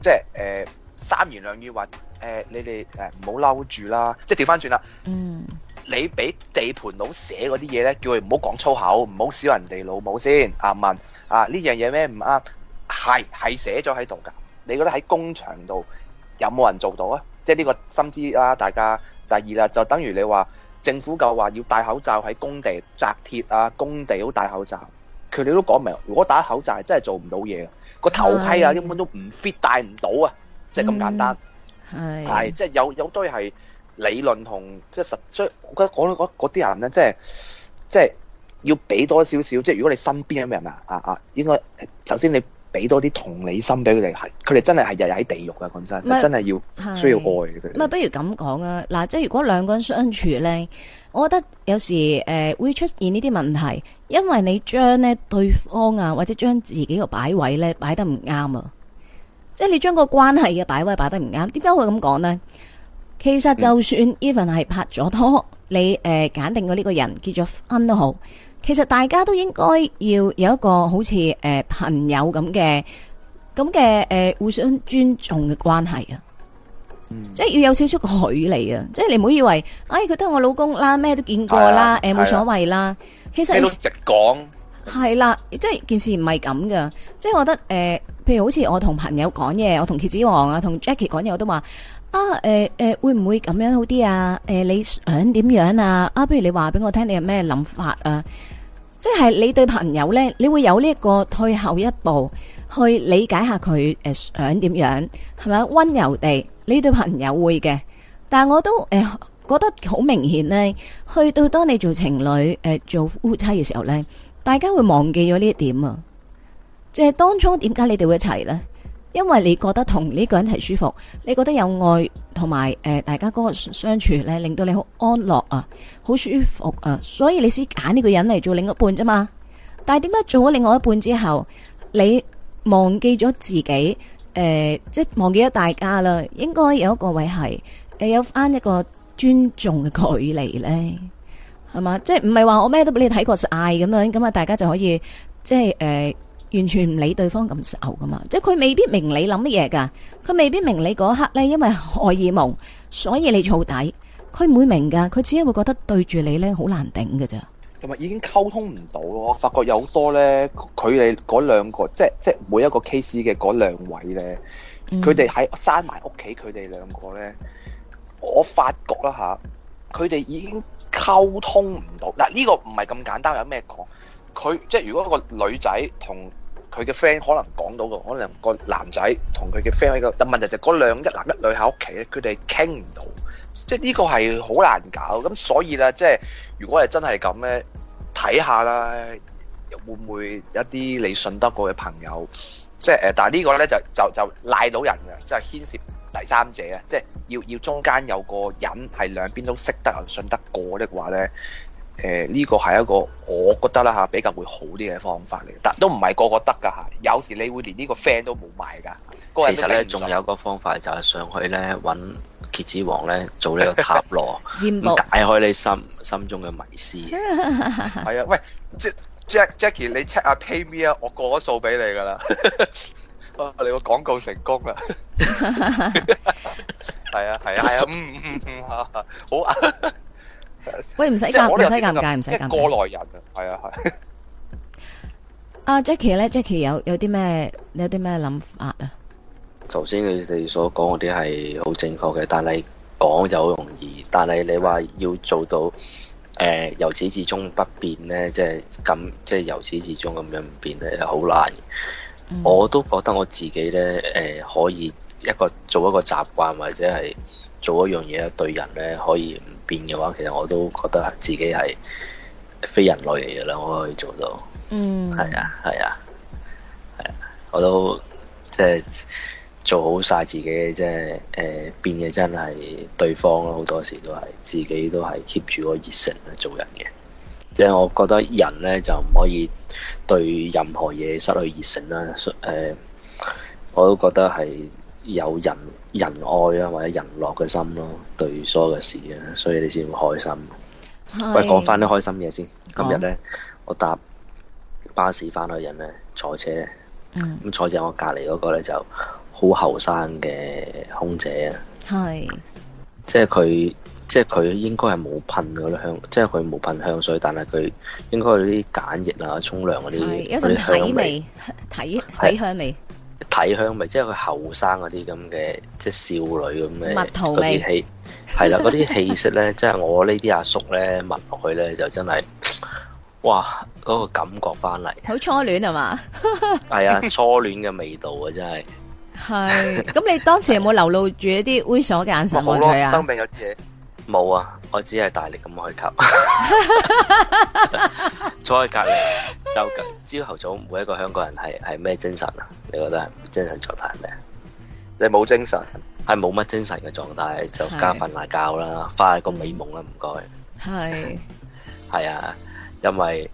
即係誒、呃、三言兩語話誒、呃、你哋誒唔好嬲住啦，即係調翻轉啦。嗯，你俾地盤佬寫嗰啲嘢咧，叫佢唔好講粗口，唔好少人哋老母先啊問啊呢樣嘢咩唔啱？係係寫咗喺度噶，你覺得喺工場度？有冇人做到啊？即係呢個心知啊，大家第二啦，就等於你話政府夠話要戴口罩喺工地紮鐵啊，工地都戴口罩，佢哋都講明，如果戴口罩係真係做唔到嘢嘅，個頭盔啊，根是的 本都唔 fit 戴唔到啊，即係咁簡單。係，但即係有有堆係理論同即係實，所以我覺得講嗰啲人咧，即係即係要俾多少少，即係如果你身邊有咩人啊啊，應該首先你。俾多啲同理心俾佢哋，係佢哋真係係日日喺地獄啊！講但真，真係要需要愛。咪不如咁講啊！嗱，即係如果兩個人相處咧，我覺得有時誒會出現呢啲問題，因為你將咧對方啊，或者將自己個擺位咧擺得唔啱啊！即係你將個關係嘅擺位擺得唔啱，點解會咁講呢？其實就算 Even 係拍咗拖，嗯、你誒揀定個呢個人結咗婚都好。其實大家都應該要有一個好似誒、呃、朋友咁嘅咁嘅誒互相尊重嘅關係啊，嗯、即係要有少少距離啊！即係你唔好以為，哎佢都係我老公啦，咩都見過啦，誒冇了、呃、所謂啦。了其實你都直講。係啦，即係件事唔係咁噶，即係我覺得誒、呃，譬如好似我同朋友講嘢，我同蠍子王啊，同 Jackie 講嘢，我都話啊誒誒、呃呃，會唔會咁樣好啲啊？誒、呃、你想點樣啊？啊，不如你話俾我聽，你有咩諗法啊？即係你對朋友呢，你會有呢一個退後一步，去理解下佢誒想點樣，係咪啊溫柔地？你對朋友會嘅，但係我都誒、呃、覺得好明顯呢，去到當你做情侶誒、呃、做夫妻嘅時候呢，大家會忘記咗呢一點啊，即係當初點解你哋會一齊呢？因為你覺得同呢個人一齊舒服，你覺得有愛，同埋誒大家嗰個相處咧，令到你好安樂啊，好舒服啊，所以你先揀呢個人嚟做另一半啫嘛。但係點解做咗另外一半之後，你忘記咗自己，誒、呃，即係忘記咗大家啦？應該有一個位係、呃，有翻一個尊重嘅距離咧，係嘛？即係唔係話我咩都俾你睇過晒咁樣，咁啊大家就可以即係誒。呃完全唔理對方感受噶嘛，即係佢未必明你諗乜嘢噶，佢未必明你嗰刻咧，因為荷爾蒙，所以你燥底，佢唔會明噶，佢只係會覺得對住你咧好難頂嘅咋。同埋已經溝通唔到咯，我發覺有好多咧佢哋嗰兩個，即係即係每一個 case 嘅嗰兩位咧，佢哋喺閂埋屋企，佢哋兩個咧，我發覺啦嚇，佢哋已經溝通唔到。嗱，呢個唔係咁簡單，有咩講？佢即係如果個女仔同佢嘅 friend 可能講到嘅，可能個男仔同佢嘅 friend 喺度，但問題就係嗰兩一男一女喺屋企咧，佢哋傾唔到，即係呢個係好難搞。咁所以咧，即係如果係真係咁咧，睇下啦，會唔會有一啲你信得過嘅朋友？即係誒，但係呢個咧就就就賴到人嘅，即係牽涉第三者嘅，即係要要中間有個人係兩邊都識得又信得過的話咧。誒，呢、呃這個係一個我覺得啦吓，比較會好啲嘅方法嚟，但都唔係個個得噶吓，有時你會連呢個 friend 都冇埋噶。其實咧，仲有一個方法就係上去咧搵蠍子王咧做呢個塔羅， 解開你心心中嘅迷思。係 啊，喂，Jack，Jackie，你 check 下 PayMe 啊，我過咗數俾你噶啦，我哋個廣告成功啦。係 啊，係啊，係、嗯嗯、啊，好啊。喂，唔使尷尬，唔使尷尬，唔使尷尬。即係過來人啊，係啊，係。阿、uh, Jackie 咧，Jackie 有有啲咩？有剛才你有啲咩諗法啊？頭先你哋所講嗰啲係好正確嘅，但係講就好容易，但係你話要做到誒、呃、由始至終不變咧，即係咁，即、就、係、是、由始至終咁樣唔變咧，好難。嗯、我都覺得我自己咧誒、呃、可以一個做一個習慣，或者係做一樣嘢對人咧可以。變嘅話，其實我都覺得自己係非人類嚟嘅啦，我可以做到。嗯，係啊，係啊，係啊，我都即係、就是、做好晒自己，即係誒變嘅真係對方咯。好多時都係自己都係 keep 住個熱誠去做人嘅。因為我覺得人咧就唔可以對任何嘢失去熱誠啦。誒、呃，我都覺得係。有人仁愛啊，或者人樂嘅心咯、啊，對所有嘅事啊，所以你先會開心、啊。是喂，講翻啲開心嘢先。哦、今日咧，我搭巴士翻去嘅人咧，坐車，咁、嗯、坐正我隔離嗰個咧就好後生嘅空姐啊。係是。即係佢，即係佢應該係冇噴嗰啲香，即係佢冇噴香水，但係佢應該有嗰啲梘液啊、沖涼嗰啲香味，睇體香味，體香咪即係佢後生嗰啲咁嘅，即係少女咁嘅蜜桃味，係啦，嗰啲氣息咧，即係 我呢啲阿叔咧聞落去咧就真係，哇嗰、嗰個感覺翻嚟，好初戀係嘛？係啊、 哎，初戀嘅味道啊，真係。係， 咁你當時有冇流露住一啲猥瑣嘅眼神望佢啊？冇啊！我只係大力咁開吸。 坐喺隔籬就朝頭早每一個香港人係係咩精神啊？你覺得係精神狀態係咩？你冇精神，係冇乜精神嘅狀態，就加瞓下覺啦，快是個美夢啦，唔該。係係啊，因為。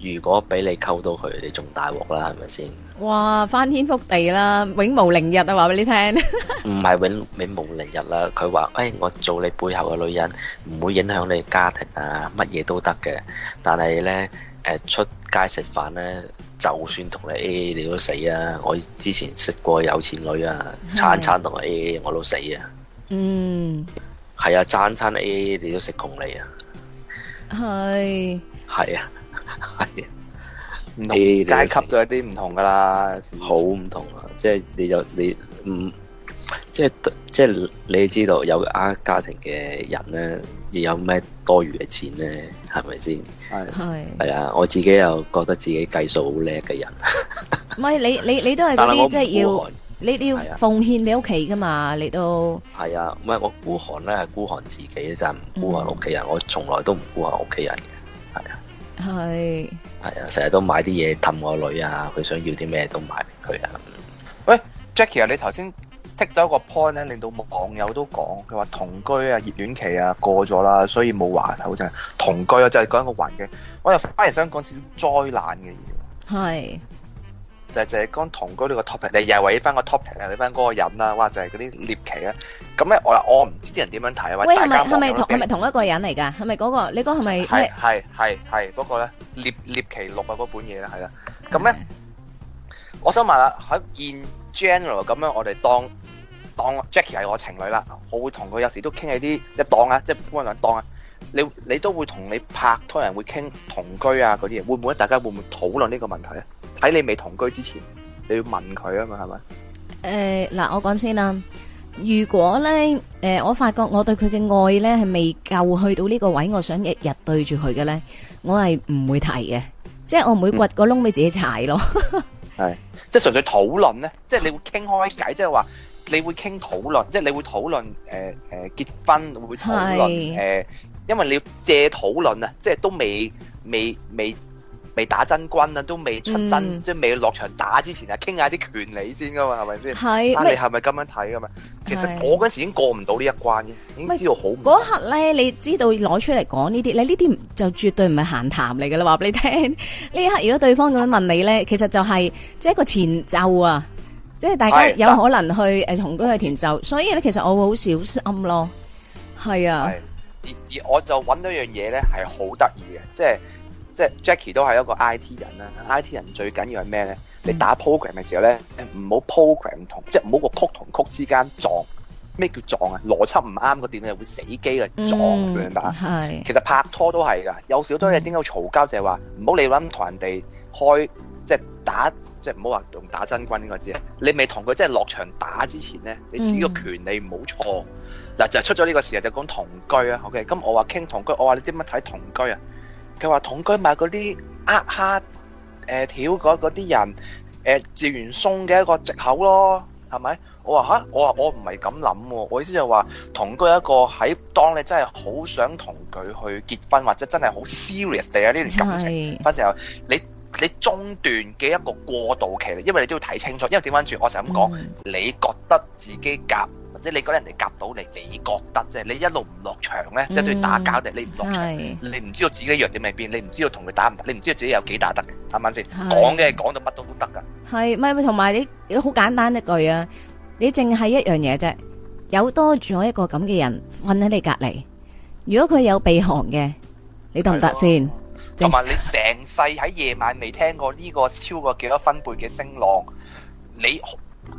如果俾你溝到佢，你仲大鑊啦，係咪先？哇！翻天覆地啦，永無寧日啊！話俾你聽。唔 係永永無寧日啦、啊，佢話：，誒、哎，我做你背後嘅女人，唔會影響你家庭啊，乜嘢都得嘅。但係呢、呃，出街食飯呢，就算同你 A A、哎、你都死啊！我之前食過有錢女啊，是的餐餐同我 A A、哎、我都死啊！嗯，係啊，餐餐 A A 你都食窮你啊！係的，係啊！係啊，階同、就是、級咗一啲唔同噶啦，好唔同啊！即係你就你唔、嗯，即係即係你知道有啊家庭嘅人咧，你有咩多餘嘅錢咧？係咪先？係係係啊！我自己又覺得自己計數好叻嘅人，唔係是 你你你都係啲即係要，啊、你要奉獻你屋企噶嘛？你都係啊？唔係我孤寒咧，係孤寒自己就咋？唔孤寒屋企人，嗯、我從來都唔孤寒屋企人。係係是、哎、啊，成日都買啲嘢，氹我女啊，佢想要啲咩都買俾佢啊。喂，Jackie 啊，你頭先剔走個 point 咧，令到網友都講，佢話同居啊、熱戀期啊過咗啦，所以冇話頭，就係同居啊，就係、是、講一個環境。我又反而想講少災難嘅嘢。係。就係凈講同居呢個 topic，你又係圍翻個 topic，又圍繞翻嗰個人啦、啊，或者係嗰啲獵奇咧。咁咧，我我唔知啲人點樣睇啊。喂，係咪係咪同係咪同一個人嚟㗎？係咪嗰個？你講係咪？係係係係嗰個咧，《獵獵奇錄》啊，嗰本嘢啦，係啦的。咁咧，我想問啦，喺 in general 咁樣，我哋當當 Jackie 係我情侶啦，我會同佢有時都傾起啲一檔啊，即係搬兩檔啊。你你都會同你拍拖人會傾同居啊嗰啲嘢，會唔會大家會唔會討論呢個問題啊？睇你未同居之前，你要問佢啊嘛，係咪？誒、呃，嗱，我講先啦、啊。如果咧，誒、呃，我發覺我對佢嘅愛咧係未夠去到呢個位，我想日日對住佢嘅咧，我係唔會提嘅，即係我唔會掘個窿俾、嗯、自己踩咯。係， 即係純粹討論咧，即係你會傾開偈，即係話你會傾討論，即係你會討論，誒、呃、誒，結婚會討論，誒是。呃因為你要借討論啊，即係都未未未未打真軍啊，都未出真，嗯、即係未落場打之前啊，傾下啲權利先噶嘛，係咪先？係是、啊、你係咪咁樣睇噶嘛？是其實我嗰時已經過唔到呢一關嘅，是已經知道好。嗰刻咧，你知道攞出嚟講呢啲你呢啲就絕對唔係閒談嚟噶啦，話俾你聽。呢一刻如果對方咁樣問你咧，其實就係、是、即係一個前奏啊，即係大家有可能去誒，同居是、嗯、去填奏。所以咧，其實我會好小心咯。係啊。而而我就揾到樣嘢咧，係好得意嘅，即係即係 Jackie 都係一個 IT 人啦。 IT 人最緊要係咩咧？嗯、你打 program 嘅時候咧，唔好 program 唔同，即係唔好個曲同曲之間撞。咩叫撞啊？邏輯唔啱個電腦會死機嘅撞，嗯、明唔明啊？是其實拍拖都係㗎，有少多嘢點解嘈交就係話唔好你諗同人哋開即係打即係唔好話用打真軍呢個字，你未同佢即係落場打之前咧，你知個權利唔好錯。嗯嗯。嗱，就係出咗呢個事就講同居啊，OK，咁、嗯、我話傾同居，我話你點樣睇同居啊？佢話同居咪嗰啲呃蝦誒挑嗰啲人自趙元松嘅一個藉口咯，係咪？我話吓，我話我唔係咁諗喎，我意思就話同居一個喺當你真係好想同佢去結婚，或者真係好 serious 哋啊呢段感情，嗰的時候你。你中段嘅一個過渡期嚟，因為你都要睇清楚。因為點翻住？我成日咁講，嗯、你覺得自己夾，或者你覺得人哋夾到你，你覺得即啫。就是、你一路唔落場咧，即係對打交定你唔落場，就是嗯、你唔是知道自己弱點喺邊，你唔知道同佢打唔打，你唔知道自己有幾打得，啱唔啱先？講嘅講到乜都得噶。係咪咪同埋你？好簡單一句啊！你淨係一樣嘢啫，有多咗我一個咁嘅人瞓喺你隔離。如果佢有鼻鼾嘅，你得唔得先？同埋你成世喺夜晚未聽過呢個超過幾多分貝嘅聲浪，你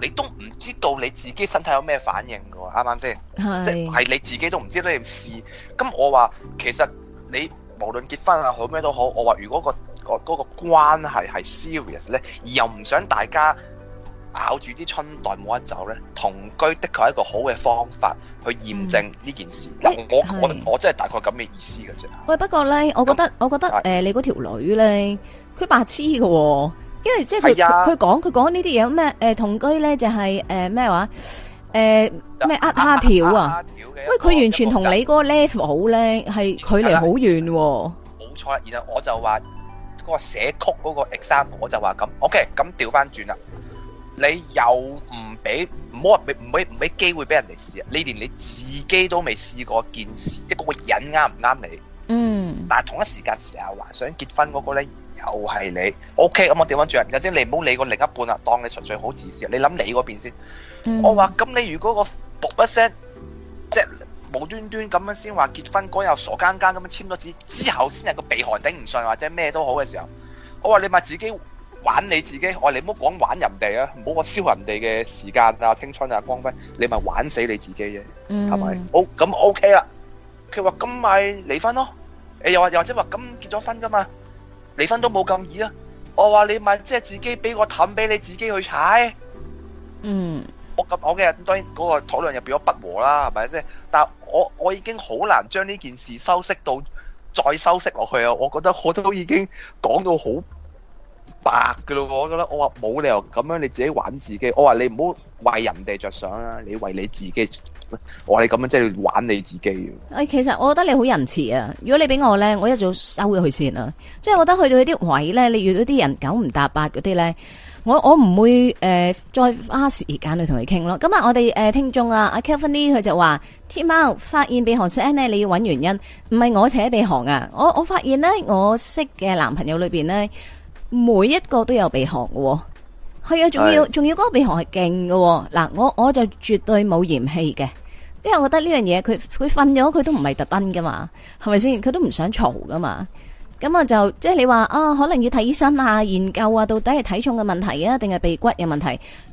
你都唔知道你自己身體有咩反應㗎喎，啱唔啱先？是即係你自己都唔知咩事，你試。咁我話其實你無論結婚啊好咩都好，我話如果、嗰個個嗰、嗰個關係係 serious 呢，而又唔想大家咬住啲春袋冇得走呢，同居的確係一個好嘅方法。去驗證呢件事，我我我真係大概咁嘅意思嘅啫。喂，不過咧，我覺得我覺得誒，你嗰條女咧，佢白痴嘅，因為即係佢佢講佢講呢啲嘢咩？誒同居咧就係誒咩話？誒咩呃下條啊？喂，佢完全同你嗰個 level 好咧，係距離好遠喎。冇錯，然後我就話嗰個寫曲嗰個 example，我就話咁 OK，咁調翻轉啦。你又唔俾，唔好話俾唔俾唔俾機會俾人哋試啊！你連你自己都未試過件事，即係嗰個人啱唔啱你？嗯。但係同一時間成日話想結婚嗰個咧，又係你。O K，咁我點樣轉？有啲你唔好理個另一半啦，當你純粹好自私。你諗你嗰邊先。我話咁，嗯、那你如果、那個卜一聲，即、就、係、是、無端端咁樣先話結婚嗰日傻傻傻傻，嗰又傻更更咁樣簽咗紙之後，先係個鼻鼾頂唔順或者咩都好嘅時候，我話你咪自己。玩你自己，我你唔好講玩人哋啊，唔好話燒人哋嘅時間啊、青春啊、光輝，你咪玩死你自己啫、啊，係咪？O 咁 O K 啦。佢話咁咪離婚咯，誒又話又或者話咁結咗婚噶嘛，離婚都冇咁易啊。我話你咪即係自己俾個氹俾你自己去踩。嗯、mm.。我咁我嘅當然嗰個討論入邊有不和啦，係咪即係？但係我我已經好難將呢件事收息到再收息落去啊！我覺得我都已經講到好。白嘅咯，我覺得我話冇理由咁樣你自己玩自己，我話你唔好為人哋着想啊！你為你自己，我話你咁樣即係玩你自己。誒，其實我覺得你好仁慈啊！如果你俾我咧，我一早收咗佢先啊！即、就、係、是、我覺得去到啲位咧，你遇到啲人九唔搭八嗰啲咧，我我唔會誒、呃、再花時間去同佢傾咯。今日我哋誒聽眾啊，阿 Kelvin 呢佢就話：天貓發現俾韓 s i 呢，你要揾原因，唔係我扯俾韓啊！我我發現咧，我識嘅男朋友裏邊咧。每一個都有鼻鼾喎，係啊，仲要仲要嗰個鼻鼾係勁嘅，嗱，我我就絕對冇嫌棄嘅，因為我覺得呢樣嘢佢佢瞓咗佢都唔係特登噶嘛，係咪先？佢都唔想嘈噶嘛，咁啊就即係、就是、你話啊，可能要睇醫生啊、研究啊，到底係體重嘅問題啊，定係鼻骨嘅問題？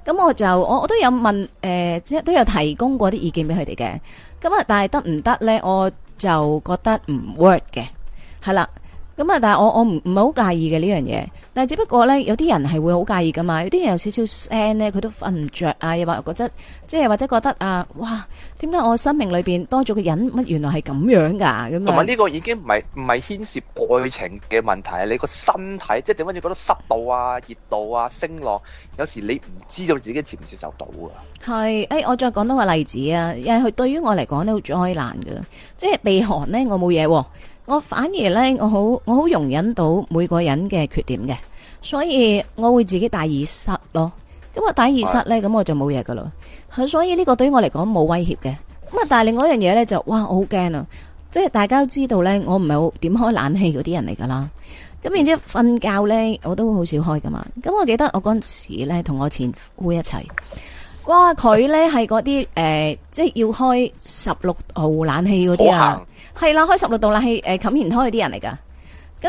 咁我就我我都有問誒，即係都有提供過啲意見俾佢哋嘅，咁啊，但係得唔得呢？我就覺得唔 work 嘅，係啦。咁啊！但係我我唔唔係好介意嘅呢樣嘢，但係只不過咧，有啲人係會好介意噶嘛。有啲人有少少聲咧，佢都瞓唔着啊，又或覺得即係或者覺得啊，哇！點解我生命裏邊多咗個人乜？原來係咁樣噶咁啊！同埋呢個已經唔係唔係牽涉愛情嘅問題，你個身體即係點解你覺得濕度啊、熱度啊、聲浪，有時你唔知道自己接唔接受到啊。係誒、哎，我再講多個例子啊，因為佢對於我嚟講咧好災難噶，即係鼻鼾咧我冇嘢。我反而咧，我好我好容忍到每個人嘅缺點嘅，所以我會自己戴耳塞咯。咁我戴耳塞咧，咁我就冇嘢噶啦。係的所以呢個對於我嚟講冇威脅嘅。咁啊，但係另外一樣嘢咧就，哇，我好驚啊！即係大家都知道咧，我唔係好點開冷氣嗰啲人嚟噶啦。咁然之後瞓覺咧，我都好少開噶嘛。咁我記得我嗰陣時咧，同我前夫一齊，哇，佢咧係嗰啲誒，即係要開十六號冷氣嗰啲啊。係啦，開十六度冷氣，誒，冚棉胎嗰啲人嚟噶。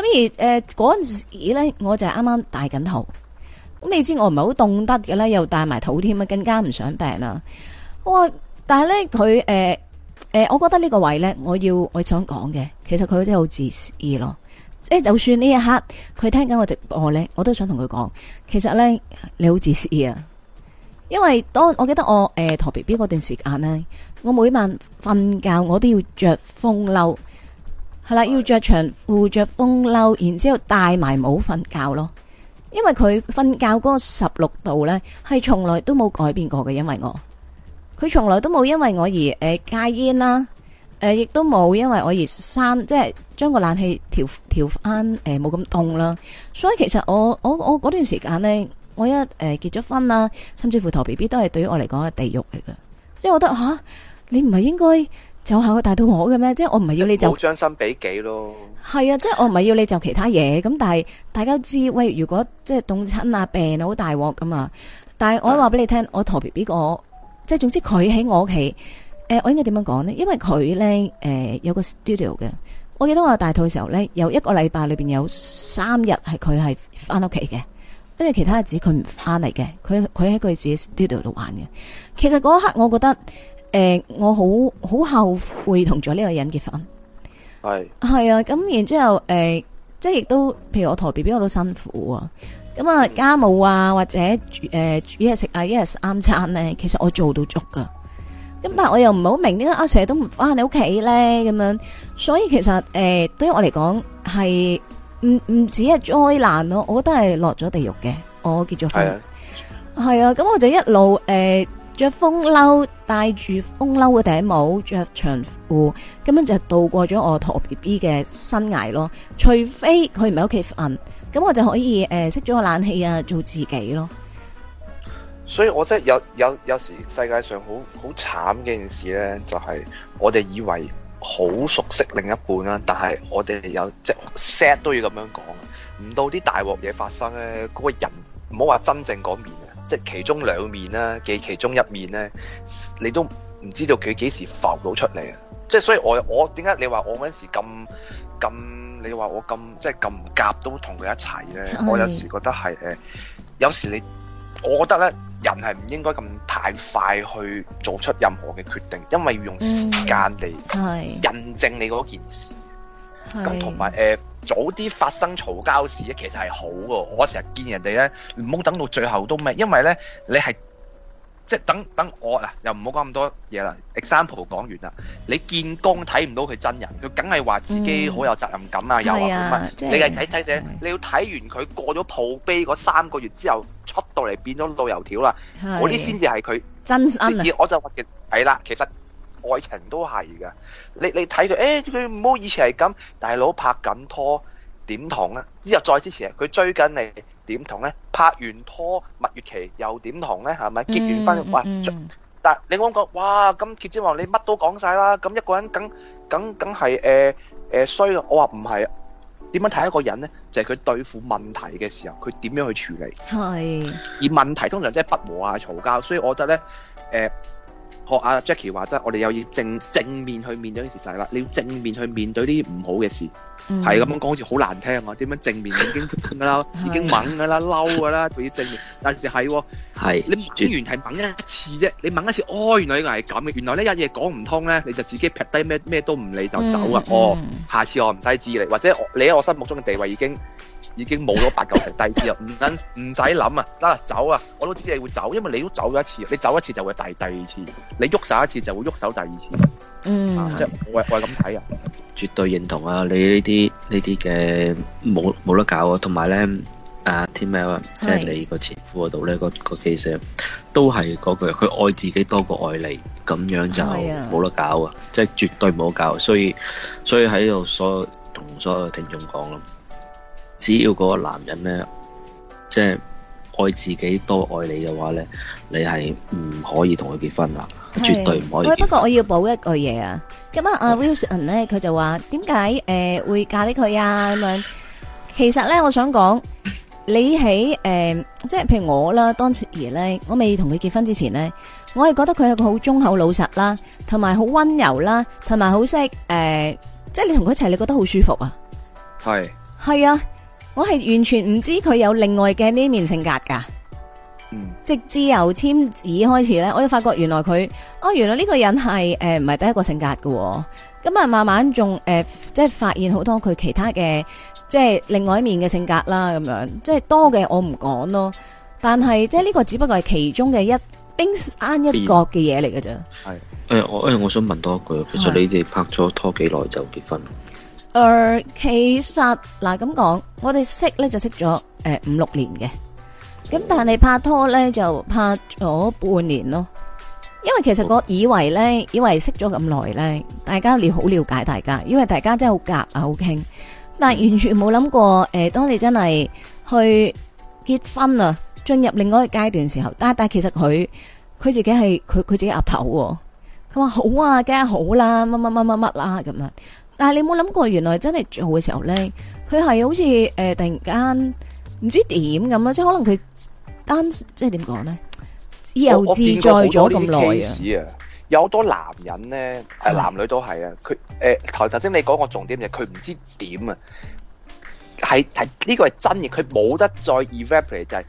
咁而誒嗰陣時咧，我就係啱啱大緊肚。咁你知我唔係好凍得嘅呢，又帶埋肚添啊，更加唔想病啦、啊。哇！但係咧佢誒誒，我覺得呢個位咧，我要我想講嘅，其實佢真係好自私咯。即係就算呢一刻佢聽緊我直播咧，我都想同佢講，其實咧你好自私啊。因為當我記得我誒陀 B B 嗰段時間咧。我每晚瞓覺，我都要着風褸，係啦，要着長褲，着風褸，然之後戴埋帽瞓覺咯。因為佢瞓覺嗰十六度呢，係從來都冇改變過嘅。因為我佢從來都冇因為我而誒戒煙啦，誒亦都冇因為我而生，即係將個冷氣調調翻冇咁凍啦。所以其實我我我嗰段時間呢，我一誒、呃、結咗婚啦，甚至乎陀 B B 都係對於我嚟講係地獄嚟嘅，因為我覺得吓。啊。你唔係應該就下個大肚婆嘅咩？即係我唔係要你就將心比己咯，係啊，即係我唔係要你就其他嘢咁。但係大家知喂，如果即係凍親啊、病啊好大鑊咁啊，但係我話俾你聽，嗯、我陀 B B 我即係總之佢喺我屋企誒，我應該點樣講呢？因為佢咧誒有個 studio 嘅。我記得我大肚嘅時候咧，有一個禮拜裏邊有三日係佢係翻屋企嘅，跟住其他日子佢唔翻嚟嘅，佢佢喺佢自己 studio 度玩嘅。其實嗰一刻我覺得。誒，我好好後悔同咗呢個人結婚，係係啊，咁然之後誒，即係亦都，譬如我台 B B 我都辛苦啊，咁啊家務啊或者誒煮嘢食啊一日三餐咧，其實我做到足噶，咁但係我又唔好明點解阿成日都唔翻你屋企咧，咁樣，所以其實誒對於我嚟講係唔唔止係災難咯，我覺得係落咗地獄嘅，我結咗婚，係啊，咁我就一路誒。着風褸，戴住風褸嘅頂帽，着長褲，咁樣就度過咗我同 B B 嘅生涯咯。除非佢唔喺屋企瞓，咁我就可以誒，熄咗個冷氣啊，做自己咯。所以我真係有有有時，世界上好好慘嘅件事咧，就係我哋以為好熟悉另一半啦，但係我哋有即係 sad 都要咁樣講，唔到啲大鑊嘢發生咧，嗰個人唔好話真正講面。即其中兩面啦，嘅其中一面咧，你都唔知道佢幾時浮到出嚟啊！即係所以我，我我點解你話我嗰陣時咁咁？你話我咁即係咁夾都同佢一齊咧？是的 我有時覺得係誒，有時你我覺得咧，人係唔應該咁太快去做出任何嘅決定，因為要用時間嚟印證你嗰件事，咁同埋誒。呃早啲發生嘈交事咧，其實係好嘅。我成日見人哋咧，唔好等到最後都咩？因為咧，你係即係等等我啊！又唔好講咁多嘢啦。Example 講完啦，你見工睇唔到佢真人，佢梗係話自己好有責任感、嗯、啊，又話乜乜，啊、你係睇睇啫。啊、你要睇完佢過咗曝杯嗰三個月之後、啊、出到嚟變咗老油條啦，嗰啲先至係佢真實正。我就話嘅係啦，其實愛情都係嘅。你你睇佢，誒佢唔好以前係咁，大佬拍緊拖點同咧？之後再之前，佢追緊你點同咧？拍完拖蜜月期又點同咧？係咪結完婚、嗯嗯嗯、哇？但你講講哇，咁蠍子王你乜都講晒啦，咁一個人梗梗梗係誒誒衰啊！我話唔係，點樣睇一個人咧？就係、是、佢對付問題嘅時候，佢點樣去處理？係是。而問題通常即係不和啊，嘈交，所以我覺得咧，誒、呃。學阿 Jacky 話齋，我哋又要正正面去面對呢件事就係啦，你要正面去面對啲唔好嘅事，係咁、嗯、樣講好似好難聽啊！點樣正面已經噶啦， 已經猛噶啦，嬲噶啦，仲要正面，但係就係喎，係是你猛完係猛一次啫，你猛一次，哦，原來原來係咁嘅，原來呢一嘢講唔通咧，你就自己劈低咩咩都唔理就走啊！嗯、哦，下次我唔使指意你，或者你喺我心目中嘅地位已經。已經冇咗八九成，第二次唔跟，唔使諗啊，得啦，走啊！我都知你會走，因為你都走咗一次，你走一次就會第第二次，你喐手一次就會喐手第二次。嗯，即係我是我係咁睇啊！絕對認同啊！你呢啲呢啲嘅冇冇得搞啊！同埋咧，阿 t m 即係是你個前夫嗰度咧，那個個 case 都係嗰句，佢愛自己多過愛你，咁樣就冇得搞啊！Oh、yeah. 即係絕對冇得搞，所以所以喺度所同所有嘅聽眾講咯。只要嗰個男人咧，即係愛自己多愛你嘅話咧，你係唔可以同佢結婚啦，的絕對唔可以結婚。喂，不過我要補一句嘢啊！咁啊，Wilson 咧，佢、嗯、就話點解誒會嫁俾佢啊？咁樣其實咧，我想講你喺誒、呃，即係譬如我啦，當時咧，我未同佢結婚之前咧，我係覺得佢係個好忠厚老實啦，同埋好溫柔啦，同埋好識誒，即係你同佢一齊，你覺得好舒服啊？係係啊！我係完全唔知佢有另外嘅呢面性格噶，直至由簽紙開始咧，我就發覺原來佢，哦原來呢個人係誒唔係第一個性格喎、哦。咁、嗯、啊慢慢仲誒、呃、即係發現好多佢其他嘅即係另外一面嘅性格啦，咁樣即係多嘅我唔講咯，但係即係呢個只不過係其中嘅一冰山一角嘅嘢嚟嘅啫。係誒、嗯欸、我誒、欸、我想問多一句，其實你哋拍咗拖幾耐就結婚？誒、呃，其實嗱咁講，我哋識咧就識咗誒、呃、五六年嘅，咁但係拍拖咧就拍咗半年咯。因為其實我以為咧，以為識咗咁耐咧，大家你好了解大家，因為大家真係好夾啊，好傾。但係完全冇諗過，誒、呃，當你真係去結婚啊，進入另外一個階段時候，但但其實佢佢自己係佢佢自己阿頭喎、哦。佢話好啊，梗係好啦、啊，乜乜乜乜乜啦咁樣但係你冇諗過，原來真係做嘅時候咧，佢係好似誒、呃、突然間唔知點咁樣，即係可能佢單即係點講咧，自由自在咗咁耐啊。有好多男人咧、嗯啊，男女都係啊。佢誒頭頭先你講個重點嘅，佢唔知點啊，係係呢個係真嘅，佢冇得再 evaporate，就係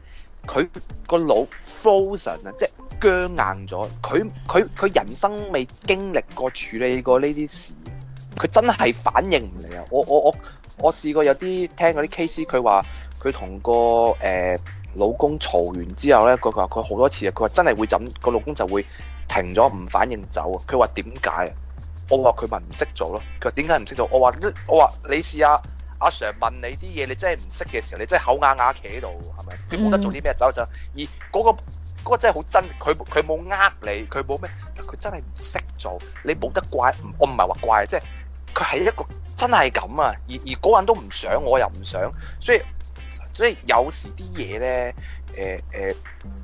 佢個腦 frozen 啊，即係僵硬咗。佢佢佢人生未經歷過處理過呢啲事。佢真係反應唔嚟啊！我我我我試過有啲聽嗰啲 case，佢話佢同個誒、呃、老公嘈完之後咧，佢話話佢好多次啊！佢話真係會咁，個老公就會停咗唔反應走啊！佢話點解啊？我話佢咪唔識做咯，佢話點解唔識做？我話我話你試下阿 Sir 問你啲嘢，你真係唔識嘅時候，你真係口啞啞企喺度，係咪？佢冇得做啲咩走就而嗰個嗰個真係好真，佢佢冇呃你，佢冇咩，佢真係唔識做，你冇得怪。我唔係話怪，即係佢係一個真係咁啊！而而嗰人都唔想，我又唔想，所以所以有時啲嘢咧，誒、欸、誒，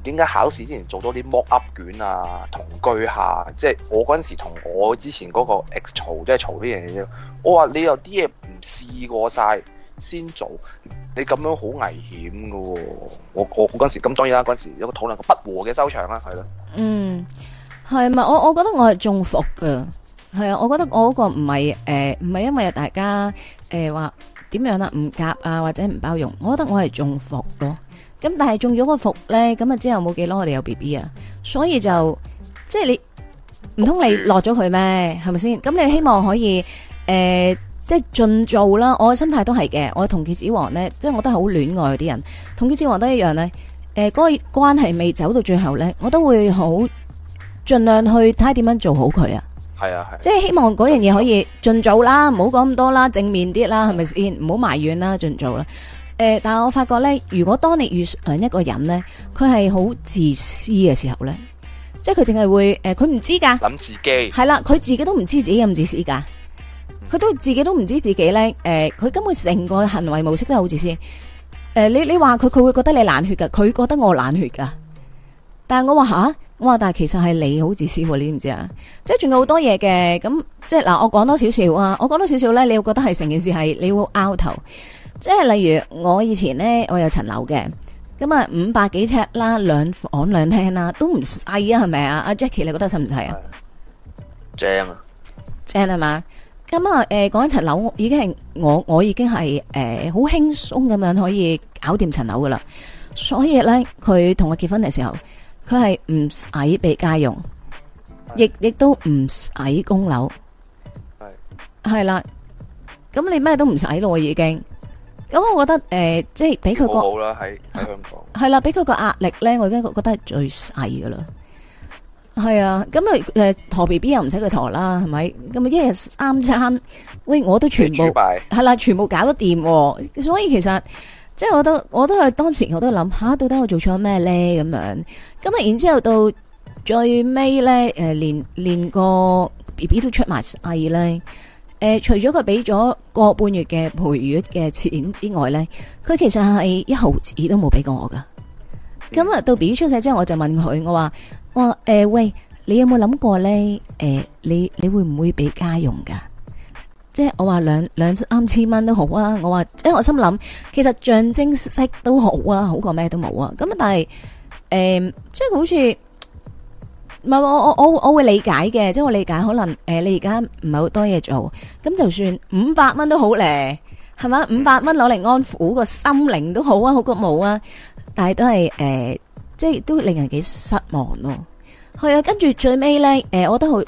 點、欸、解考試之前做多啲 mock up 卷啊、同句下？即、就、係、是、我嗰時同我之前嗰個 ex 嘈，都係嘈呢樣嘢啫。我話你有啲嘢唔試過晒先做，你咁樣好危險㗎喎、哦！我我嗰時咁，當然啦，嗰陣時有個討論不和嘅收場啦，係咯。嗯，係咪？我我覺得我係中伏㗎。係啊，我覺得我嗰個唔係誒，唔、呃、係因為大家誒話點樣啦，唔夾啊或者唔包容。我覺得我係中伏囉咁，但係中咗個伏咧，咁啊之後冇幾耐我哋有 B B 啊，所以就即係你唔通你落咗佢咩？係咪先咁？你希望可以誒、呃，即係盡做啦。我嘅心態都係嘅。我同蠍子王咧，即係我都係好戀愛啲人，同蠍子王都一樣咧。誒、呃，嗰、那個關係未走到最後咧，我都會好盡量去睇點樣做好佢啊。係啊，即係希望嗰樣嘢可以盡做啦，唔好講咁多啦，正面啲啦，係咪先？唔好埋怨啦，盡做啦。誒、呃，但係我發覺咧，如果當你遇上一個人咧，佢係好自私嘅時候咧，即係佢淨係會誒，佢、呃、唔知噶，諗自己係啦，佢自己都唔知自己咁自私噶，佢都自己都唔知自己咧，誒、呃，佢根本成個行為模式都係好自私。誒、呃，你你話佢，佢會覺得你冷血噶，佢覺得我冷血噶，但係我話吓。哇！但係其實係你好自私喎、啊，你唔知啊？即係仲有好多嘢嘅，咁即係嗱，我講多少少啊？我講多少少咧，你會覺得係成件事係你會拗頭。即係例如我以前咧，我有層樓嘅，咁啊五百幾尺啦，兩房兩廳啦、啊，都唔細啊，係咪啊？阿 Jackie，你覺得係唔係啊？正啊！正係嘛？咁啊誒，講一層樓已經係我，我已經係好、嗯、輕鬆咁樣可以搞掂層樓噶啦。所以咧，佢同我結婚嘅時候。佢係唔使俾家用，亦亦的都唔使供樓，係係啦，咁你咩都唔使咯，已經。咁我覺得誒、呃，即係俾佢個好啦，喺香港係啦，俾佢、啊、個壓力咧，我而家覺得係最細噶啦。係啊，咁啊誒，陀 B B 又唔使佢陀啦，係咪？咁啊一日三餐，喂，我都全部係啦，全部搞得掂，所以其實。即係我都我都係當時我都諗下、啊，到底我做錯咩咧咁樣？咁啊然之後到最尾咧，誒、呃、連連個 B B 都出埋世咧。誒、呃、除咗佢俾咗個半月嘅陪月嘅錢之外咧，佢其實係一毫子都冇俾過我噶。咁啊、嗯、到 B B 出世之後，我就問佢，我話我誒、呃、喂，你有冇諗過咧？誒、呃、你你會唔會俾家用㗎？即係我話兩兩三千蚊都好啊！我話，即係我心諗，其實象徵式都好啊，好過咩都冇啊。咁啊，但係誒，即係好似唔係我我我我會理解嘅，即係我理解可能誒，你而家唔係好多嘢做，咁就算五百蚊都好咧，係咪？五百蚊攞嚟安撫個心靈都好啊，好過冇啊。但係都係誒，即係都令人幾失望咯。係啊，跟住最尾咧，誒，我覺得好。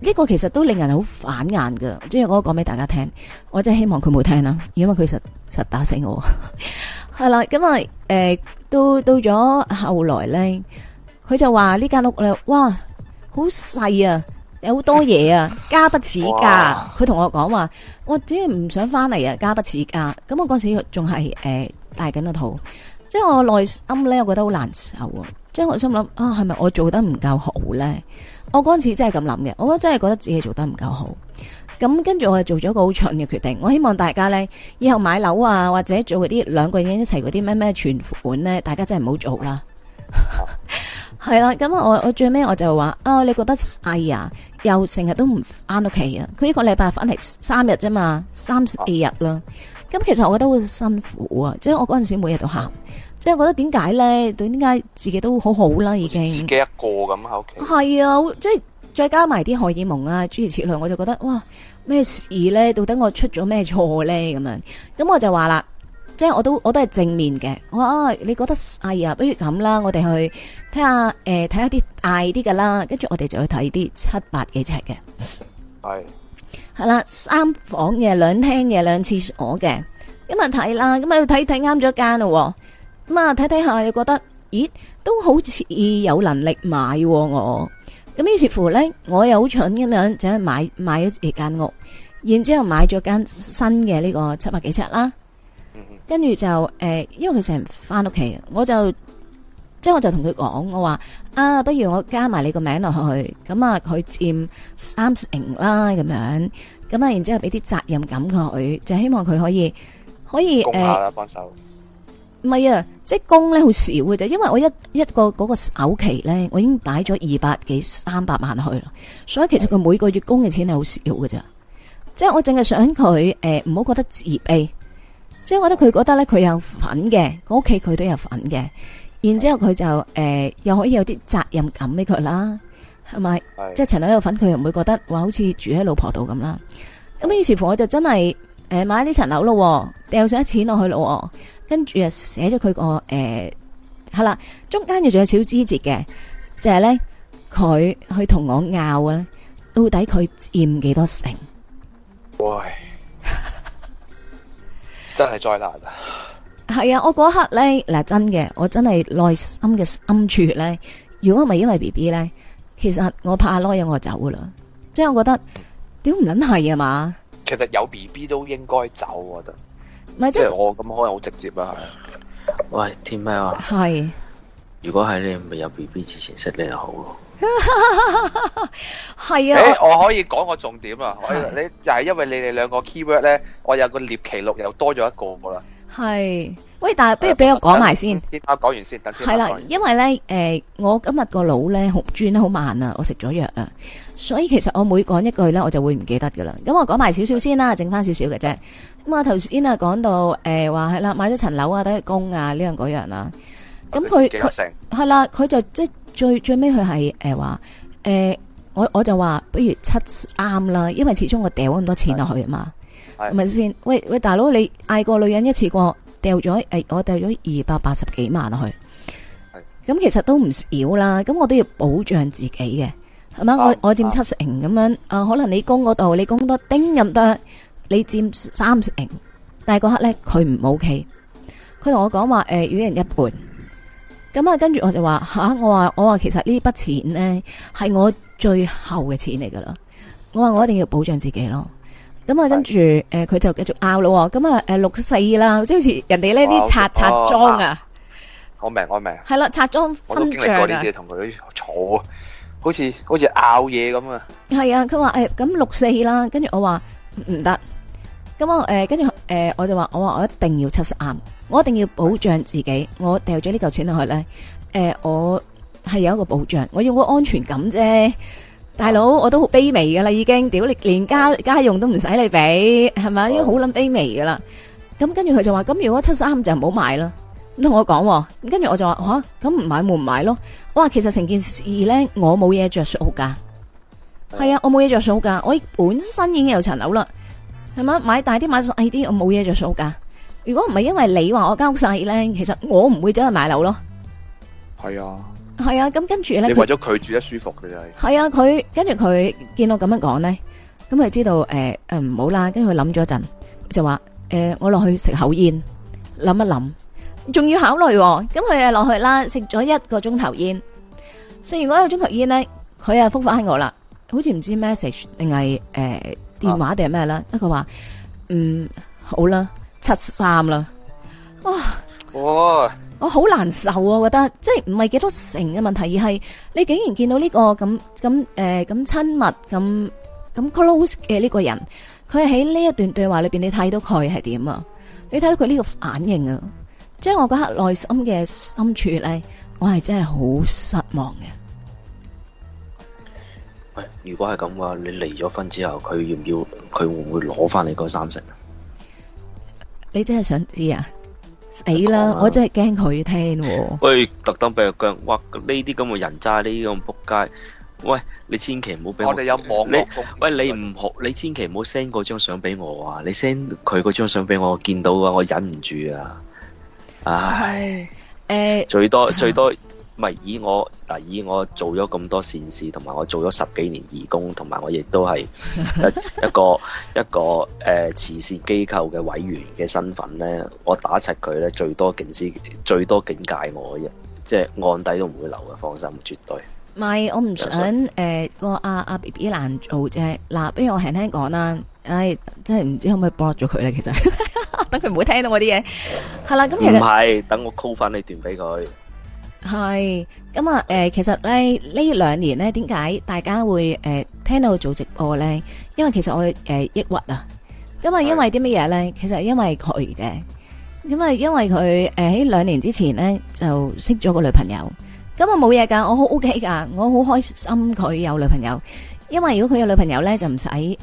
呢個其實都令人好反眼噶，即係我講俾大家聽，我真係希望佢冇聽啦，因為佢實實打死我。係 啦，咁、嗯、啊，誒、嗯，到到咗後來咧，佢就話呢間屋咧，哇，好細啊，有好多嘢啊，家不似家。佢同哇我講話，我只係唔想翻嚟啊，家不似家。咁、嗯、我嗰時仲係誒帶緊個肚，即係我內心咧，我覺得好難受啊，即係我心諗，啊，係咪我做得唔夠好咧？我嗰陣時真係咁諗嘅，我真係覺得自己做得唔夠好。咁跟住我係做咗個好蠢嘅決定。我希望大家呢，以後買樓啊，或者做嗰啲兩個人一齊嗰啲咩咩存款呢，大家真係唔好做啦。係 啦，咁我我最尾我就話啊，你覺得哎呀，又成日都唔翻屋企啊？佢一個禮拜翻嚟三日啫嘛，三四日啦。咁其實我覺得好辛苦啊，即係我嗰陣時每日都喊。即係覺得點解咧？點解自己都好好、啊、啦？已經自己一個咁啊，係、okay. 啊，即係再加埋啲荷爾蒙啊，諸如此類，我就覺得哇，咩事咧？到底我出咗咩錯咧？咁樣。咁我就話啦，即係我都我都係正面嘅。我話啊，你覺得細呀、啊、不如咁啦，我哋去睇下誒，睇下啲大啲嘅啦，跟住我哋就去睇啲七百幾尺嘅，係係啦，三房嘅、兩廳嘅、兩廁所嘅咁啊，睇啦，咁啊，睇睇啱咗一間咯。咁啊，睇睇下又覺得，咦，都好似有能力買、啊、我。咁於是乎呢，我又好蠢咁樣，就去買買咗幾間屋，然之後買咗間新嘅呢個七百幾尺啦。跟住就誒、呃，因為佢成日翻屋企，我就即係我就同佢講，我話啊，不如我加埋你個名落去，咁啊，佢佔三成啦，咁樣，咁啊，然之後俾啲責任感佢，就希望佢可以可以誒。唔係啊，即係供咧好少嘅啫，因為我一一個嗰個首期咧，我已經擺咗二百幾三百萬去啦，所以其實佢每個月供嘅錢係好少嘅咋。即係我淨係想佢誒，唔好覺得自卑。即係我覺得佢覺得咧，佢有份嘅，個屋企佢都有份嘅，然之後佢就誒又可以有啲責任感俾佢啦係咪？即係層樓有份，佢又唔會覺得話好似住喺老婆度咁啦。咁啊，於是乎我就真係誒買呢層樓咯，掉上啲錢落去咯。跟住啊、那個，寫咗佢個誒，係啦，中間就仲有少枝節嘅，就係、是、咧，佢去同我拗咧，到底佢佔幾多成？哇喂！ 真係災難啊！係啊，我嗰刻咧嗱，真嘅，我真係內心嘅深處咧，如果唔係因為 B B 咧，其實我怕攞有我走噶啦，即係我覺得屌唔撚係啊嘛！其實有 B B 都應該走，我覺得。即係我咁可能好直接啊！喂，是天喵話、啊？係是如果係你未有 B B 之前識你就好咯。係 啊、欸！我可以講個重點啊！是我你就係、是、因為你哋兩個 keyword 咧，我有個獵奇錄又多咗一個噶啦。係。喂，但係不如俾我講埋先。啊，講完先得，等了先係啦，因為咧，誒、呃，我今日個腦咧好轉得好慢啊，我食咗藥啊，所以其實我每講一句咧，我就會唔記得噶啦。咁我講埋少少先啦，剩翻少少嘅啫。咁啊，頭先啊講到誒，話係啦，買咗層樓啊，等佢供啊，呢樣嗰樣啦。咁佢係啦，佢他就即係最，最最尾佢係誒話誒，我我就話不如七啱啦，因為始終我掉咁多錢落去嘛，係咪的先？喂喂，大佬，你嗌個女人一次過？掉咗誒，我掉咗二百八十幾萬落去，咁其實都唔少啦。咁我都要保障自己嘅，係嘛、啊？我我佔七成咁樣，啊，可能你供嗰度你供多丁咁多，你佔三成，但係嗰刻咧佢唔 ok，佢同我講話誒，每、呃、人一半。咁啊，跟住我就話吓，我話我話其實呢筆錢咧係我最後嘅錢嚟噶啦，我話我一定要保障自己咯。咁啊，跟住誒，佢是、呃、就繼續拗咯。咁、呃、啊，誒六四啦，即係好似人哋呢啲拆拆裝啊。我明，我明。係啦，拆裝分賬我經歷過啲嘢，同佢坐，好似好似拗嘢咁啊。係啊，佢話誒，咁六四啦，跟住我話唔得。咁我誒，跟住誒，我就話我話我一定要七十啱，我一定要保障自己，我掉咗呢嚿錢落去咧，誒、呃，我係有一個保障，我要個安全感啫。大佬，我都好卑微噶啦，已經屌你連家家用都唔使你俾，係咪？已經好撚卑微噶啦。咁跟住佢就話，咁如果七三就唔好買啦。咁同我講，咁跟住我就話，吓咁唔買咪唔買咯。我話其實成件事咧，我冇嘢着數噶。係、嗯、啊，我冇嘢着數噶，我本身已經有層樓啦，係咪？買大啲買細啲，我冇嘢着數噶。如果唔係因為你話我交晒咧，其實我唔會走去買樓咯。係啊。係啊，咁跟住咧，你為咗佢住得舒服佢就係。係啊，佢跟住佢見我咁樣講咧，咁佢知道誒，唔好啦。跟住佢諗咗一陣，就話誒、呃，我落去食口煙，諗一諗，仲要考慮、哦。咁佢啊落去啦，食咗一個鐘頭煙。食完一個鐘頭煙咧，佢啊覆翻我啦，好似唔知 message 定係誒、呃、電話定係咩啦。佢話、啊、嗯好啦，七三啦。哇！哦。我好難受啊，我覺得即係唔係幾多成嘅問題，而係你竟然見到呢個咁咁誒咁親密咁咁 close 嘅呢個人，佢喺呢一段對話裏邊，你睇到佢係點啊？你睇到佢呢個反應啊？即係我嗰刻內心嘅深處咧，我係真係好失望嘅。喂，如果係咁嘅話，你離咗婚之後，佢要唔要？佢會唔會攞翻你嗰三成？你真係想知啊？死啦！吧我真係驚佢聽喎、啊。喂，特登俾個腳，哇！呢啲咁嘅人渣，呢啲咁仆街。喂，你千祈唔好俾我。我哋，哦、有網絡。你喂，嗯、你唔好，你千祈唔好 send 嗰張相俾我啊！你 send 佢嗰張相俾我，我見到啊，我忍唔住啊！唉，誒，最、欸、多最多。嗯，最多唔係，以我嗱，以我做咗咁多善事，同埋我做咗十幾年義工，同埋我亦都係一一個 一個誒慈善機構嘅委員嘅身份咧，我打柒佢咧，最多警示，最多警戒我嘅啫，即係案底都唔會留嘅，放心絕對。唔係我唔想誒嗎、呃、個阿、啊、阿、啊、B B 難做啫。嗱，不如我輕輕講啦，唉、哎、真係唔知可唔可以 block 咗佢咧，其實 等佢唔會聽到我啲嘢係啦，咁其實唔係等我 call 翻你段俾佢。係咁啊！誒、呃，其實咧呢兩年咧，點解大家會誒、呃、聽到做直播咧？因為其實我誒、呃、抑鬱啊，咁啊，因為啲乜嘢咧？是的 其實係因為佢嘅，咁啊，因為佢誒喺兩年之前咧就識咗個女朋友，咁啊冇嘢噶，我好 OK 噶，我好開心佢有女朋友，因為如果佢有女朋友咧，就唔使誒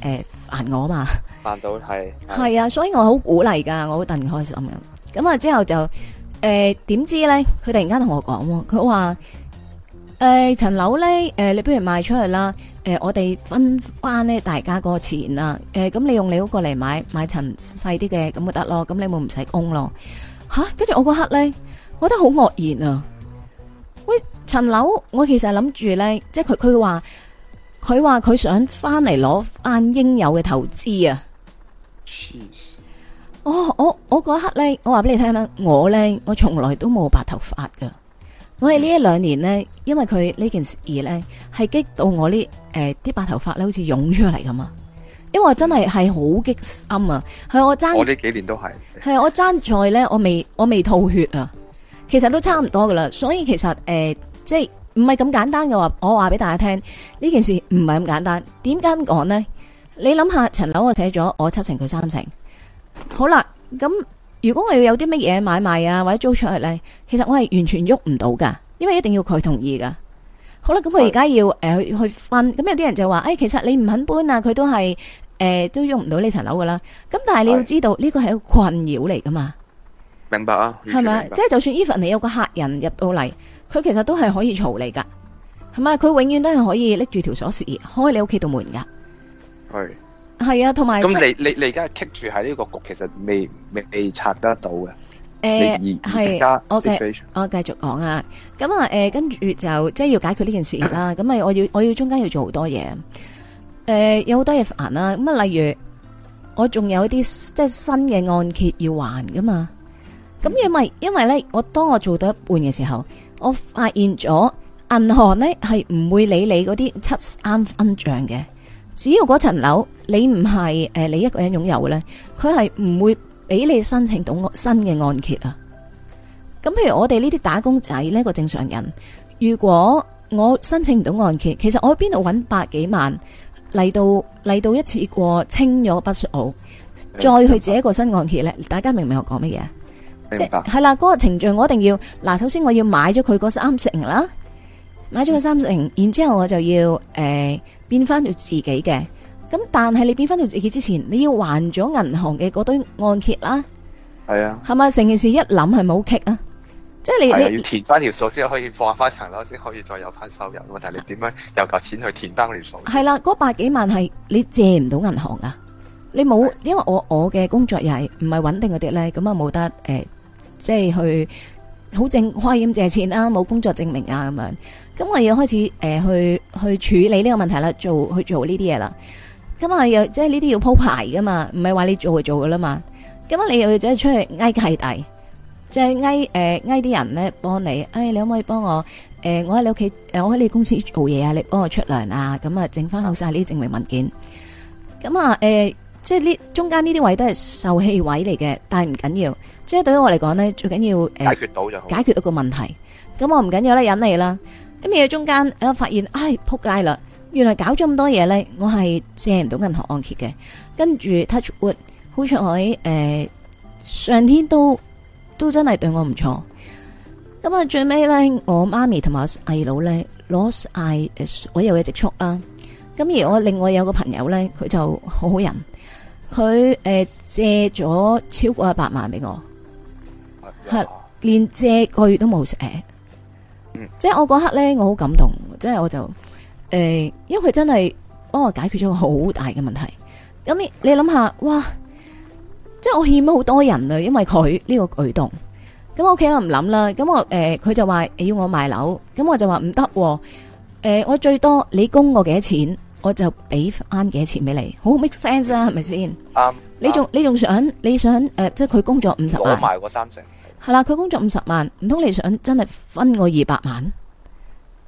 煩我嘛。煩到係係啊，所以我好鼓勵噶，我好戥開心㗎。咁啊之後就。誒，點知咧？佢突然間同我講，佢話誒層樓咧，誒你不如賣出去啦。誒我哋分翻，咧大家嗰個錢啦。誒咁你用你嗰個嚟，買買層細啲嘅咁咪得咯。咁你咪唔使供咯？吓，跟住我嗰刻咧，我覺得好愕然啊！喂，層樓我其實諗住咧，即係佢佢話佢話佢想翻嚟攞翻應有嘅投資啊。哦，我我嗰一刻咧，我話俾你聽啦，我咧我從來都冇白頭髮噶，我係呢一兩年咧，因為佢呢件事咧係激到我呢，誒啲白頭髮咧好似湧出嚟咁啊，因為我真係係好激心啊，係，我爭我呢幾年都係係 我爭在咧，我未我未吐血啊，其實都差唔多噶啦，所以其實誒、呃、即係唔係咁簡單嘅話，我話俾大家聽呢件事唔係咁簡單，點解咁講呢？你諗下，層樓我扯咗，我七成佢三成。好啦，咁如果我要有啲乜嘢買賣啊，或者租出去呢，其實我係完全喐唔到噶，因為一定要佢同意噶。好啦，咁佢而家要誒的、呃、去去搬，咁有啲人就話，誒、哎、其實你唔肯搬啊，佢都係誒、呃、都喐唔到呢層樓噶啦。咁但係你要知道，呢個係一個困擾嚟噶嘛。明白啊。係咪？即係、就是、就算 even 你有個客人入到嚟，佢其實都係可以嘈你噶，係咪？佢永遠都係可以拎住條鎖匙開你屋企度門噶。係。係啊，同埋咁你你你而家棘住喺呢個局，其實未未未拆得到嘅。誒，係。Okay, 我嘅，我繼續講啊。咁啊，誒、呃，跟住就即係要解決呢件事啦。咁啊， 我要我要中間要做好多嘢。誒、呃，有好多嘢煩啦。咁啊，例如我仲有一啲即係新嘅按揭要還噶嘛。咁因為因為咧，我當我做到一半嘅時候，我發現咗銀行咧係唔會理你嗰啲七三分賬嘅。只要嗰層樓你唔係誒你一個人擁有嘅咧，佢係唔會俾你申請到新嘅按揭啊！咁譬如我哋呢啲打工仔呢個正常人，如果我申請唔到按揭，其實我喺邊度搵百幾萬嚟到嚟到一次過清咗筆數，欸、再去借個新按揭咧？欸、大家明唔明我講乜嘢？欸、即係係啦，嗰個程序我一定要嗱，首先我要買咗佢嗰三成啦，買咗佢三成，嗯、然之後我就要誒。呃變翻到自己嘅，咁但係你變翻到自己之前，你要還咗銀行嘅嗰堆按揭啦，係啊，係咪成件事一諗係冇棘啊？即係你要填翻條數先可以放翻層樓，先可以再有翻收入。問題你點樣有夠錢去填翻條數？係啦，嗰百幾萬係你借唔到銀行啊，你冇，因為我我嘅工作又係唔係穩定嗰啲咧，咁啊冇得誒，即係去好正開咁借錢啦，冇工作證明啊咁樣。咁、嗯、我要開始誒、呃、去去處理呢個問題啦，做去做呢啲嘢啦。咁、嗯、啊，又即係呢啲要鋪排噶嘛，唔係話你做就做噶啦嘛。咁、嗯、你又即係出去嗌契弟，即係嗌誒嗌啲人咧幫你。誒、哎，你可唔可以幫我？誒、呃，我喺你屋企，誒，我喺你公司做嘢啊，你幫我出糧啊，咁、嗯、啊，整翻好晒呢啲證明文件。咁、嗯、啊，誒、嗯嗯，即係呢中間呢啲位都係受氣位嚟嘅，但係唔緊要。即係對於我嚟講咧，最緊要誒解決到就好，解決一個問題。咁、嗯、我唔緊要咧，忍你啦。咁嘢中間，我發現，哎，扑街啦！原來搞咗咁多嘢咧，我係借唔到銀行按揭嘅。跟住 Touch Wood，好似喺誒上天都都真係對我唔錯。咁啊，最尾咧，我媽咪同埋我細佬咧 loss 晒所有嘅積蓄啦。咁、啊、而我另外有個朋友咧，佢就好好人，佢誒、呃、借咗超過一百萬俾我，係連借個月都冇食。即係我嗰刻咧，我好感動，即係我就誒、欸，因為佢真係幫我解決咗個好大嘅問題。咁你你諗下，哇！即係我欠咗好多人啊，因為佢呢個舉動。咁我屋企人唔諗啦。咁我誒，佢、欸、就話要我賣樓，咁我就話唔得。誒、欸，我最多你供我幾多錢，我就俾翻幾多錢俾你。好 make sense 啊，係咪先？啱。你仲你仲想你想誒、呃，即係佢供咗五十萬，攞埋嗰三成。係啦，佢工作五十萬，唔通你想真係分我二百萬？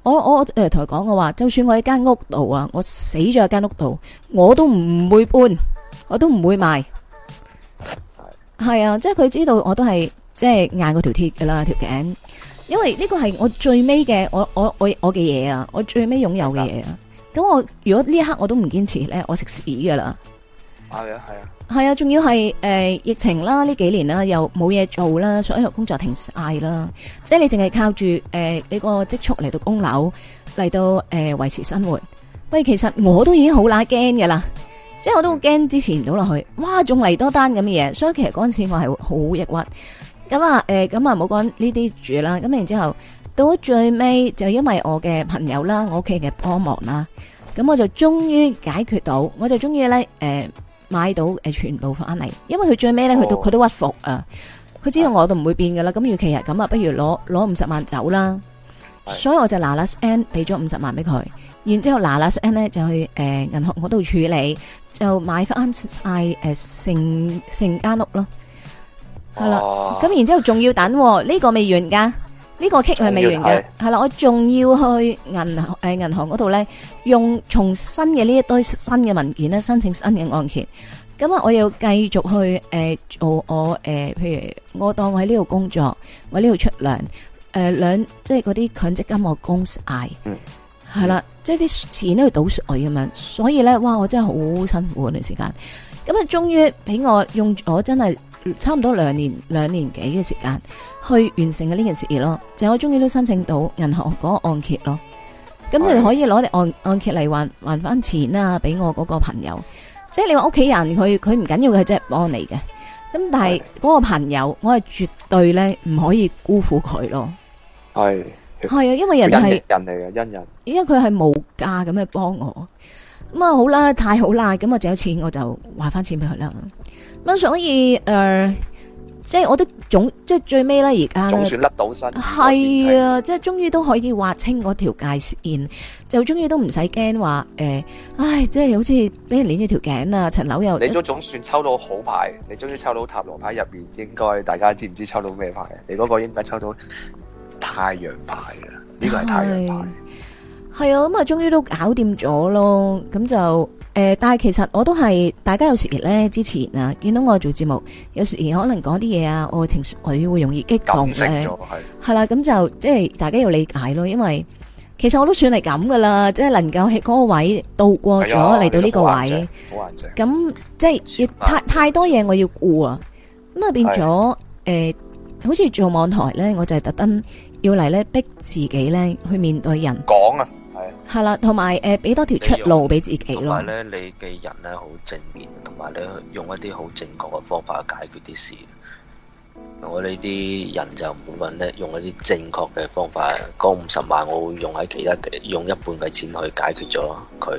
我我誒同佢講嘅話，就算我喺間屋度啊，我死咗喺間屋度，我都唔會搬，我都唔會賣。係啊，即係佢知道我都係即係硬過條鐵噶啦條頸，因為呢個係我最尾嘅我我我我嘅嘢啊，我最尾擁有嘅嘢啊。咁我如果呢一刻我都唔堅持咧，我食屎噶啦。係啊，係啊，係啊！仲要係誒，疫情啦，呢幾年啦，又冇嘢做啦，所以工作停晒啦，即係你淨係靠住誒、呃、你個積蓄嚟到供樓，嚟到誒、呃、維持生活。喂，其實我都已經好乸驚噶啦，即係我都好驚支持唔到落去。哇，仲嚟多單咁嘅嘢，所以其實嗰陣時我係好抑鬱。咁啊，誒、呃，咁啊，冇講呢啲住啦。咁然之後到最尾就因為我嘅朋友啦，我屋企嘅幫忙啦，咁我就終於解決到，我就終於咧誒。呃買到全部翻嚟，因為佢最尾咧，佢、oh. 都佢都屈服啊！佢知道我都唔會變噶啦，咁如 Yes. 其日咁啊，不如攞攞五十萬走啦。Yes. 所以我就拿啦 N 俾咗五十萬俾佢，然之後拿啦 N 咧就去誒、呃、銀行嗰度處理，就買翻曬誒成成間屋咯。係啦、oh. 嗯，咁然之後仲要等，呢、這個未完噶。呢個棘係未完嘅，係啦，我仲要去銀誒、呃、銀行嗰度咧，用重新嘅呢一堆新嘅文件咧申請新嘅案件。咁啊，我要繼續去誒、呃、做我誒、呃，譬如我當我喺呢度工作，我呢度出糧誒、呃、兩，即係嗰啲強積金我公司嗌，係啦，即係啲錢都要倒水咁樣。所以咧，哇！我真係好辛苦嗰段時間。咁啊，終於俾我用咗，我真係～差唔多兩年、兩年幾嘅時間去完成嘅呢件事業咯，就我終於都申請到銀行嗰個按揭咯。咁我哋可以攞你按按揭嚟還還翻錢啦、啊，俾我嗰個朋友。即係你話屋企人，佢佢唔緊要嘅，即係幫你嘅。咁但係嗰個朋友，的我係絕對咧唔可以辜負佢咯。係係啊，因為人係人嚟嘅恩人，因為佢係無價咁去幫我。咁啊好啦，太好啦，咁我借咗錢我就還翻錢俾佢啦。咁、嗯、所以，誒、呃，即係我都總，即係最尾咧，而家仲算甩到身，係啊，即係終於都可以劃清嗰條界線，就終於都唔使驚話，誒，唉，即係好似俾人攆住條頸啊，層樓又你都總算抽到好牌，你終於抽到塔羅牌入面，應該大家知唔知抽到咩牌？你嗰個應該抽到太陽牌啊！呢、這個係太陽牌，係啊，咁啊，終於都搞掂咗咯，咁就。誒、呃，但係其實我都係，大家有時咧之前啊，見到我做節目，有時可能講啲嘢啊，我情緒會容易激動誒，係啦，咁就即係大家要理解咯，因為其實我都算係咁噶啦，即係能夠喺嗰個位度過咗嚟、哎、呀到呢個位，咁即係太太多嘢我要顧啊，咁啊變咗誒的、呃，好似做網台咧，我就係特登要嚟咧逼自己咧去面對人講啊。係，啦，同埋誒，俾、呃、多條出路俾用自己咯。同埋咧，你嘅人咧好正面，同埋你用一啲好正確嘅方法解決啲事。我呢啲人就唔會問咧，用一啲正確嘅方法。嗰五十萬我會用喺其他嘅，用一半嘅錢去解決咗佢、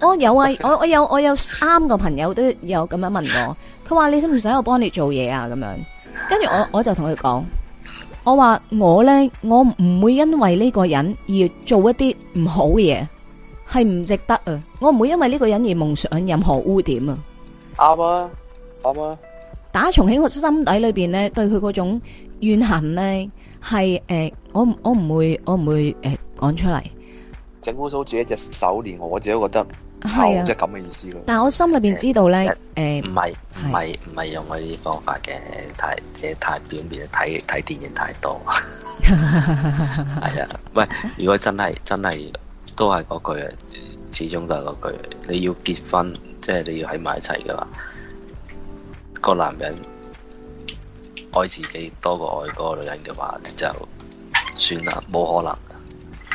哦 。我有啊，我我有我有三個朋友都有咁樣問信信我、啊、樣我，佢話你使唔使我幫你做嘢啊？咁樣，跟住我我就同佢講。我話我咧，我唔會因為呢個人而做一啲唔好嘅嘢，係唔值得啊！我唔會因為呢個人而夢想任何污點啊！啱啊，啱啊！打從喺我心底裏邊咧，對佢嗰種怨恨咧，係誒，我我唔會，我唔會誒講出嚟。整姑嫂只一隻手，連我自己都覺得，係啊，即係咁嘅意思咯。但係我心裏邊知道咧，誒、呃，唔係唔係唔係用嗰啲方法嘅，太嘅太表面的，睇睇電影太多。係啊、哎，喂，如果真係真係都係嗰句啊，始終都係嗰句，你要結婚，即係你要喺埋一齊嘅話。個男人愛自己多過愛嗰個女人嘅話，就算啦，冇可能。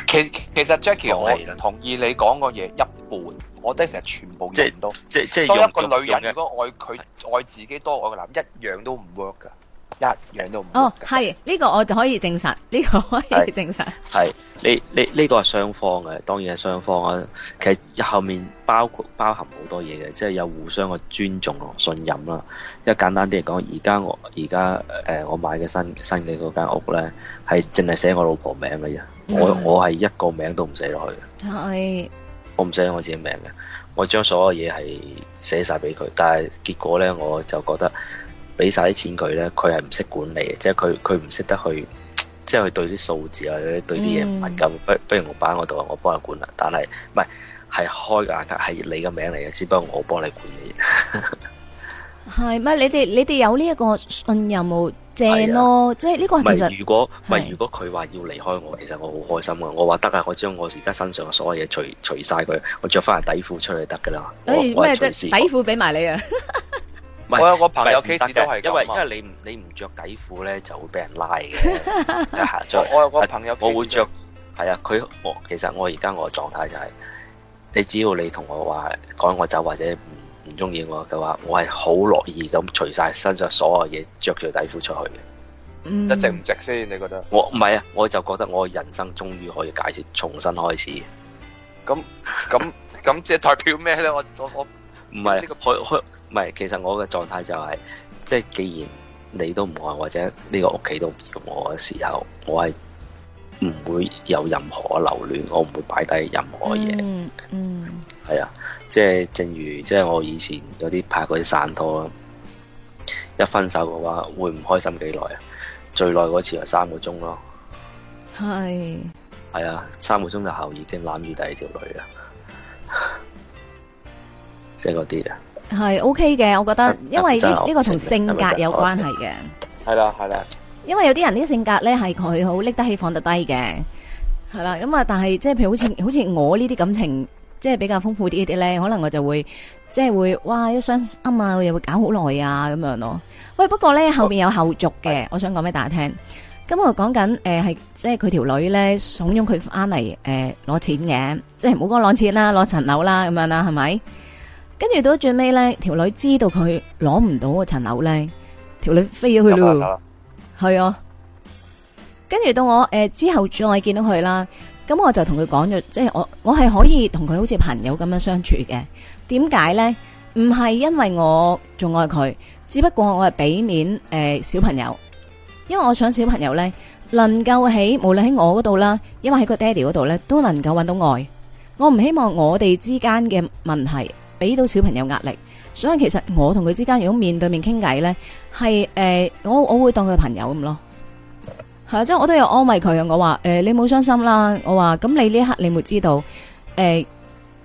其其實 Jackie 我，我同意你講個嘢一半。我得成日全部用多，即即用當一個女人如果愛佢的愛自己多過個男人，一樣都唔 work 噶，的一樣都唔。哦，係呢個我就可以證實，呢個可以證實。係呢呢呢個係雙方嘅，當然係雙方啊。其實後面包括包含好多嘢嘅，即係有互相嘅尊重同信任啦。即係簡單啲嚟講，而家我而家誒我買嘅新新嘅嗰間屋咧，係淨係寫我老婆名嘅啫，嗯、我我係一個名都唔寫落去嘅。我唔寫我自己名嘅，我將所有嘢係寫晒俾佢。但係結果呢，我就覺得俾晒啲錢佢呢，佢係唔識管理嘅。即係佢佢唔識得去，即係去對啲數字或者對啲嘢唔敏感。Mm. 不不如我擺喺我度，我幫佢管啦。但係唔係係開個 account 係你嘅名嚟嘅，只不過我幫你管理。 係咪？你哋你哋有呢一個信任冇正咯？即係呢個其實。唔係如果唔係如果佢話要離開我，其實我好開心啊。我話得啊，我將我而家身上嘅所有嘢除除晒佢，我着翻條底褲出嚟得噶啦。我咩啫？底褲俾埋你啊！唔係我有個朋友其實都係因為因為你唔你唔着底褲咧，就會俾人拉嘅着，我有個朋友，我會着係啊。佢我其實我而家我嘅狀態就係，你只要你同我話趕我走或者。唔中意我嘅話，我係好樂意咁除晒身上所有嘢，着條底褲出去嘅。嗯，得值唔值先？你覺得？我唔係啊，我就覺得我人生終於可以解釋，重新開始。咁咁咁，即係代表咩咧？我我唔係呢個，去去唔係。其實我嘅狀態就係、是，即係既然你都唔愛，或者呢個屋企都唔要我嘅時候，我係唔會有任何嘅留戀，我唔會擺低任何嘢、嗯。嗯嗯，係啊。即係，正如即係我以前有啲拍過啲散拖咯，一分手嘅話會唔開心幾耐啊？最耐嗰次係三個鐘咯。係係啊，三個鐘就後已經攬住第二條女啊，即係嗰啲啊。係 O K 嘅，我覺得、啊、因為呢呢、啊、個同性格有關係嘅。係啦，係啦。因為有啲人啲性格咧係佢好拎得起放得低嘅，係啦咁啊，但係即係譬如好似好似我呢啲感情。即係比較豐富啲啲咧，可能我就會即係會哇一傷心啊嘛，我又會搞好耐啊咁樣咯。喂，不過咧後面有後續嘅，哦、我想講俾大家聽。咁的我講緊誒係即係佢條女咧慫恿佢翻嚟誒攞錢嘅，即係唔好講攞錢啦，攞層樓啦咁樣啦，係咪？跟住到最尾咧，條女知道佢攞唔到個層樓咧，條女飛咗佢咯，係啊。跟住到我誒、呃、之後再見到佢啦。咁我就同佢講咗，即係我我係可以同佢好似朋友咁樣相處嘅。點解呢？唔係因為我仲愛佢，只不過我係俾面誒小朋友，因為我想小朋友呢，能夠喺無論喺我嗰度啦，亦或喺個爹哋嗰度呢，都能夠揾到愛。我唔希望我哋之間嘅問題俾到小朋友壓力，所以其實我同佢之間如果面對面傾偈呢，係誒我我會當佢朋友咁咯。係，即係我都有安慰佢，我話誒、呃，你冇傷心啦。我話咁你呢刻你會知道，誒、呃、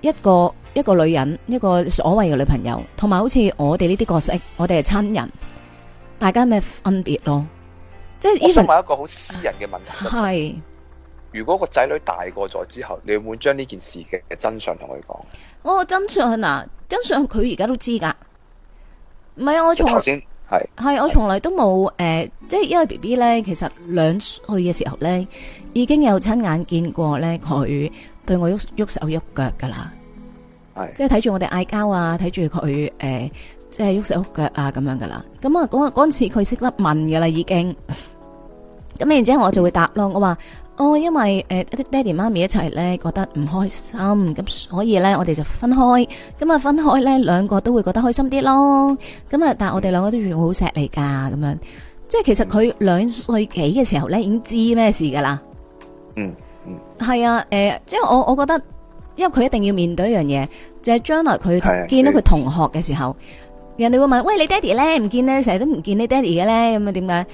一個一個女人，一個所謂嘅女朋友，同埋好似我哋呢啲角色，我哋係親人，大家咩分別咯？即係呢個係一個好私人嘅問題。係。如果個仔女大個咗之後，你會唔會將呢件事嘅真相同佢講？我真相嗱，真相佢而家都知噶，唔係啊，我從。係，係我從來都冇誒、呃，即係因為 B B 咧，其實兩歲嘅時候咧，已經有親眼見過咧佢、嗯、對我喐喐手喐腳噶啦，係、嗯啊呃，即係睇住我哋嗌交啊，睇住佢誒，即係喐手喐腳啊咁樣噶啦，咁啊嗰嗰陣時佢識得問噶啦已經，咁然之後我就會答咯，我話。哦，因為誒、呃、一啲爹哋媽咪一齊咧，覺得唔開心，咁所以咧我哋就分開，咁、嗯、啊分開咧兩個都會覺得開心啲咯，咁、嗯、啊但係我哋兩個都算好錫你噶，咁樣，即係其實佢兩歲幾嘅時候咧已經知咩事噶啦、嗯，嗯，係啊，誒、呃，因為我我覺得，因為佢一定要面對一樣嘢，就係、是、將來佢、啊、見到佢同學嘅時候，人哋會問，喂你爹哋咧唔見咧，成日都唔見你爹哋嘅咧，咁樣點解？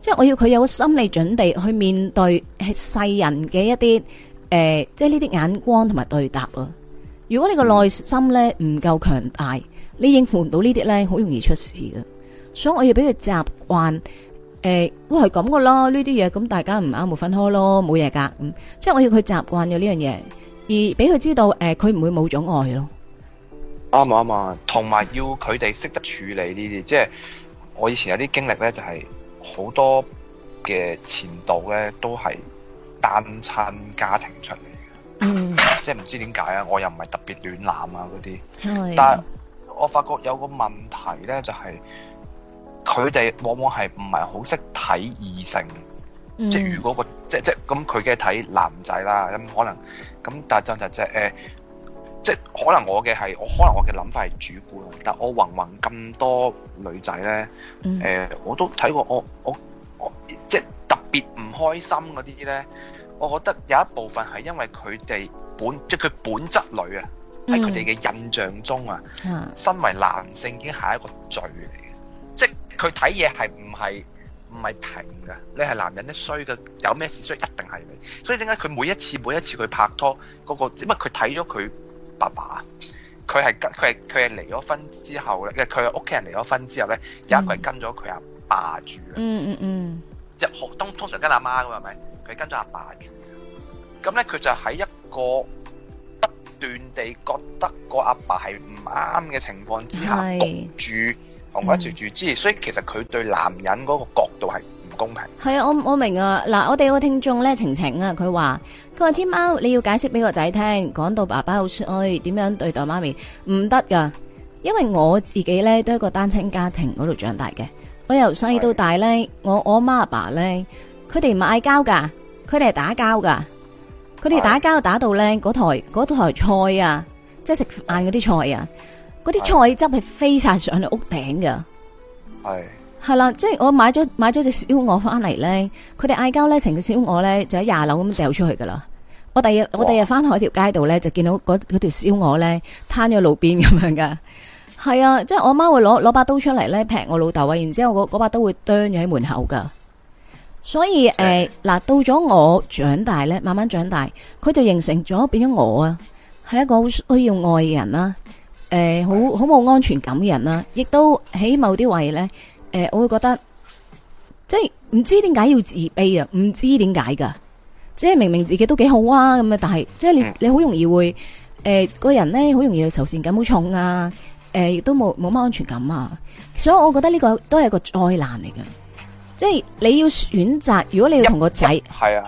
即係我要佢有個心理準備去面對世人嘅一啲誒、呃，即係呢啲眼光同埋對答啊！如果你個內心咧唔夠強大，你應付唔到呢啲咧，好容易出事噶。所以我要俾佢習慣誒，會係咁噶啦呢啲嘢，咁大家唔啱冇分開咯，冇嘢噶。咁、嗯、即係我要佢習慣咗呢樣嘢，而俾佢知道誒，佢、呃、唔會冇咗愛咯。啱唔啱啊，同埋要佢哋識得處理呢啲。即係我以前有啲經歷咧、就是，就係。好多嘅前度咧都係單親家庭出嚟嘅，mm. 即係唔知點解啊！我又唔係特別暖男啊嗰啲，mm. 但係我發覺有個問題咧，就係佢哋往往係唔係好識睇異性，mm. 即係如果個即即咁佢梗係睇男仔啦，咁可能咁但係就就即係誒。欸即係可能我嘅係，我可能我嘅諗法係主觀，但我芸芸咁多女仔咧，誒、嗯呃，我都睇過我，我我我即係特別唔開心嗰啲咧，我覺得有一部分係因為佢哋本即係佢本質女啊，喺佢哋嘅印象中啊，嗯、身為男性已經係一個罪嚟嘅，即係佢睇嘢係唔係唔係平嘅，你係男人一衰嘅，有咩事衰一定係你，所以點解佢每一次每一次佢拍拖嗰、嗰個，因為佢睇咗佢。爸爸，佢係佢係佢係離咗婚之後咧，因為佢屋企人離咗婚之後咧，一佢係跟咗佢阿爸住嗯。嗯嗯嗯，即係通通常跟阿媽噶嘛，係咪？佢跟咗阿爸，爸住，咁咧佢就喺一個不斷地覺得個阿爸係唔啱嘅情況之下，焗住同我一齊住，之所以其實佢對男人嗰個角度係唔公平。係啊，我我明啊，嗱，我哋個聽眾咧晴晴啊，佢話。佢話天貓，你要解釋俾個仔聽，講到爸爸好衰，點樣對待媽咪唔得噶。因為我自己咧都係一個單親家庭嗰度長大嘅，我由細到大咧是的，我我阿媽阿爸咧，佢哋唔係嗌交噶，佢哋係打交噶，佢哋是的 打交打到咧，嗰台嗰台菜啊，即係食飯嗰啲菜啊，嗰啲菜汁係飛晒上嚟屋頂噶係係啦，即係我買咗買咗隻燒鵝翻嚟咧，佢哋嗌交咧，成隻燒鵝咧就喺廿樓咁掉出去噶啦。我第日我第日翻海條街度呢，就見到嗰嗰條燒鵝呢攤咗路邊咁樣噶係啊，即係我媽會攞攞把刀出嚟呢，劈我老豆啊，然之後嗰嗰把刀會掟咗喺門口噶。所以誒，嗱的、呃、到咗我長大呢，慢慢長大，佢就形成咗變咗我啊，係一個好需要愛嘅人啦。誒、呃，好好冇安全感嘅人啦，亦都喺某啲位呢，誒、呃，我會覺得即係唔知點解要自卑啊，唔知點解噶。即係明明自己都幾好啊咁啊，但係即係你你好容易會誒，個、嗯呃、人咧好容易會受善感好重啊，誒亦都冇冇乜安全感啊，所以我覺得呢個都係一個災難嚟嘅。即係你要選擇，如果你要同個仔係啊，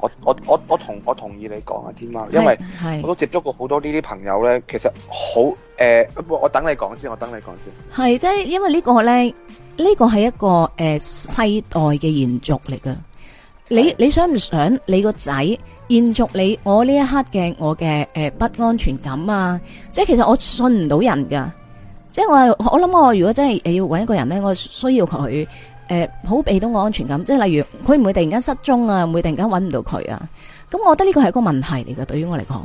我我我同我同意你講啊，天喵，因為我都接觸過好多呢啲朋友咧，其實好誒、呃，我等你講先，我等你講先。係即係因為個呢、這個咧，呢個係一個誒世、呃、代嘅延續嚟㗎。你你想唔想你個仔延續你我呢一刻嘅我嘅誒、呃、不安全感啊？即係其實我信唔到人噶，即係我我諗我如果真係要搵一個人咧，我需要佢誒、呃、好俾到我安全感，即係例如佢唔會突然間失蹤啊，唔會突然間搵唔到佢啊。咁我覺得呢個係一個問題嚟噶，對於我嚟講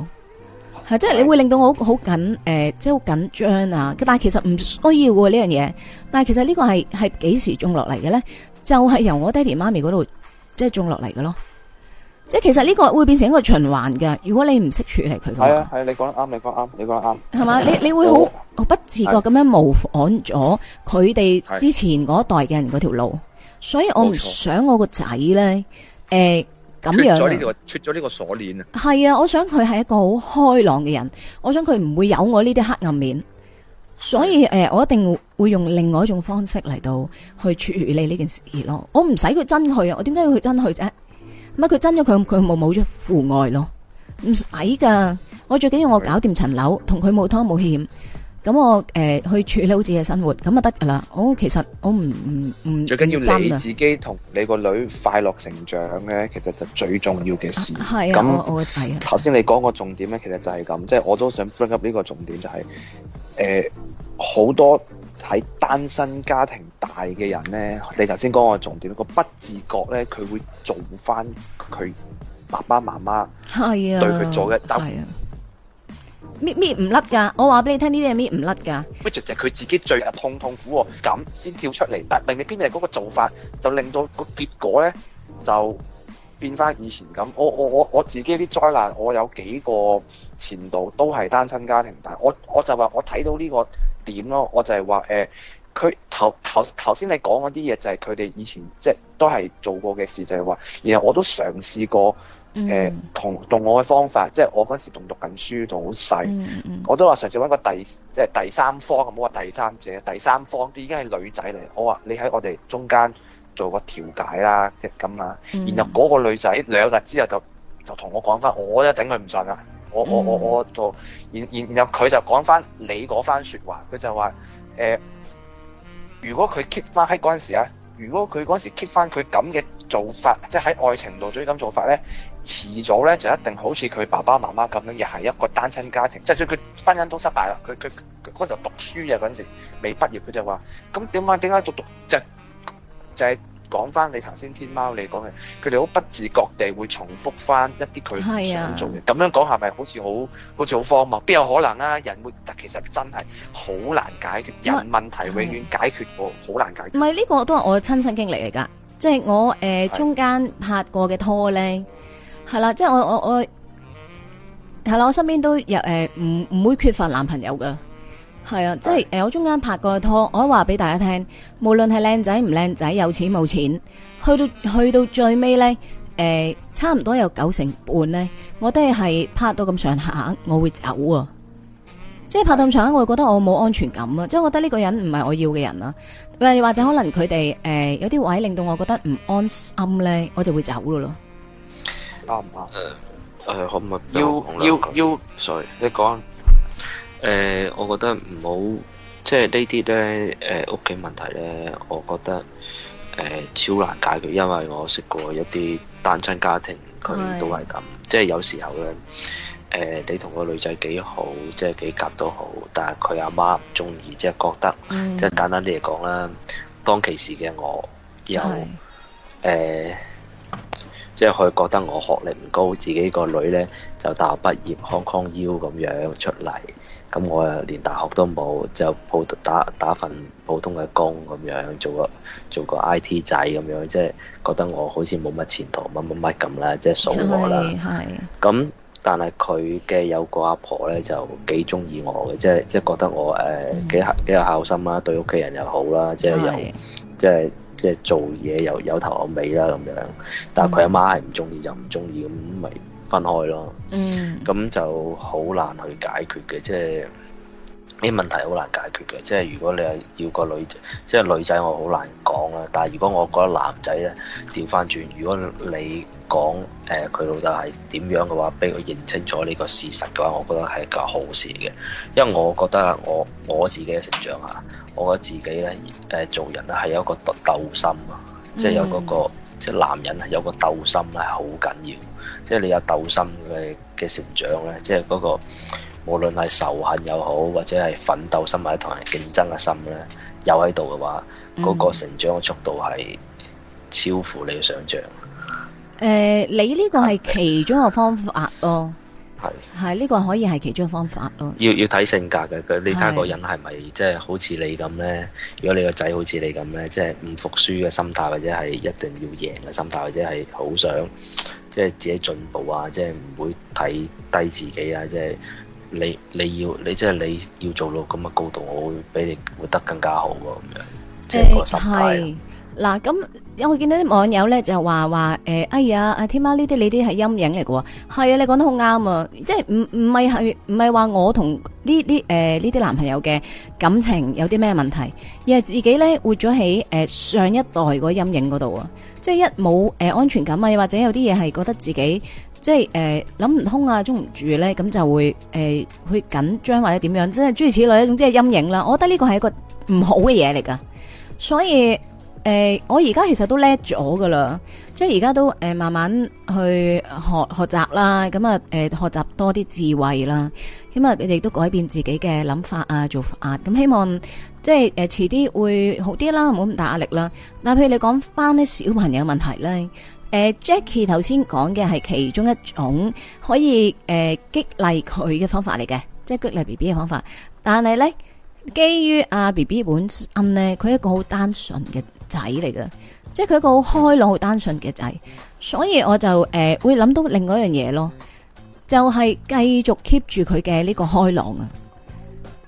係即係你會令到我好緊誒，即係好緊張啊。但係其實唔需要噶呢樣嘢，但係其實個呢個係係幾時種落嚟嘅咧？就係、是、由我爹哋媽咪嗰度。即係種落嚟嘅咯，即係其實呢個會變成一個循環嘅。如果你唔識處理佢嘅，係啊係啊，你講得啱，你講啱，你講啱。係嘛？你你會好，哦、不自覺咁樣模仿咗佢哋之前嗰一代嘅人嗰條路，係啊，所以我唔想我個仔咧，誒、呃、咁樣。出咗呢個，出咗呢個鎖鏈啊！係啊，我想佢係一個好開朗嘅人，我想佢唔會有我呢啲黑暗面。所以誒、呃，我一定會用另外一種方式嚟到去處理呢件事咯。我唔使佢爭佢，啊，我點解要去爭佢啫？乜佢爭咗，佢佢冇冇咗父愛咯？唔使噶，我最緊要我搞掂層樓，同佢冇拖冇欠，咁我誒、呃、去處理好自己嘅生活，咁就得噶啦。我其實我唔唔唔最緊要你自己同你個女快樂成長嘅，其實就最重要嘅事。係啊，我我係啊。頭先那、啊、你講個重點咧，其實就係咁，即、就、係、是、我都想 bring up 呢個重點，就係、是。誒，好、呃、多喺單身家庭大嘅人咧，你頭先講我重點，個不自覺咧，佢會做翻佢爸爸媽媽對佢做嘅，但係咩咩唔甩噶？我話俾你聽，呢啲係咩唔甩噶？即係佢自己最痛痛苦咁、哦、先跳出嚟，但係明你邊日嗰個做法就令到個結果咧就變翻以前咁。我我我我自己啲災難，我有幾個。前度都係單親家庭，但係我我就話我睇到呢個點咯，我就係話誒，佢頭頭頭先你講嗰啲嘢就係佢哋以前即係都係做過嘅事，就係、是、話，然後我都嘗試過誒、欸、同同我嘅方法，即係、嗯、我嗰時仲讀緊書很小，仲好細，我都話嘗試揾個第即係第三方，咁好話第三者，第三方啲已經係女仔嚟，我話你喺我哋中間做個調解啦，即係咁啊，然後嗰個女仔、嗯、兩日之後就就同我講翻，我都頂佢唔順啊！我我我我做，然然然後佢就講翻你嗰番説話，佢就話誒、呃，如果佢 keep 翻喺嗰陣時咧，如果佢嗰陣時 keep 翻佢咁嘅做法，即係喺愛情度做咁做法咧，遲早咧就一定好似佢爸爸媽媽咁樣，又係一個單親家庭。就算佢婚姻都失敗啦，佢佢嗰陣讀書啊嗰陣時未畢業，佢就話，咁點解點解讀讀就是、就係、是？講返你頭先，天喵你講嘅，佢哋好不自覺地會重複返一啲佢想做嘅。咁樣講係咪好似好好似好荒謬？邊有可能啊？人會其實真係好難解決人問題，永遠解決唔到，好難解決。唔係呢個都係我親身經歷嚟㗎，即係我誒中間拍過嘅拖咧，係啦，即係我我我係啦，我身邊都有誒，唔唔會缺乏男朋友㗎。係啊，即係誒的、呃，我中間拍過拖，我話俾大家聽，無論係靚仔唔靚仔，有錢冇錢，去到去到最尾呢，誒、呃，差唔多有九成半呢，我都係拍到咁上下，我會走啊！是的即係拍咁長，我會覺得我冇安全感啊，即係我覺得呢個人唔係我要嘅人啊。或者可能佢哋誒有啲位令到我覺得唔安心呢，我就會走噶咯。啱唔啱？誒，可唔可以？要要要誰？你講。誒、呃，我覺得唔好，即係呢啲咧誒屋企問題咧，我覺得誒、呃、超難解決，因為我識過一啲單親家庭，佢都係咁，是即係有時候咧誒、呃，你同個女仔幾好，即係幾夾都好，但係佢阿媽唔中意，即係覺得，嗯、即係簡單啲嚟講啦，當其時嘅我有誒是、呃，即係佢覺得我學歷唔高，自己個女咧就大學畢業，香港 U 咁樣出嚟。咁我啊連大學都冇，就普打打，打份普通嘅工咁樣，做個做個 I T 仔咁樣，即係覺得我好似冇乜前途，乜乜乜咁啦，即係數我啦。係，咁但係佢嘅有個阿婆咧就幾中意我嘅，即係即係覺得我誒幾幾有孝心啦，對屋企人又好啦，即係又是即係即係做嘢又有頭有尾啦咁樣。但係佢阿媽係唔中意就唔中意咁咪，分開咯，咁就好難去解決嘅，即係呢問題好難解決嘅。即係如果你係要個女仔，即係女仔，我好難講啦。但係如果我覺得男仔咧，調翻轉，如果你講誒佢老豆係點樣嘅話，俾佢認清楚呢個事實嘅話，我覺得係一個好事嘅。因為我覺得我我自己嘅成長啊，我覺得自己咧誒做人咧係有個鬥鬥心啊，即係有嗰個即係男人係有個鬥心咧係好緊要的。即係你有鬥心嘅嘅成長咧，即係嗰個無論係仇恨又好，或者係奮鬥心或者同人競爭嘅心咧，又喺度嘅話，嗰個成長嘅速度係超乎你嘅想象。誒、嗯呃，你呢個係其中一個方法咯，係係呢個可以係其中一個方法咯。要要睇性格嘅，佢你睇下個人係咪即係好似你咁咧？的如果你個仔好似你咁咧，即係唔服輸嘅心態，或者係一定要贏嘅心態，或者係好想。即係自己進步啊！即係唔會睇低自己啊！即係你你要你即係你要做到咁嘅高度，我會俾你活得更加好喎咁樣。欸，即係個心態，嗱咁。有我見到啲網友咧就話話，誒，哎呀天喵天喵，呢啲你啲係陰影嚟嘅喎，係啊，你講得好啱啊，即係唔唔係係唔係話我同呢啲誒呢啲男朋友嘅感情有啲咩問題，而係自己咧活咗喺誒上一代嗰陰影嗰度啊，即係一冇誒、呃、安全感啊，或者有啲嘢係覺得自己即係誒諗唔通啊，中唔住咧，咁就會誒去緊張或者點樣，即係諸如此類一種即係陰影啦。我覺得呢個係一個唔好嘅嘢嚟噶，所以。誒、呃，我而家其實都叻咗噶啦，即係而家都、呃、慢慢去學學習啦。咁啊，誒、呃、學習多啲智慧啦。咁啊，亦都改變自己嘅諗法啊，做法啊。咁希望即係、呃、遲啲會好啲啦，冇咁大壓力啦。但係譬如你講翻啲小朋友問題咧，誒、呃、Jackie 頭先講嘅係其中一種可以誒、呃、激勵佢嘅方法嚟嘅，即係激勵 B B 嘅方法。但係咧，基於阿、啊、B B 本身咧，佢係一個好單純嘅。仔嚟嘅，即係佢一個好開朗、好單純嘅仔，所以我就誒會諗到另外一樣嘢咯，就係繼續 keep 住佢嘅呢個開朗啊，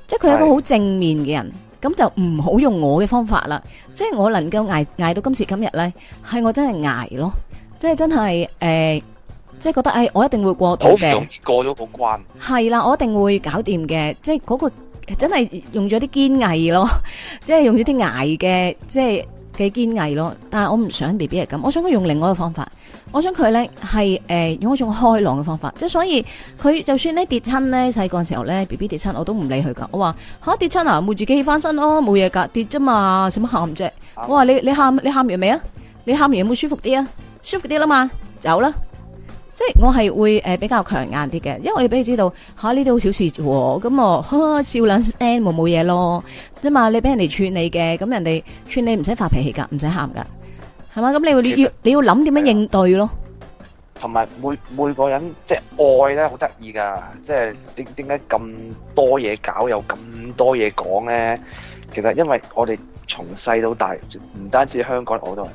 即係佢係一個好正面嘅人，咁就唔好用我嘅方法啦。即係我能夠挨挨到今時今日咧，係我真係挨咯，即係真係誒，即係覺得誒，我一定會過到嘅，過咗個關係啦，我一定會搞掂嘅，即係嗰個真係用咗啲堅毅咯，即係用咗啲挨嘅，即係。幾堅毅咯，但係我唔想 B B 係咁，我想佢用另外一個方法，我想佢咧係誒用一種開朗嘅方法，即係所以佢就算呢跌親咧細個時候咧 B B 跌親我都唔理佢噶我話吓跌親啊，冇自己翻身咯，冇嘢噶跌咋嘛，使乜喊啫？我話你你喊你喊完未啊？你喊完有冇舒服啲啊？舒服啲啦嘛，走啦。即係我係會誒比較強硬啲嘅，因為我要俾你知道，吓呢啲好小事咁哦，吓笑兩聲冇冇嘢咯，啫嘛。你俾人哋串你嘅，咁人哋串你唔使發脾氣噶，唔使喊噶，係嘛？咁你會你要你要諗點樣應對咯。同埋每每個人即係愛咧，好得意噶，即係點點解咁多嘢搞又咁多嘢講咧？其實因為我哋從細到大，唔單止香港，我都係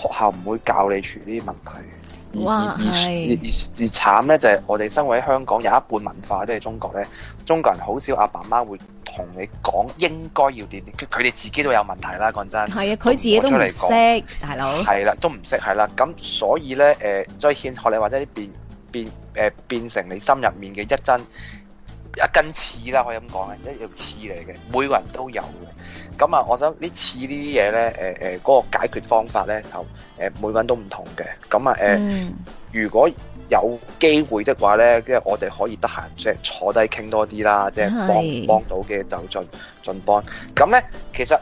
學校唔會教你處理呢啲問題。哇而而而而而慘咧，就係、是、我哋生活喺香港有一半文化都係中國咧。中國人好少阿爸媽會同你講應該要點點，佢佢哋自己都有問題啦。講真係啊，佢自己都唔識大佬係啦，都唔識係啦。咁所以咧誒，再欠學你或者變變誒、呃、變成你心入面嘅一針一根刺啦，可以咁講嘅一條刺嚟嘅，每個人都有嘅。咁啊，我想這次這呢次呢啲嘢咧，嗰、呃呃那個解決方法咧，就誒、呃、每個人都唔同嘅。咁啊，呃嗯、如果有機會的話咧，跟住我哋可以得閒即係坐低傾多啲啦，即、就、係、是、幫唔幫到嘅就盡是的 盡幫。咁咧，其實。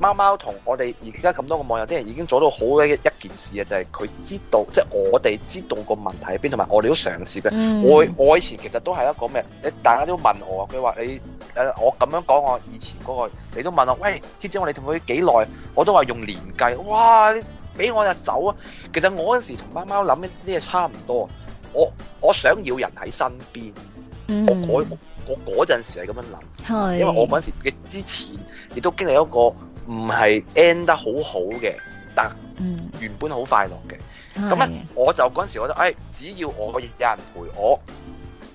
貓貓同我哋而家咁多個網友啲人已經做到好嘅一件事啊，就係、是、佢知道，即、就、係、是、我哋知道個問題喺邊，同埋我哋都嘗試嘅。我、嗯、我以前其實都係一個咩？你大家都問我，佢話你誒我咁樣講我以前嗰、那個，你都問我，喂，知唔知我哋同佢幾耐？我都話用年計，哇！俾我就走啊！其實我嗰陣時同貓貓諗啲嘢差唔多，我我想要人喺身邊，嗯、我嗰我嗰陣時係咁樣諗，嗯、因為我嗰陣時之前亦都經歷了一個。唔係 end 得好好嘅，但原本好快樂嘅。咁咧、嗯、我就嗰時覺得，哎，只要我有人陪我，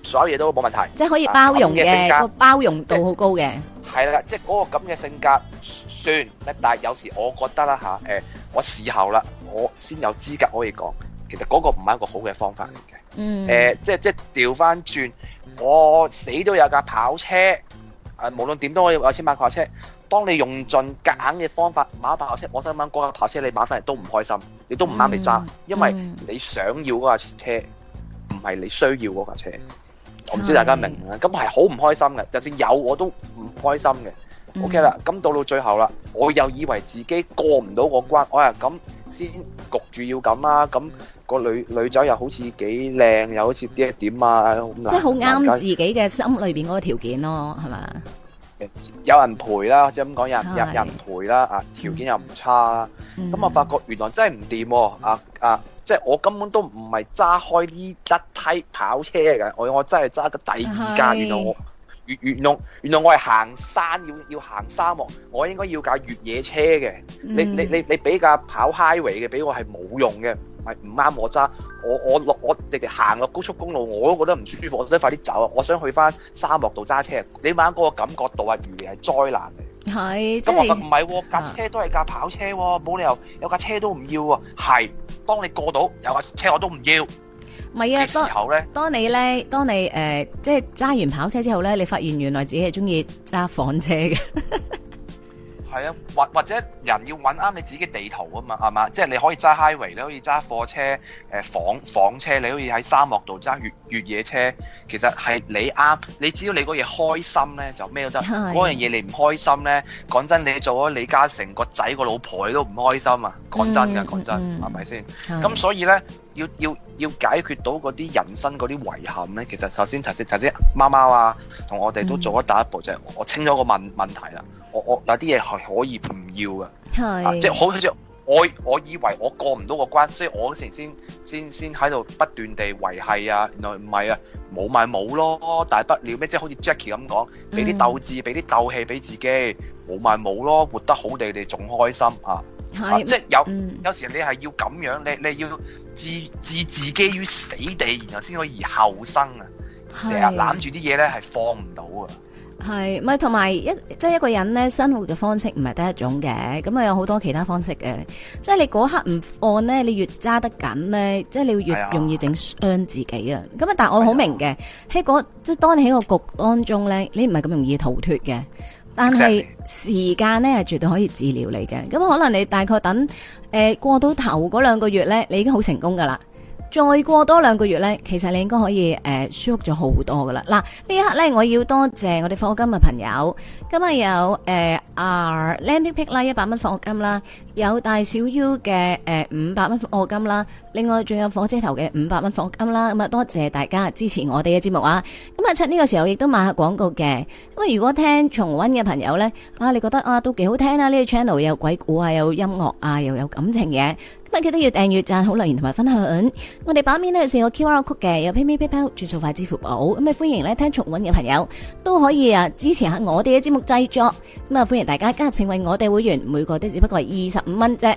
所有嘢都冇問題。即係可以包容嘅，啊、性格，包容度好高嘅。係啦、呃，即係嗰個咁嘅性格算，但係有時我覺得啦吓，誒、啊呃，我事後啦，我先有資格可以講，其實嗰個唔係一個好嘅方法嚟嘅。誒、嗯呃，即係即係調翻轉，我死都有架跑車，誒、呃，無論點都可以有千百架車。當你用盡夾硬嘅方法買一部跑車，我心諗嗰架跑車你買翻嚟都唔開心，你都唔啱你揸，因為你想要嗰架車唔係你需要嗰架車，我唔知大家明唔明？咁係好唔開心嘅，就算有我都唔開心嘅。OK 啦，咁到到最後啦，我又以為自己過唔到個關，我話咁先焗住要咁啊，咁個女女仔又好似幾靚，又好似啲一點啊，即係好啱自己嘅心裏邊嗰個條件咯，係嘛？有人陪啦，即係咁講，有人人陪，陪啦，啊，條件又唔差啦，咁、嗯、我發覺原來真係唔掂，啊啊，即、就、係、是、我根本都唔係揸開呢一梯跑車嘅，我我真係揸個第二架，是原來我越越原來我係行山要要行沙漠，我應該要架越野車嘅、嗯，你你你你俾架跑 highway 嘅俾我係冇用嘅。唔唔啱我揸，我我落我你哋行個高速公路我都覺得唔舒服，我想快啲走啊！我想去翻沙漠度揸車，你玩嗰個感覺度、就是、啊，完全係災難嚟。係，咁我唔唔係喎，架車都係架跑車喎，冇理由有架車都唔要喎。係，當你過到有架車我都唔要。唔係啊，當當你咧，當你誒、呃，即係揸完跑車之後咧，你發現原來自己係中意揸房車嘅。 係啊，或或者人要揾啱你自己嘅地圖啊嘛，係嘛，即、就、係、是、你可以揸 highway，你可以揸貨車，誒、呃，房房車，你可以喺沙漠度揸越，越野車。其實係你啱，你只要你嗰嘢開心咧，就咩都得。嗰的樣嘢你唔開心咧，講真，你做咗李嘉誠個仔個老婆，你都唔開心啊！講真嘅，講、嗯、真，係咪先？咁吧的所以咧，要要要解決到嗰啲人生嗰啲遺憾咧，其實首先，頭先，頭先，貓貓啊，同我哋都做咗第一步，嗯、就係我清咗個問問題啦。我我有啲嘢係可以唔要嘅，係是、啊，即係好似我我以為我過唔到個關，所以我嗰時先先先喺度不斷地維繫啊，原來唔係啊，冇咪冇咯，大不了咩，即係好似 Jacky 咁講，俾啲鬥志，俾啲鬥氣俾自己，冇咪冇咯，活得好哋哋仲開心是啊，即係有，嗯、有時你係要咁樣，你你要置置自，自己於死地，然後先可以後生啊，成日攬住啲嘢咧係放唔到啊。係，咪同埋一即係一個人咧，生活嘅方式唔係得一種嘅，咁啊有好多其他方式嘅。即係你嗰刻唔放咧，你越揸得緊咧，即係你會越容易整傷自己啊！咁啊、哎呦，但係我好明嘅，喺嗰、哎、呦即係當你喺個局當中咧，你唔係咁容易逃脱嘅。但係時間咧係絕對可以治療你嘅。咁可能你大概等誒、呃、過到頭嗰兩個月咧，你已經好成功㗎喇。再過多兩個月呢，其實你應該可以誒、呃、舒服咗好多噶啦。嗱，呢一刻呢，我要多謝我哋課金嘅朋友，今日有誒阿靚 pick 啦一百蚊課金啦，有大小 U 嘅誒五百蚊課金啦，另外仲有火車頭嘅五百蚊課金啦。咁啊多謝大家支持我哋嘅節目啊！咁、嗯、啊趁呢個時候亦都買下廣告嘅。咁啊如果聽重温嘅朋友呢，啊，你覺得啊都幾好聽啊？呢、這個 channel 有鬼故啊，有音樂啊，又有感情嘢。記得要訂閱、讚好留言同埋分享。我哋版面咧有四個 QR code 嘅，有 PayPay、PayPay，轉數快，支付寶咁啊，歡迎咧聽重溫嘅朋友都可以啊支持下我哋嘅節目製作。咁、嗯、啊，歡迎大家加入成為我哋會員，每個都只不過係二十五蚊啫。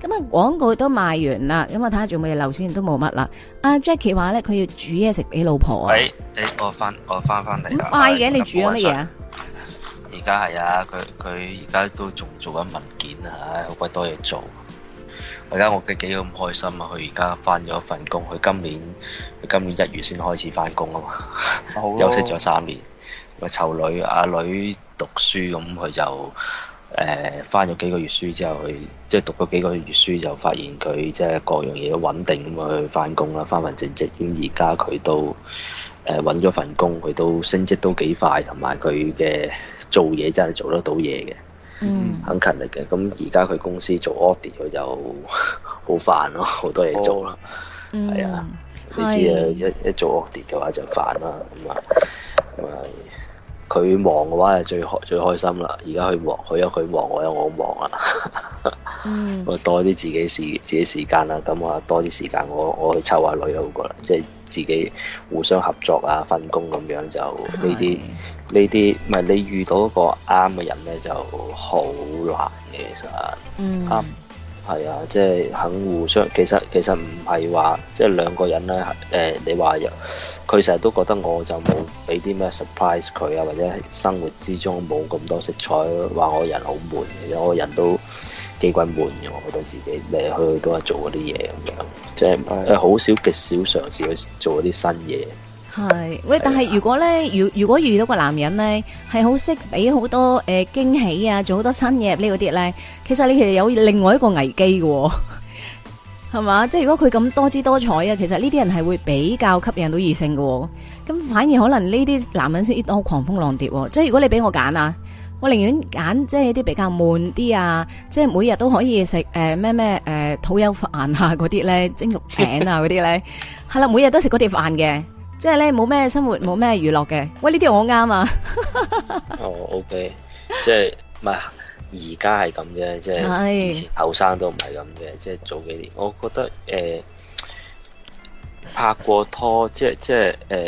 咁、嗯、啊，廣告都賣完啦，咁、嗯、啊，睇下仲有冇嘢留先，都冇乜啦。阿 Jacky 話咧，佢要煮嘢食俾老婆啊。誒我翻我翻翻嚟。快嘅，你煮咗乜嘢啊？而家係啊，佢佢而家都仲做緊文件啊，好鬼多嘢做。大家我嘅幾咁開心啊！佢而家翻咗份工，佢今年佢今年一月先開始翻工啊嘛， 休息咗三年。佢湊的女，阿女讀書咁，佢就誒翻咗幾個月書之後，佢即係讀咗幾個月書就發現佢即係各樣嘢都穩定咁去翻工啦，翻翻正職，咁而家佢都誒揾咗份工，佢都升職都幾快，同埋佢嘅做嘢真係做得到嘢嘅。嗯，mm. 很勤力嘅，咁而家佢公司做 audit，佢就好煩咯，好多嘢做咯，係、oh. mm. 啊，你知啊是，一做 audit 嘅話就煩啦，咁啊，咁啊，佢忙嘅話就最開最開心啦，而家佢忙，佢有佢忙，我有我忙啦，我、 mm. 多啲自，自己時自己時間啦，咁啊多啲時間我我去湊下女好過啦，即係自己互相合作啊分工咁樣就呢啲。呢啲唔係你遇到一個啱嘅人咧就好難嘅，其實，嗯，啱係啊，即係肯互相。其實其實唔係話即係兩個人咧誒、欸，你話佢成日都覺得我就冇俾啲咩 surprise 佢啊，或者生活之中冇咁多色彩，話我人好悶嘅，我人都幾鬼悶嘅，我覺得自己嚟嚟去去都係做嗰啲嘢咁樣，即係好少極少嘗試去做嗰啲新嘢。係喂，但係如果咧，如如果遇到個男人咧，係好識俾好多誒驚、呃、喜啊，做好多新嘢呢嗰啲咧，其實你其實有另外一個危機嘅、哦，係嘛？即係如果佢咁多姿多彩啊，其實呢啲人係會比較吸引到異性嘅、哦。咁反而可能呢啲男人先好狂蜂浪蝶、哦。即係如果你俾我揀啊，我寧願揀即係啲比較悶啲啊，即係每日都可以食誒咩咩誒土油飯啊嗰啲咧蒸肉餅啊嗰啲咧，係啦， 每日都食嗰碟飯嘅。即係咧冇咩生活，冇咩娛樂嘅，喂呢啲好啱啊！哦、 oh,，OK，即係唔係而家係咁啫，即係的以前後生都唔係咁嘅，即係早幾年，我覺得誒、呃、拍過拖，即係即係誒、呃、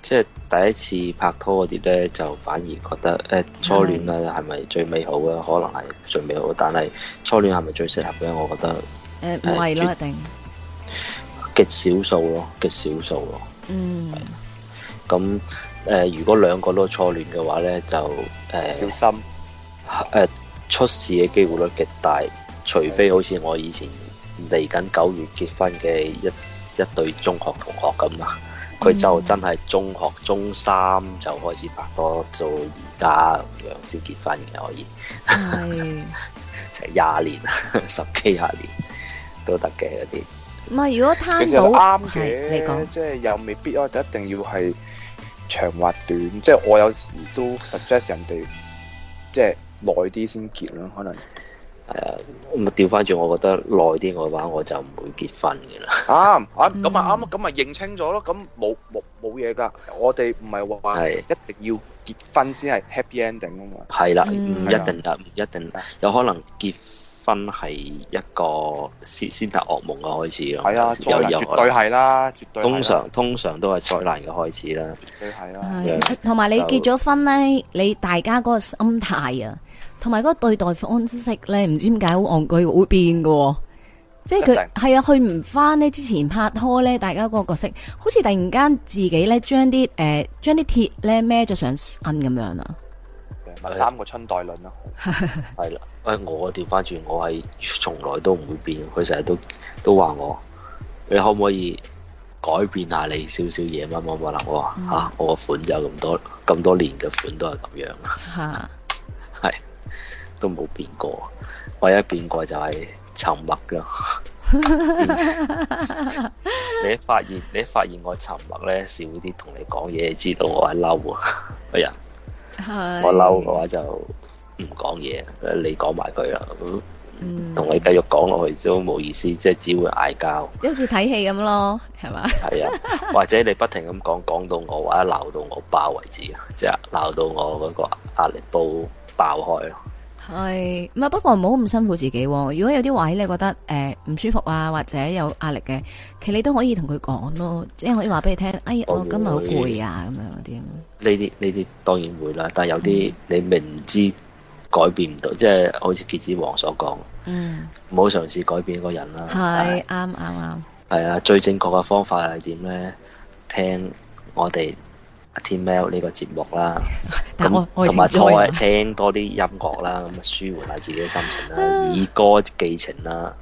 即係第一次拍拖嗰啲咧，就反而覺得誒、呃、初戀啊係咪最美好咧？的可能係最美好，但係初戀係咪最適合嘅？我覺得誒唔係咯，呃、絕一定極少數咯、哦，極少數咯、哦。嗯，咁誒、嗯呃，如果兩個都初戀嘅話咧，就誒、呃、小心誒出事嘅機會率極大，除非好似我以前嚟緊九月結婚嘅一一對中學同學咁啊，佢就真係中學中三就開始拍拖，到而家咁樣先結婚嘅可以是，係成廿年啊，十幾廿年都得嘅嗰啲。唔係，如果攤到啱，係你講，即係又未必啊！就一定要係長或短，即係我有時都 suggest 人哋，即係耐啲先結咯，可能係啊。咁調翻轉，我覺得耐啲嘅話，我就唔會結婚嘅啦。啱啊，咁啊啱，咁咪認清咗咯。咁冇冇冇嘢㗎。我哋唔係話一定要結婚先係 happy ending 啊嘛。係啦，唔一定㗎，唔一定，有可能結。婚係一個先先達噩夢嘅開始咯，係啊，災難絕對係啦，絕對。通常是通常都係災難嘅開始對啦，係啦對。係同埋你結咗婚咧，就你大家嗰個心態啊，同埋嗰個對待方式咧，唔知點解好戇居，會變嘅，哦，即係佢係啊，去唔翻，咧之前拍拖咧，大家嗰個角色，好似突然間自己咧將啲誒、呃、將啲鐵咧孭咗上身咁樣啊。三個春代論咯、啊，係啦。喂，我調翻轉，我係從來都唔會變。佢成日都都話我，你可唔可以改變下你少少嘢乜乜乜啦？我話吓，我個款有咁多咁多年嘅款都係咁樣、啊，係 都冇變過。唯一變過就係沉默㗎。 你發現你發現我沉默咧，少啲同你講嘢，知道我係嬲啊！ 哎呀～是我嬲嘅話就唔講嘢，你講埋佢啦，同、嗯、你繼續講落去都冇意思，即係只會嗌交。即係好似睇戲咁咯，係嘛？係啊， 或者你不停咁講，講到我或者鬧到我爆為止，即係鬧到我嗰個壓力都爆開咯。係，唔係不過唔好咁辛苦自己。如果有啲位你覺得誒唔、呃、舒服啊，或者有壓力嘅，其實你都可以同佢講咯，即係可以話俾佢聽。哎呀，我、哎哦哦、今日好攰啊，咁的樣嗰啲。呢啲呢啲當然會啦，但係有啲你明知改變唔到，即係好似蠍子王所講，嗯，唔好嘗試改變一個人啦，係啱啱啱，係啊，最正確嘅方法係點咧？聽我哋阿天喵呢個節目啦，咁同埋再聽多啲音樂啦，咁舒緩下自己嘅心情啦，以歌寄情啦，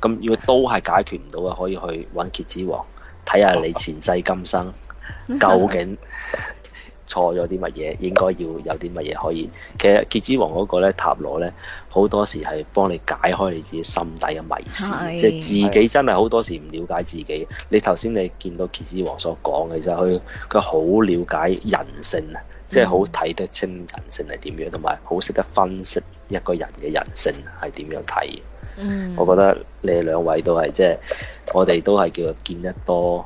咁如果都係解決唔到嘅，可以去揾蠍子王睇下你前世今生究竟錯咗啲乜嘢，應該要有啲乜嘢可以。其實蠍子王嗰個咧，塔羅咧，好多時係幫你解開你自己心底嘅迷思，是即係自己真係好多時唔了解自己。你頭先你見到蠍子王所講嘅，其實佢佢好了解人性啊，嗯、即係好睇得清人性係點樣，同埋好識得分析一個人嘅人性係點樣睇。嗯，我覺得你哋兩位都係即係我哋都係叫做見得多。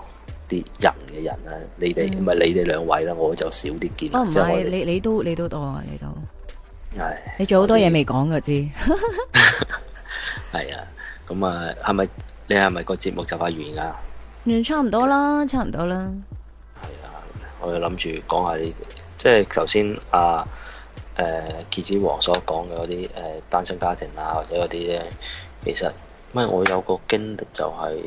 啲人嘅人啦、啊,你哋唔係你哋兩位啦，我就少啲見。哦，唔係，你都你都你都多啊，你都係。你仲好多嘢未講噶，知？係啊，咁啊，係咪你係咪個節目就快完啦？嗯，差唔多啦，差唔多啦。係啊，我諗住講下你哋，即係頭先阿誒蠍子王所講嘅嗰啲誒單身家庭啊，或者嗰啲咧，其實唔係我有個經歷就係、是。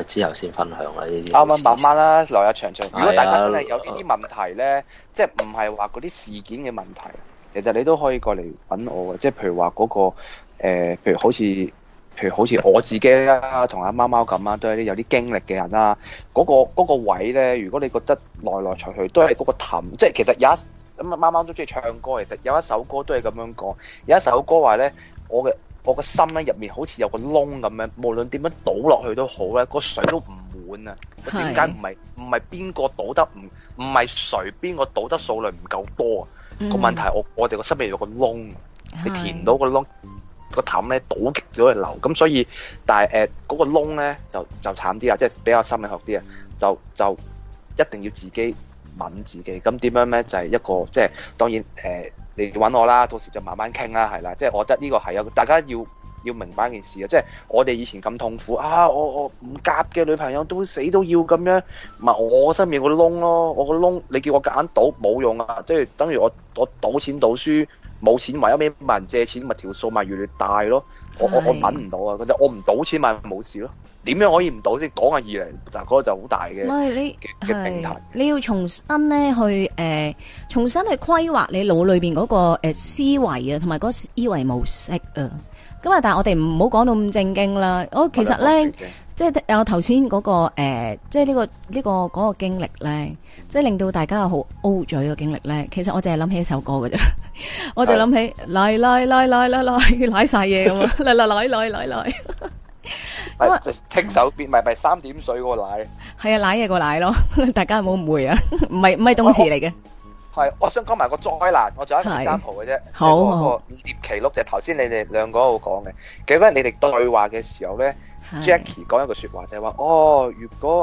誒之後先分享啦，呢啲啱啱？慢慢啦、啊，來日長長。如果大家真係有呢啲問題咧，啊、即係唔係話嗰啲事件嘅問題，其實你都可以過嚟揾我嘅。即係譬如話嗰、嗰個、呃、譬如好似譬如好似我自己啦、啊，同阿貓貓咁啊，都係啲有啲經歷嘅人啦、啊。嗰、嗰個嗰個位咧，如果你覺得來來去去都係嗰個氹，即係其實有一咁啊，貓貓都鍾意唱歌。其實有一首歌都係咁樣講，有一首歌話咧，我嘅。我個心咧入面好似有個窿咁樣，無論點樣倒落去都好咧，個水都唔滿啊！點解唔係唔係邊個倒得唔唔係隨邊個倒得數量唔夠多啊？個、嗯、問題係我我哋個心入面有個窿，你填到個窿是個氹咧倒極咗嚟流咁，所以但係誒嗰個窿咧就就慘啲啊，即、就、係、是、比較心理學啲啊，嗯、就就一定要自己。揾自己，咁點樣咧？就係、是、一個即係當然誒、呃，你揾我啦，到時就慢慢傾啦，係啦。即係我覺得呢個係啊，大家要要明白一件事啊，即係我哋以前咁痛苦啊，我我唔夾嘅女朋友都死都要咁樣，唔係我身邊有個窿咯，我個窿你叫我夾硬賭冇用啊，即係等於我我賭錢賭輸，冇錢為咗問人借錢，咪條數咪越嚟越大咯，我是的 我我揾唔到啊，其實我唔賭錢咪冇事咯。點樣可以唔到先講下二零？但係嗰個就好大嘅。唔係你嘅平台，你要重新咧去誒，重新去規劃你腦裏邊嗰個誒思維啊，同埋嗰思維模式啊。咁啊，但係我哋唔好講到咁正經啦。我其實咧，即係我頭先嗰個誒，即係呢個呢個嗰個經歷咧，即係令到大家好 O 嘴嘅經歷咧。其實我淨係諗起一首歌嘅啫，我就諗起，嚟嚟嚟嚟嚟嚟，攋晒嘢咁啊，嚟嚟嚟嚟嚟嚟。聽、嗯就是，手邊咪咪三點水個奶，係啊奶嘢個奶咯，大家唔好誤會啊？唔係唔係動詞嚟嘅，係、啊嗯、我想講埋個災難，我仲有一零三號嘅啫，即係嗰個、六、就是個哦、獵奇錄，就頭先你哋兩個喺度講嘅，叫咩？你哋對話嘅時候咧是，Jackie 講一個說話就話、是、哦，如果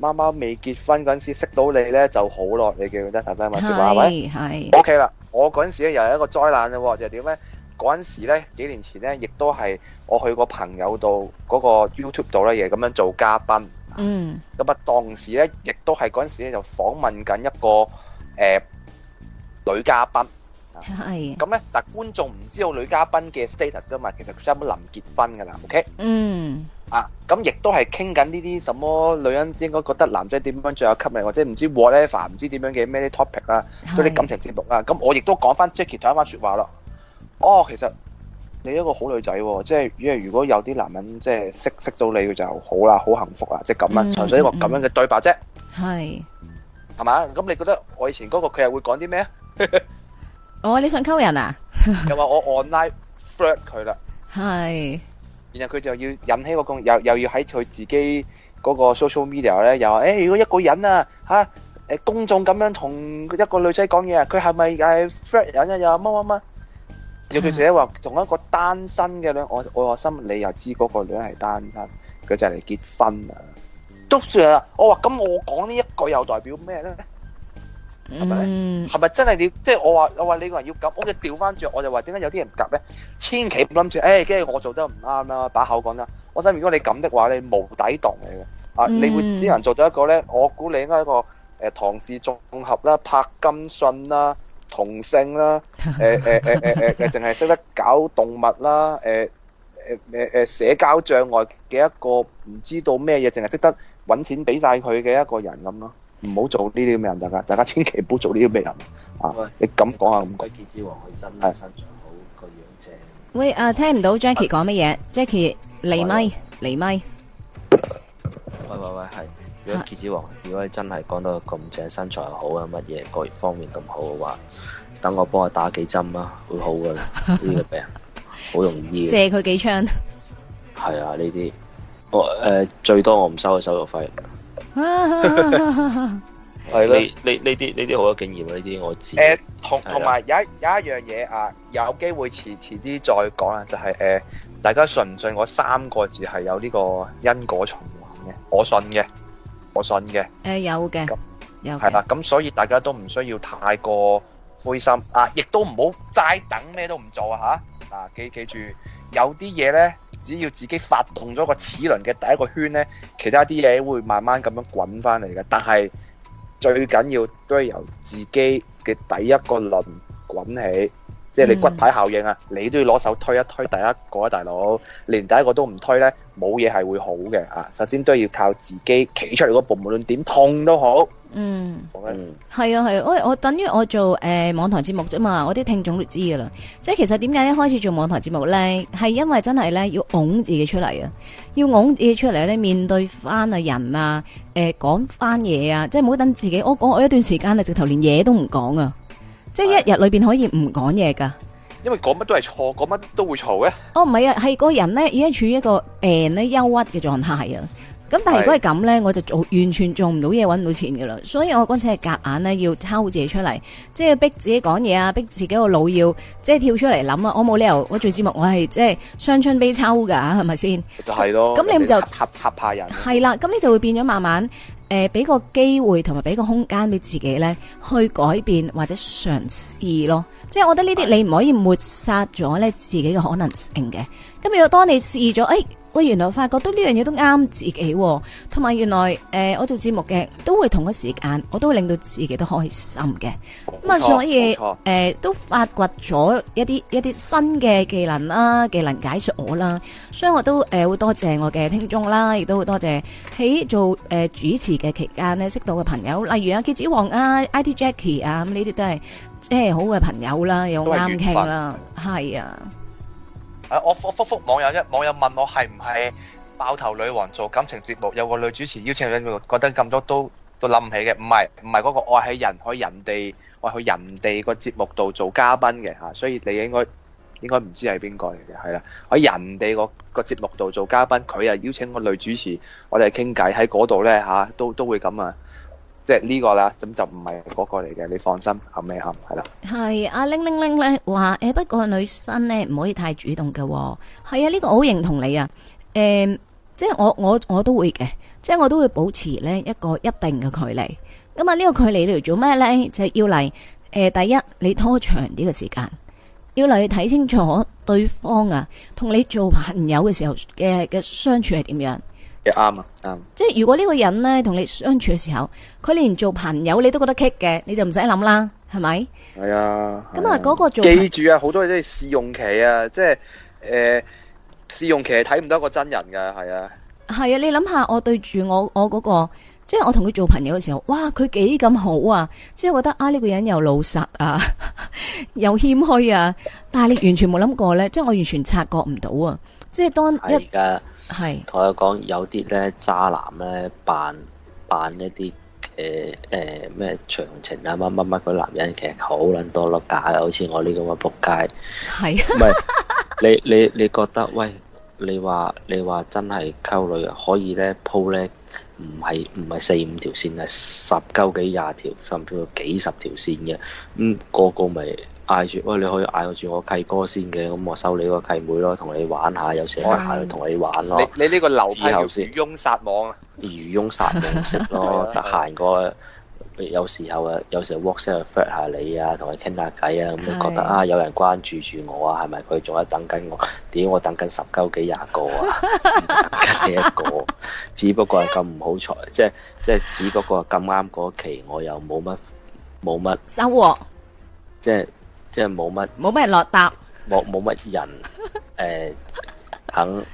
阿媽未結婚嗰陣時候識到你咧就好咯，你記唔記得啊？是說話係咪？係是，OK 啦，我嗰陣時咧又係一個災難啦，就點、是、咧？嗰陣時咧，幾年前咧，亦都係我去個朋友度嗰、那個 YouTube 度咧，亦係咁樣做嘉賓。嗯。咁啊，當時咧，亦都係嗰陣時咧，就訪問緊一個、呃、女嘉賓。咁咧是、啊，但觀眾唔知道女嘉賓嘅 status 噶嘛，其實佢差唔多臨結婚噶啦？OK。嗯。啊，咁亦都係傾緊呢啲什麼女人應該覺得男仔點樣最有吸引力，或者唔知 whatever，唔知點樣嘅咩啲 topic 啦，嗰啲、啊、感情節目啦、啊、咁是我亦都講翻 Jackie 第一番說話咯。哦，其實你一個好女仔、哦，即係，如果有啲男人即係識識到你，佢就好啦，好幸福啦，即係咁啦。純粹一個咁樣嘅對白啫，係係嘛？咁你覺得我以前嗰、嗰個佢又會講啲咩啊？哦，你想溝人啊？又話我 online flirt 佢啦，係，然後佢就要引起個公又又要喺佢自己嗰個 social media 咧，又話誒，如果一個人啊吓誒公眾咁樣同一個女仔講嘢啊，佢係咪係 flirt 人啊？又乜乜乜？尤其自己話，仲一個單身嘅女人，我我心你又知嗰個女係單身，佢就嚟結婚啦。都算啦！我話咁，我講呢一句又代表咩咧？係咪、嗯？係咪真係你即係我話，我話你個人要夾，我就調翻轉，我就話點解有啲人唔夾咧？千祈唔諗住，誒、欸，跟住我做得唔啱啦，把口講得。我心係，如果你咁的話你無底洞嚟嘅。啊、嗯，你會只能做到一個咧，我估你應該一個唐氏、呃、綜合啦、柏金遜啦。同性啦，誒誒誒誒誒，淨係識得搞動物啦，誒誒誒誒，社交障礙嘅一個唔知道咩嘢，淨係識得揾錢俾曬佢嘅一個人咁咯，唔好做呢啲咁嘅人，大家大家千祈唔好做呢啲咁嘅人啊！你咁講下咁鬼蠍子王，佢真係身材好，個樣正。喂啊，聽唔到 Jackie 講乜嘢？Jackie 嚟麥嚟麥。喂喂喂，係。蠍子王，如果你真係講到咁正，身材好啊，乜嘢各方面咁好嘅話，等我幫我打幾針啦，會好噶啦呢個病，好 容易射佢幾槍。係啊，呢啲我誒、呃、最多我唔收佢手續費。係咯，呢呢啲呢啲好多經驗啊，呢啲我知。誒、呃，同同埋了有一有一樣嘢啊，有機會遲遲啲再講啊，就係、是、誒、呃，大家信唔信我三個字係有呢個因果循環嘅？我信嘅。我信嘅，誒有嘅，有係啦，咁所以大家都唔需要太過灰心啊，亦都唔好齋等咩都唔做啊吓，嗱，記記住有啲嘢咧，只要自己發動咗個齒輪嘅第一個圈咧，其他啲嘢會慢慢咁樣滾翻嚟嘅，但係最緊要都係由自己嘅第一個輪滾起。即係你骨牌效應啊！你都要攞手推一推第一個啊，大佬，連第一個都唔推咧，冇嘢係會好嘅啊！首先都要靠自己企出嚟個步，無論點痛都好。嗯，係、嗯、啊，係我、啊、我等於我做誒、呃、網台節目啫嘛，我啲聽眾都知噶啦。即係其實點解一開始做網台節目咧，係因為真係咧要拱自己出嚟啊，要拱自己出嚟咧，面對翻啊人啊，誒講翻嘢啊，即係唔好等自己我我一段時間啊，直頭連嘢都唔講啊！即係一日裏邊可以唔講嘢，噶，因為講乜都係錯，講乜都會嘈嘅。哦，唔係啊，係個人咧已經處於一個誒咧憂鬱嘅狀態啊。咁但係如果係咁咧，的我就做完全做唔到嘢，搵唔到錢噶啦。所以我嗰時係夾硬咧要抽自己出嚟，即係逼自己講嘢啊，逼自己個腦要即係跳出嚟諗啊。我冇理由，我做節目我係即係傷春悲秋噶，係咪先？就係咯。咁你就合合怕，怕，怕人啊。係啦，咁你就會變咗慢慢。誒，俾個機會同埋俾個空間俾自己咧，去改變或者嘗試咯。即係我覺得呢啲你唔可以抹殺咗咧自己嘅可能性嘅。咁如果當你試咗，誒、哎。我原來發覺到這都呢樣嘢都啱自己、哦，同埋原來誒、呃、我做節目嘅都會同一時間，我都會令到自己都開心嘅。咁啊錯，所以誒錯、呃、都發掘咗一啲一啲新嘅技能啦，技能解説我啦。所以我都誒會多謝我嘅聽眾啦，亦都多謝喺做、呃、主持嘅期間呢識到嘅朋友，例如阿、啊、蠍子王啊、啊、IT Jackie 啊，咁呢啲都係即係好嘅朋友啦，又啱傾啦，係啊。啊！我複我複網友一網友問我係唔係爆頭女王做感情節目，有個女主持邀請我，覺得咁多都都諗唔起嘅，唔係唔係嗰個，我係人去人哋，我去人哋個節目度做嘉賓嘅吓，所以你應該應該唔知係邊個嚟嘅，係啦，喺人哋個個節目度做嘉賓，佢啊邀請個女主持，我哋傾偈喺嗰度咧吓，都都會咁啊。即係呢個啦，咁就唔係嗰個嚟嘅，你放心，啱咪啱係啦？係阿玲玲玲咧話，誒、啊，不過女生咧唔可以太主動噶、哦。係啊，呢、這個我好認同你啊。誒、嗯，即係我我我都會嘅，即係我都會保持咧一個一定嘅距離。咁、嗯、啊，呢、這個距離嚟做咩咧？就係要嚟誒，第一你拖長啲嘅時間，要嚟睇清楚對方啊，同你做朋友嘅時候嘅嘅相處係點樣。啱啊，即係、yeah, right, right. 如果呢個人呢，同你相處嘅時候，佢連做朋友你都覺得棘嘅，你就唔使諗啦，係咪？係啊，咁啊嗰個做 Yeah. 記住啊，好多嘢都係試用期啊，即係誒，試、呃、用期係睇唔到個真人噶，係啊。係啊，你諗下我對住我我嗰、那個，即、就、係、是、我同佢做朋友嘅時候，哇，佢幾咁好啊！即、就、係、是、覺得啊，呢、這個人又老實啊， 又謙虛啊，但係你完全冇諗過呢，即、就、係、是、我完全察覺唔到啊！即、就、係、是、當係係同佢講，有啲咧，渣男咧扮扮一啲誒誒咩長情啊、乜乜乜，嗰啲男人其實好撚多咯假。好似我呢、呢個我仆街係唔係你你你覺得，喂，你話你話，真係溝女嘅可以咧，鋪咧唔係唔係四五條線係十溝幾廿條，甚至乎幾十條線嘅咁、嗯、個個咪、就是。嗌住喂，你可以嗌住我契哥先嘅，咁我收你個契妹咯，同你玩下，有時得閒去同你玩咯。的你呢個留低漁翁撒網啊？先漁翁撒網式咯，得閒個有時候啊，有時候 WhatsApp fit 下你啊，同你傾下偈啊，咁、嗯、覺得的啊，有人關注住我啊，係咪佢仲喺等緊我？點我等緊十鳩幾廿個啊？唔係 一個， 只不過係咁唔好彩，即係即係只不過咁啱嗰期我又冇乜冇乜收穫，我即係。即係冇乜，冇乜人落答，冇冇乜人誒、 呃、肯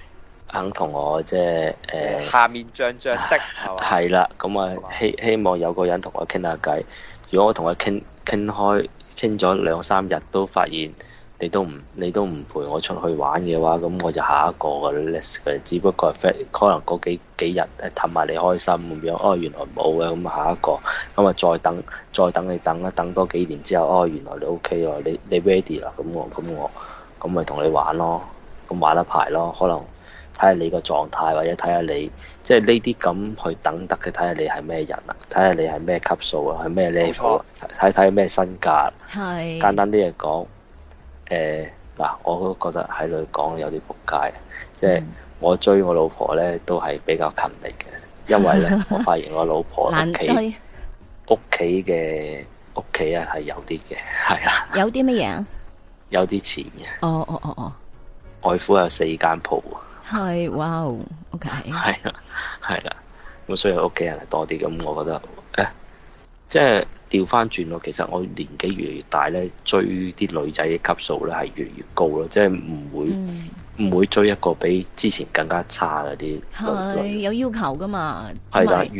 肯同我即係誒，呃、下面脹脹的係啦，咁啊希吧吧希望有個人同我傾下偈，如果我同佢傾傾開傾咗兩三日，都發現。你都唔，你都唔陪我出去玩嘅話，咁我就下一個噶只不過係可能嗰幾幾日氹埋你開心咁樣。哦，原來冇嘅，咁下一個。咁啊再等，再等你等啦，等多幾年之後，哦，原來你 OK 哦，你你 ready 啦，咁我，咁我，咁咪同你玩咯，咁玩一排咯。可能睇下你個狀態，或者睇下你，即係呢啲咁去等得嘅，睇下你係咩人啊，睇下你係咩級數啊，係咩 level，睇睇咩身價。Hey. 簡單啲嘢講。誒，嗱、呃，我都覺得喺度講有啲撲街，即係我追我老婆咧都係比較勤力嘅，因為咧我發現我老婆屋企，難追？屋企嘅屋企人係有啲嘅，係啦，有啲乜嘢啊？有啲錢嘅。哦哦哦哦，外父有四間鋪。係、oh, oh, oh. 啊，哇哦，OK。係啦，係啦，咁所以屋企人係多啲，咁我覺得。即係調翻轉咯，其實我年紀越嚟越大咧，追啲女仔嘅級數咧係越嚟越高咯，即係唔會唔、嗯、會追一個比之前更加差嗰啲。係有要求㗎嘛？係啦的是，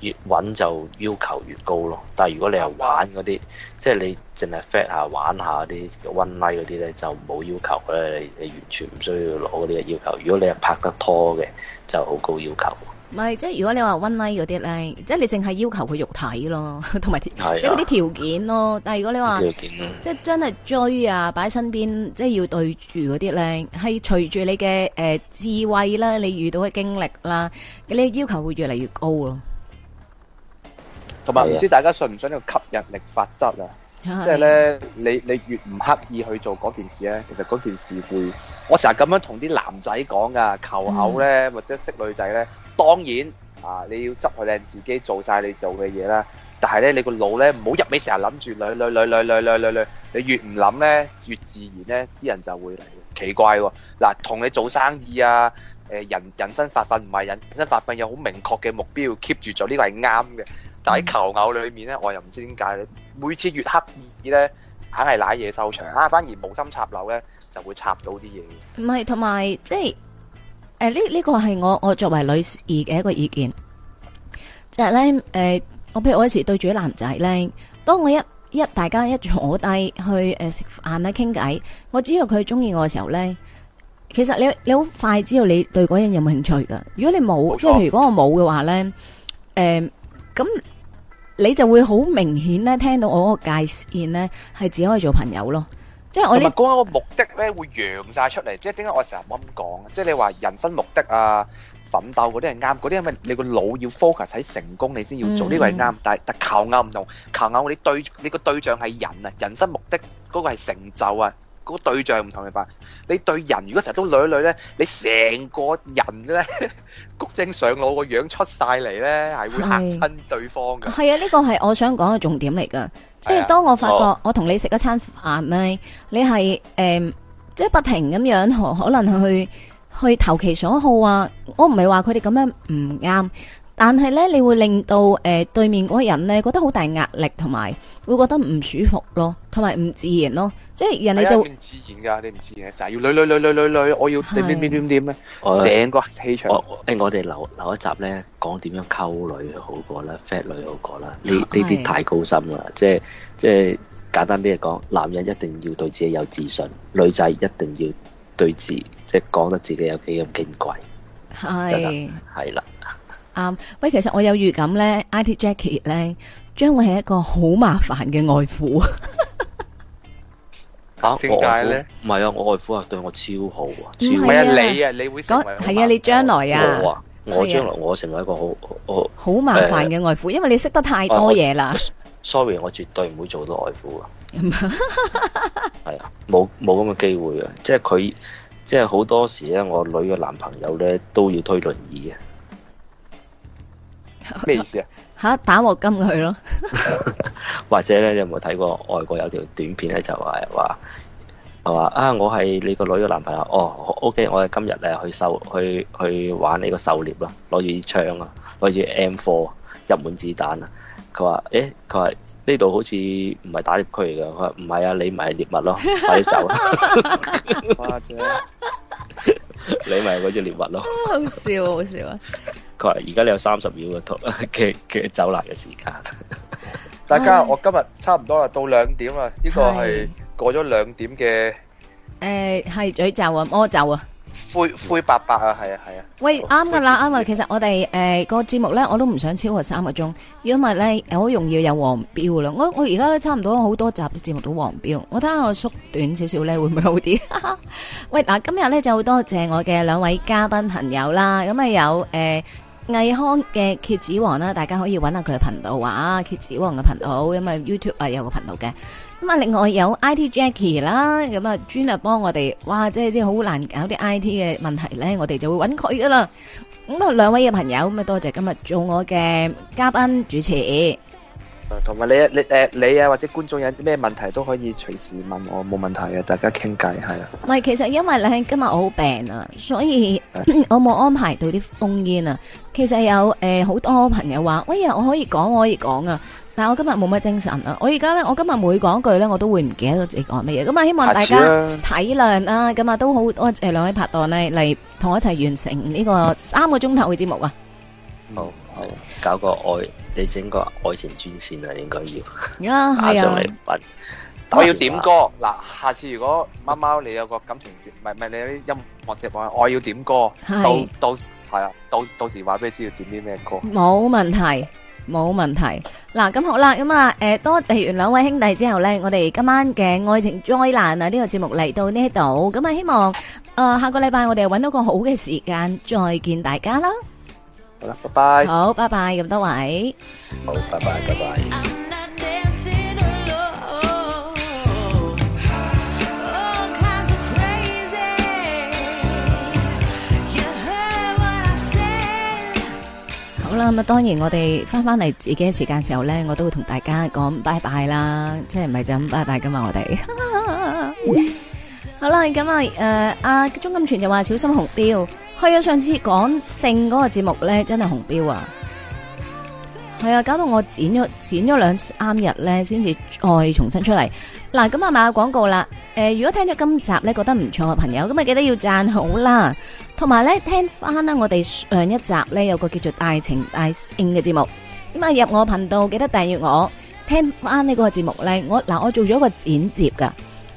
越越揾就要求越高咯。但係如果你係玩嗰啲，即係、嗯、你淨係 f a t 下玩下嗰啲 one night 嗰啲咧，就冇要，要求咧，你完全唔需要攞嗰啲要求。如果你係拍得拖嘅，就好高要求。唔係，即係如果你話 one night 嗰啲咧，即係你淨係要求佢肉體咯，同埋、啊、即係啲條件咯。但係如果你話，啊、即係真係追啊，擺喺身邊，即係要對住嗰啲咧，係隨住你嘅、誒、呃、智慧啦，你遇到嘅經歷啦，你要求會越嚟越高咯。同埋唔知大家信唔信呢個吸引力法則啊？即係咧，你你越唔刻意去做嗰件事咧，其實嗰件事會，我成日咁樣同啲男仔講噶，求偶咧或者識女仔咧，當然啊，你要執佢靚，自己做晒你做嘅嘢啦。但係咧，你個腦咧唔好入尾成日諗住女女女女女女女女，你越唔諗咧，越自然咧，啲人就會嚟。奇怪喎，嗱，同你做生意啊，誒，人人生發奮唔係人生發奮有好明確嘅目標，keep 住做呢個係啱嘅。但喺求偶裏面咧，我又唔知點解。每次越刻意咧，硬係瀨嘢收場，硬係反而冇心插柳咧，就會插到啲嘢。唔係，同埋即係，誒呢呢個係我我作為女士嘅一個意見，就係、是、咧，誒、呃、我譬如我有時對住啲男仔咧，當我一一大家一坐低去誒食飯咧傾偈，我知道佢中意我嘅時候咧，其實你你好快知道你對嗰人有冇興趣㗎。如果你冇，錯即係如果我冇嘅話咧，誒、呃、咁。你就會好明顯咧聽到我嗰個界線咧係只可以做朋友咯，即係我講一個目的咧會揚晒出嚟，即係點解我成日冇咁講？即係你話人生目的啊、奮鬥嗰啲係啱，嗰啲係咪你個腦要 focus 喺成功你先要做？呢、嗯、個係啱，但係但係靠硬唔同，求靠硬你對你個對象係人啊，人生目的嗰個係成就啊，嗰、嗰個對象唔同，嘅。明白？你對人如果成日都女女呢，你成個人呢，谷精上腦個樣出晒嚟呢，係會嚇親對方嘅。係啊，呢個係我想講嘅重點嚟㗎。即係、啊、當我發覺我同你食一餐飯咪、哦、你係誒，即、嗯、係、就是、不停咁樣可能去去投其所好啊。我唔係話佢哋咁樣唔啱。但係咧，你會令到誒對面嗰個人咧覺得好大壓力，同埋會覺得唔舒服咯，同埋唔自然咯。即係人哋就自然噶，你唔自然就係要女女女女女女，我要點點點點咧。成個氣場。誒，我哋留留一集咧，講點樣溝女好過啦，fat 女好過啦。呢呢啲太高深啦。即係即係簡單啲嚟講，男人一定要對自己有自信，女仔一定要對自即係講得自己有幾咁矜貴。係係啦。啱，um, 喂，其實我有預感咧，IT Jackie 咧，將會係一個好麻煩嘅外父。啊，點解咧，唔係啊，我外父啊，我外父對我超好，超好是啊，唔係啊，你啊，你會講係啊，你將來啊，我啊，我將來我成為一個好，好麻煩嘅外父，uh, 因為你識得太多嘢啦、uh。Sorry，我絕對唔會做到外父 啊。係啊，冇冇咁嘅機會啊，即係佢，即係好多時咧，我女嘅男朋友咧都要推輪椅嘅。咩意思啊？吓，打鑊金佢咯！或者咧，你有冇睇過外國有條短片咧？就係話係話啊，我係你個女嘅男朋友。哦，OK，我哋今日去狩去去玩你個狩獵啦，攞住槍啊，攞住 M four 入滿子彈啊。佢話誒，佢話呢度好似唔係打獵區嚟噶。佢話唔係啊，你唔係獵物咯，快啲走啦！ 你咪嗰隻獵物咯，好笑啊！好笑啊！佢話而家你有三十秒嘅圖，嘅嘅走難嘅時間。大家我今日差唔多啦，到兩點啦，呢個係過咗兩點嘅。誒，係詛咒啊，魔咒啊！灰灰白白是啊，係啊係啊！喂，啱噶啦，啱了啊！嗯、其實我哋誒、呃這個節目咧，我都唔想超過三個鐘，因為咧好容易有黃標啦。我我而家都差唔多好多集嘅節目都黃標，我睇下我縮短少少咧會唔會好啲？喂，嗱、呃，今日咧，就好多謝我嘅兩位嘉賓朋友啦，咁、呃、啊有誒偽、呃、腔嘅蠍子王啦，大家可以揾下佢嘅頻道啊，蠍子王嘅頻道，因為 YouTube 啊有個頻道嘅。咁啊，另外有 I T Jackie 啦，咁啊專啊幫我哋，哇，即係啲好難搞啲 I T 嘅問題咧，我哋就會揾佢噶啦。咁啊，兩位嘅朋友咁啊，多謝今日做我嘅嘉賓主持。啊，同埋你啊，你誒，你啊，或者觀眾有啲咩問題都可以隨時問我，冇問題嘅，大家傾偈係啊。唔係，其實因為咧今日我好病啊，所以我冇安排到啲烽煙啊。其實有誒好多朋友話，喂啊，我可以講，我可以講啊。但係我今日冇乜精神啊！我而家咧，我今日每講一句咧，我都會唔記得自己講乜嘢。咁啊，希望大家體諒啊！咁啊，都好，多謝兩位拍檔咧嚟，同我一齊完成呢個三個鐘頭嘅節目啊！好，搞個愛，你整個愛情專線啊，應該要。啊，係啊！我要點歌嗱，下次如果貓貓你有個感情節，唔係，唔係，你有啲音樂節目，我要點歌。係。到到係啊，到到時話俾你知要點啲咩歌。冇問題。冇問題，嗱咁好啦，咁啊，誒，多謝完兩位兄弟之後呢，我哋今晚嘅愛情災難啊呢個節目嚟到呢度，咁啊希望誒下個禮拜我哋揾到個好嘅時間再見大家啦，好啦，拜拜，好，拜拜，咁多位，好，拜拜，拜拜。好啦，咁啊，當然我哋翻翻嚟，自己嘅時間時候咧，我都會同大家講拜拜啦，即係唔係就咁拜拜噶嘛，我哋。 好啦，咁、呃、啊，誒，阿鍾金泉就話小心紅標，去咗、啊、上次講性嗰、那個節目咧，真係紅標啊，係啊，搞到我剪咗剪咗兩三日咧，先至再重新出嚟。嗱，咁啊，賣下廣告啦。誒、呃，如果聽咗今集咧覺得唔錯嘅朋友，咁啊記得要讚好啦。同埋咧，聽翻啦，我哋上一集咧有個叫做《大情大性》嘅節目，咁啊入我頻道記得訂閱我，聽翻呢個節目咧，我嗱我做咗一個剪接噶，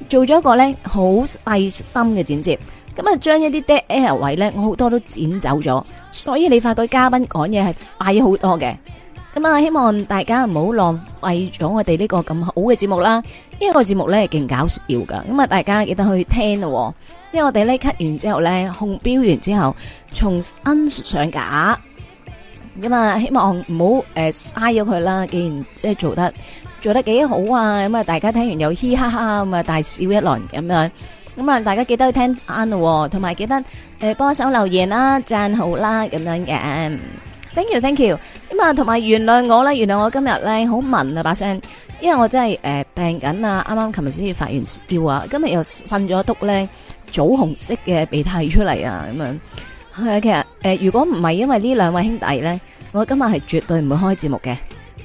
做咗一個咧好細心嘅剪接，咁啊將一啲 dead air 位咧，我好多都剪走咗，所以你發覺嘉賓講嘢係快好多嘅。咁啊，希望大家唔好浪費咗我哋呢個咁好嘅節目啦，因為個節目咧勁搞笑噶，咁啊大家記得去聽咯，因為我哋呢 cut 完之後咧控標完之後，重新上架，咁啊希望唔好誒嘥咗佢啦，既然即係做得做得幾好啊，咁啊大家聽完又嘻嘻哈哈咁啊大笑一輪咁樣，咁啊大家記得去聽翻咯，同埋記得誒幫手留言啦、讚好啦咁樣嘅。Thank you, thank you。咁啊，同埋原諒我啦，原諒我今日咧好文啊把聲，因為我真係誒病緊啊，啱啱琴日先至發完標啊，今日又呻咗督咧，棗紅色嘅鼻涕出嚟啊，咁樣係啊。其實誒，如果唔係因為呢兩位兄弟咧，我今日係絕對唔會開節目嘅。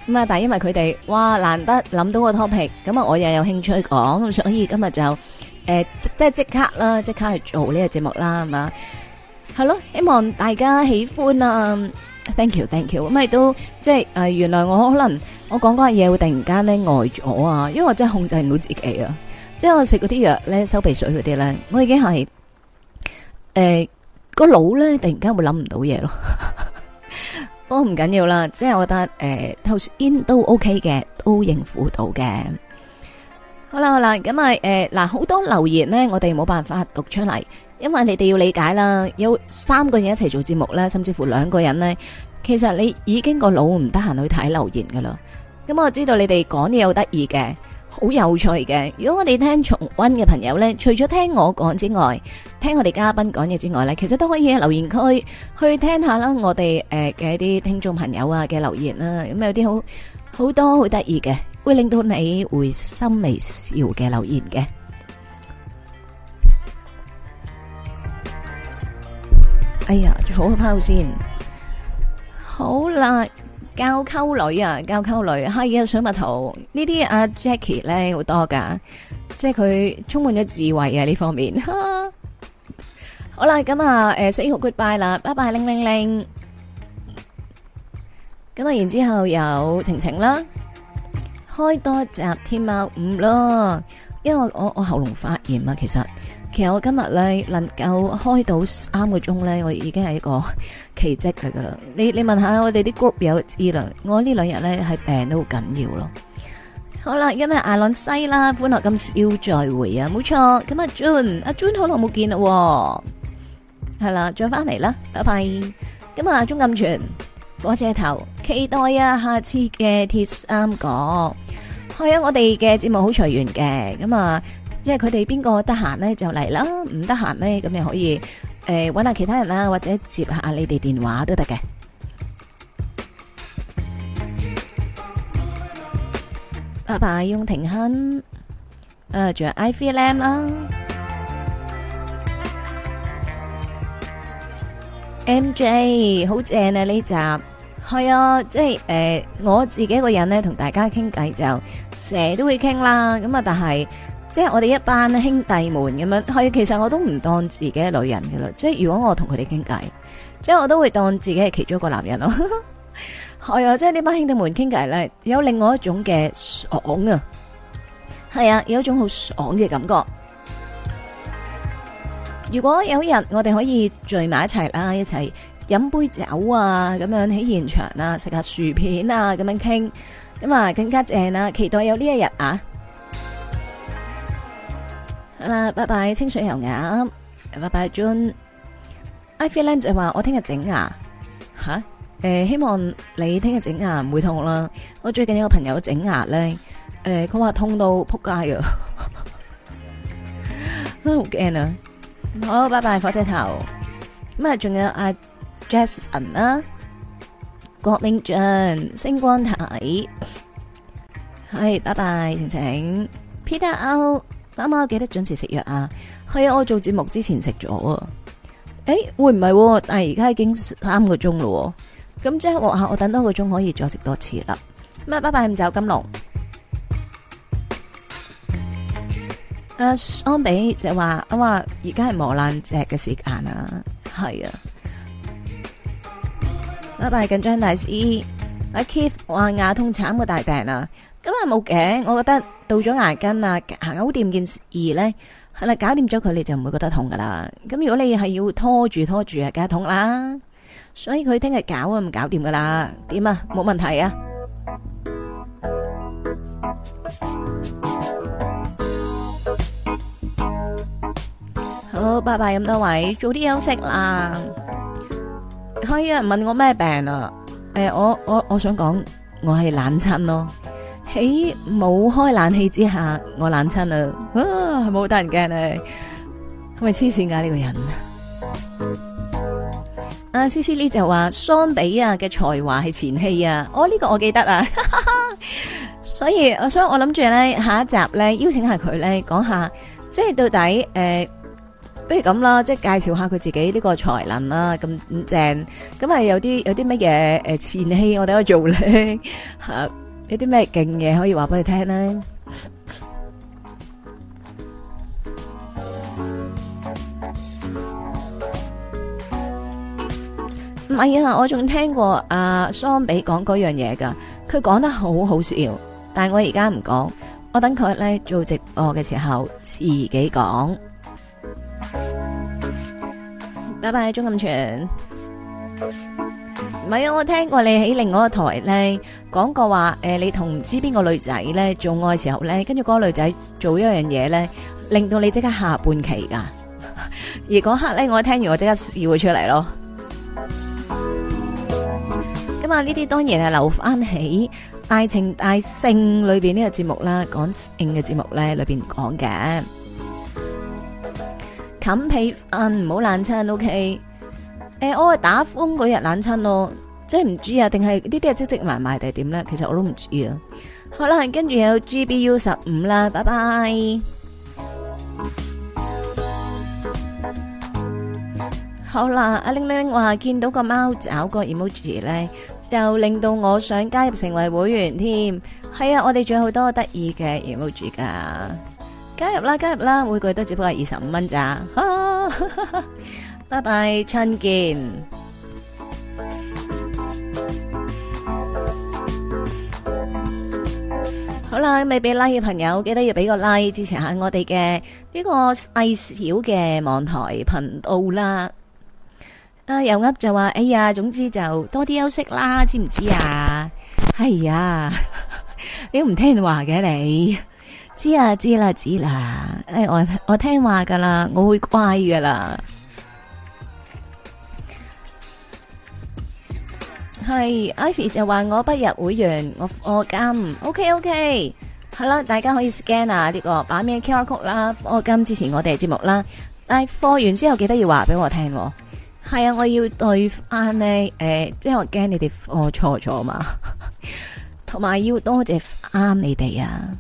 咁啊，但係因為佢哋，哇，難得諗到個 topic，咁啊，我又有興趣講，咁所以今日就誒即係即刻啦，即刻去做呢個節目啦，係嘛？係咯，希望大家喜歡啊！Thank you, thank you。咁咪都即係誒、呃，原來我可能我講嗰嘢，會突然間咧呆咗啊，因為我真係控制唔到自己啊，即係我食嗰啲藥咧，收鼻水嗰啲咧，我已經係誒個腦咧突然間會諗唔到嘢咯。 不過唔緊要啦，即係我覺得誒頭先都 OK 嘅，都應付到嘅。好啦好啦，咁啊誒，嗱好多留言呢，我哋冇辦法讀出嚟，因為你哋要理解啦。有三個人一齊做節目啦，甚至乎兩個人呢。其實你已經個腦唔得閒去睇留言噶啦。咁、嗯、我知道你哋講嘢好得意嘅，好有趣嘅。如果我哋聽重温嘅朋友呢，除咗聽我講之外，聽我哋嘉賓講嘢之外呢，其實都可以喺留言區去聽下啦。我哋誒嘅一啲聽眾朋友啊嘅留言啦，咁、嗯、有啲好好多好得意嘅。會令到你會心微笑嘅留言嘅。哎呀，最好翻到先。好啦，教溝女啊，教溝女係啊，水蜜桃呢啲阿 Jackie 咧好多㗎，即係佢充滿咗智慧啊呢方面。好啦，咁啊，誒，say 好 goodbye 啦，拜拜，零零零。咁啊，然之後有晴晴啦。開多一集添啊，五咯，因為我我我喉嚨發炎啊，其實其實我今日咧能夠開到三個鐘咧，我已經係一個奇蹟嚟噶啦。你你問下我哋啲 group 友知啦，我呢兩日咧係病得好緊要咯。好啦，今日阿 Ron 西啦，歡樂今宵再會啊，冇錯。咁啊，Joan，阿 Joan 好耐冇見啦，係啦，再翻嚟啦，拜拜。咁啊，鍾錦泉。我借頭期待啊！下次嘅鐵三角係啊！我哋嘅節目好隨緣嘅，咁啊，即係佢哋邊個得閒呢就嚟啦，唔得閒呢，咁又可以誒揾下其他人啦，或者接下你哋電話都得嘅。拜拜，用庭欣，誒、呃，仲有 Ivan 啦、啊、，MJ 好正啊呢集。係啊，即係誒、呃，我自己一個人咧同大家傾偈就成日都會傾啦。咁啊，但係即係我哋一班兄弟們咁樣，係其實我都唔當自己係女人噶啦。即係如果我同佢哋傾偈，即係我都會當自己係其中一個男人咯。係 啊，即係呢班兄弟們傾偈咧，有另外一種嘅爽啊，係啊，有一種好爽嘅感覺。如果有一日我哋可以聚埋一齊啦，一齊。飲杯酒啊，咁樣喺現場啊，食下薯片啊，咁樣傾，咁啊更加正啦、啊！期待有呢一日啊，好啦、 啊，拜拜，清水油鴨，拜拜，June，I feel like 就話我聽日整牙吓，誒、呃，希望你聽日整牙唔會痛啦。我最近有個朋友整牙咧，誒、呃，佢話痛到扑街 啊，好驚啊！好，拜拜，火車頭，咁啊，仲有、啊 Jason 啦，郭明俊，星光體，係， 拜拜，晴晴，Peter O，啱啱記得準時食藥啊，係啊，我做節目之前食咗、欸、啊，誒，會唔係？但係而家已經三個鐘咯，咁即係話我，我等多個鐘可以再食多次啦，咁啊，拜拜，唔走，金龍，阿安比就話我話而家係磨爛蓆嘅時間啊，係啊。拜拜，緊張大師。阿 Keith 話牙痛慘過大病啊！今日冇頸，我覺得到咗牙根啊，搞掂件事咧，係啦，搞掂咗佢你就唔會覺得痛噶啦。咁如果你係要拖住拖住啊，梗係痛啦。所以佢聽日搞啊，唔搞掂噶啦。點啊？冇問題啊！好，拜拜咁多位，早啲休息啦。係啊，問我咩病啊？誒、欸，我我我想講，我係冷親咯。喺冇開冷氣之下，我冷親啦。啊，係冇得人驚咧、啊，係咪黐線噶呢個人？阿 啊、C C 呢就話桑比啊嘅才華係前戲啊，哦，呢、這個我記得啊， 所以所以我諗住咧下一集咧邀請下佢咧講下，即係到底誒。呃不如咁啦，即係介紹下佢自己呢個才能啦，咁正咁係有啲有啲咩嘢？誒前戲我哋 可以做咧吓，有啲咩勁嘢可以話俾你聽咧？唔 係樂 啊，我仲聽過阿、啊、桑比講嗰樣嘢噶，佢講得好好笑，但係我而家唔講，我等佢咧做直播嘅時候自己講。拜拜，鍾金全。唔係啊，我聽過你喺另外一個台咧講過話，誒，你同唔知邊個女仔咧做愛嘅時候咧，跟住嗰個女仔做一樣嘢咧，令到你即刻下半期噶。而嗰刻咧，我聽完我即刻笑咗出嚟咯。咁啊，呢啲當然係留翻喺大情大性裏邊呢個節目啦，講性嘅節目咧裏邊講嘅。冚被，嗯，唔好冷親，OK。誒，我係打風嗰日冷親咯，即係唔知啊，定係呢啲係積積埋埋定係點咧？其實我都唔知啊。好啦，跟住有 GBU 十五啦，拜拜。好啦，阿玲玲話見到個貓找個 emoji 咧，就令到我想加入成為會員添。係啊，我哋仲有好多得意嘅 emoji 噶。加入啦，加入啦，每個月都只不過二十五蚊咋？拜拜，春見。 好啦，未俾 like 嘅朋友，記得要俾個 like 支持下我哋嘅呢個細小嘅網台頻道啦。啊，又噏就話，哎呀，總之就多啲休息啦，知唔知啊？哎呀，你都唔聽話嘅你。知啊知啦知啦，誒我我聽話噶啦，我會乖噶啦。係，Ivy 就話我不入會員，我我課金，ok ok，係啦、嗯，大家可以 scan 啊呢、這個版面 QR Code 啦，課金之前我哋嘅節目啦，誒課完之後記得要話俾我聽，係啊，我要對啱、呃就是、你，誒即係我驚你哋課錯咗嘛，同 埋要多謝啱你哋啊。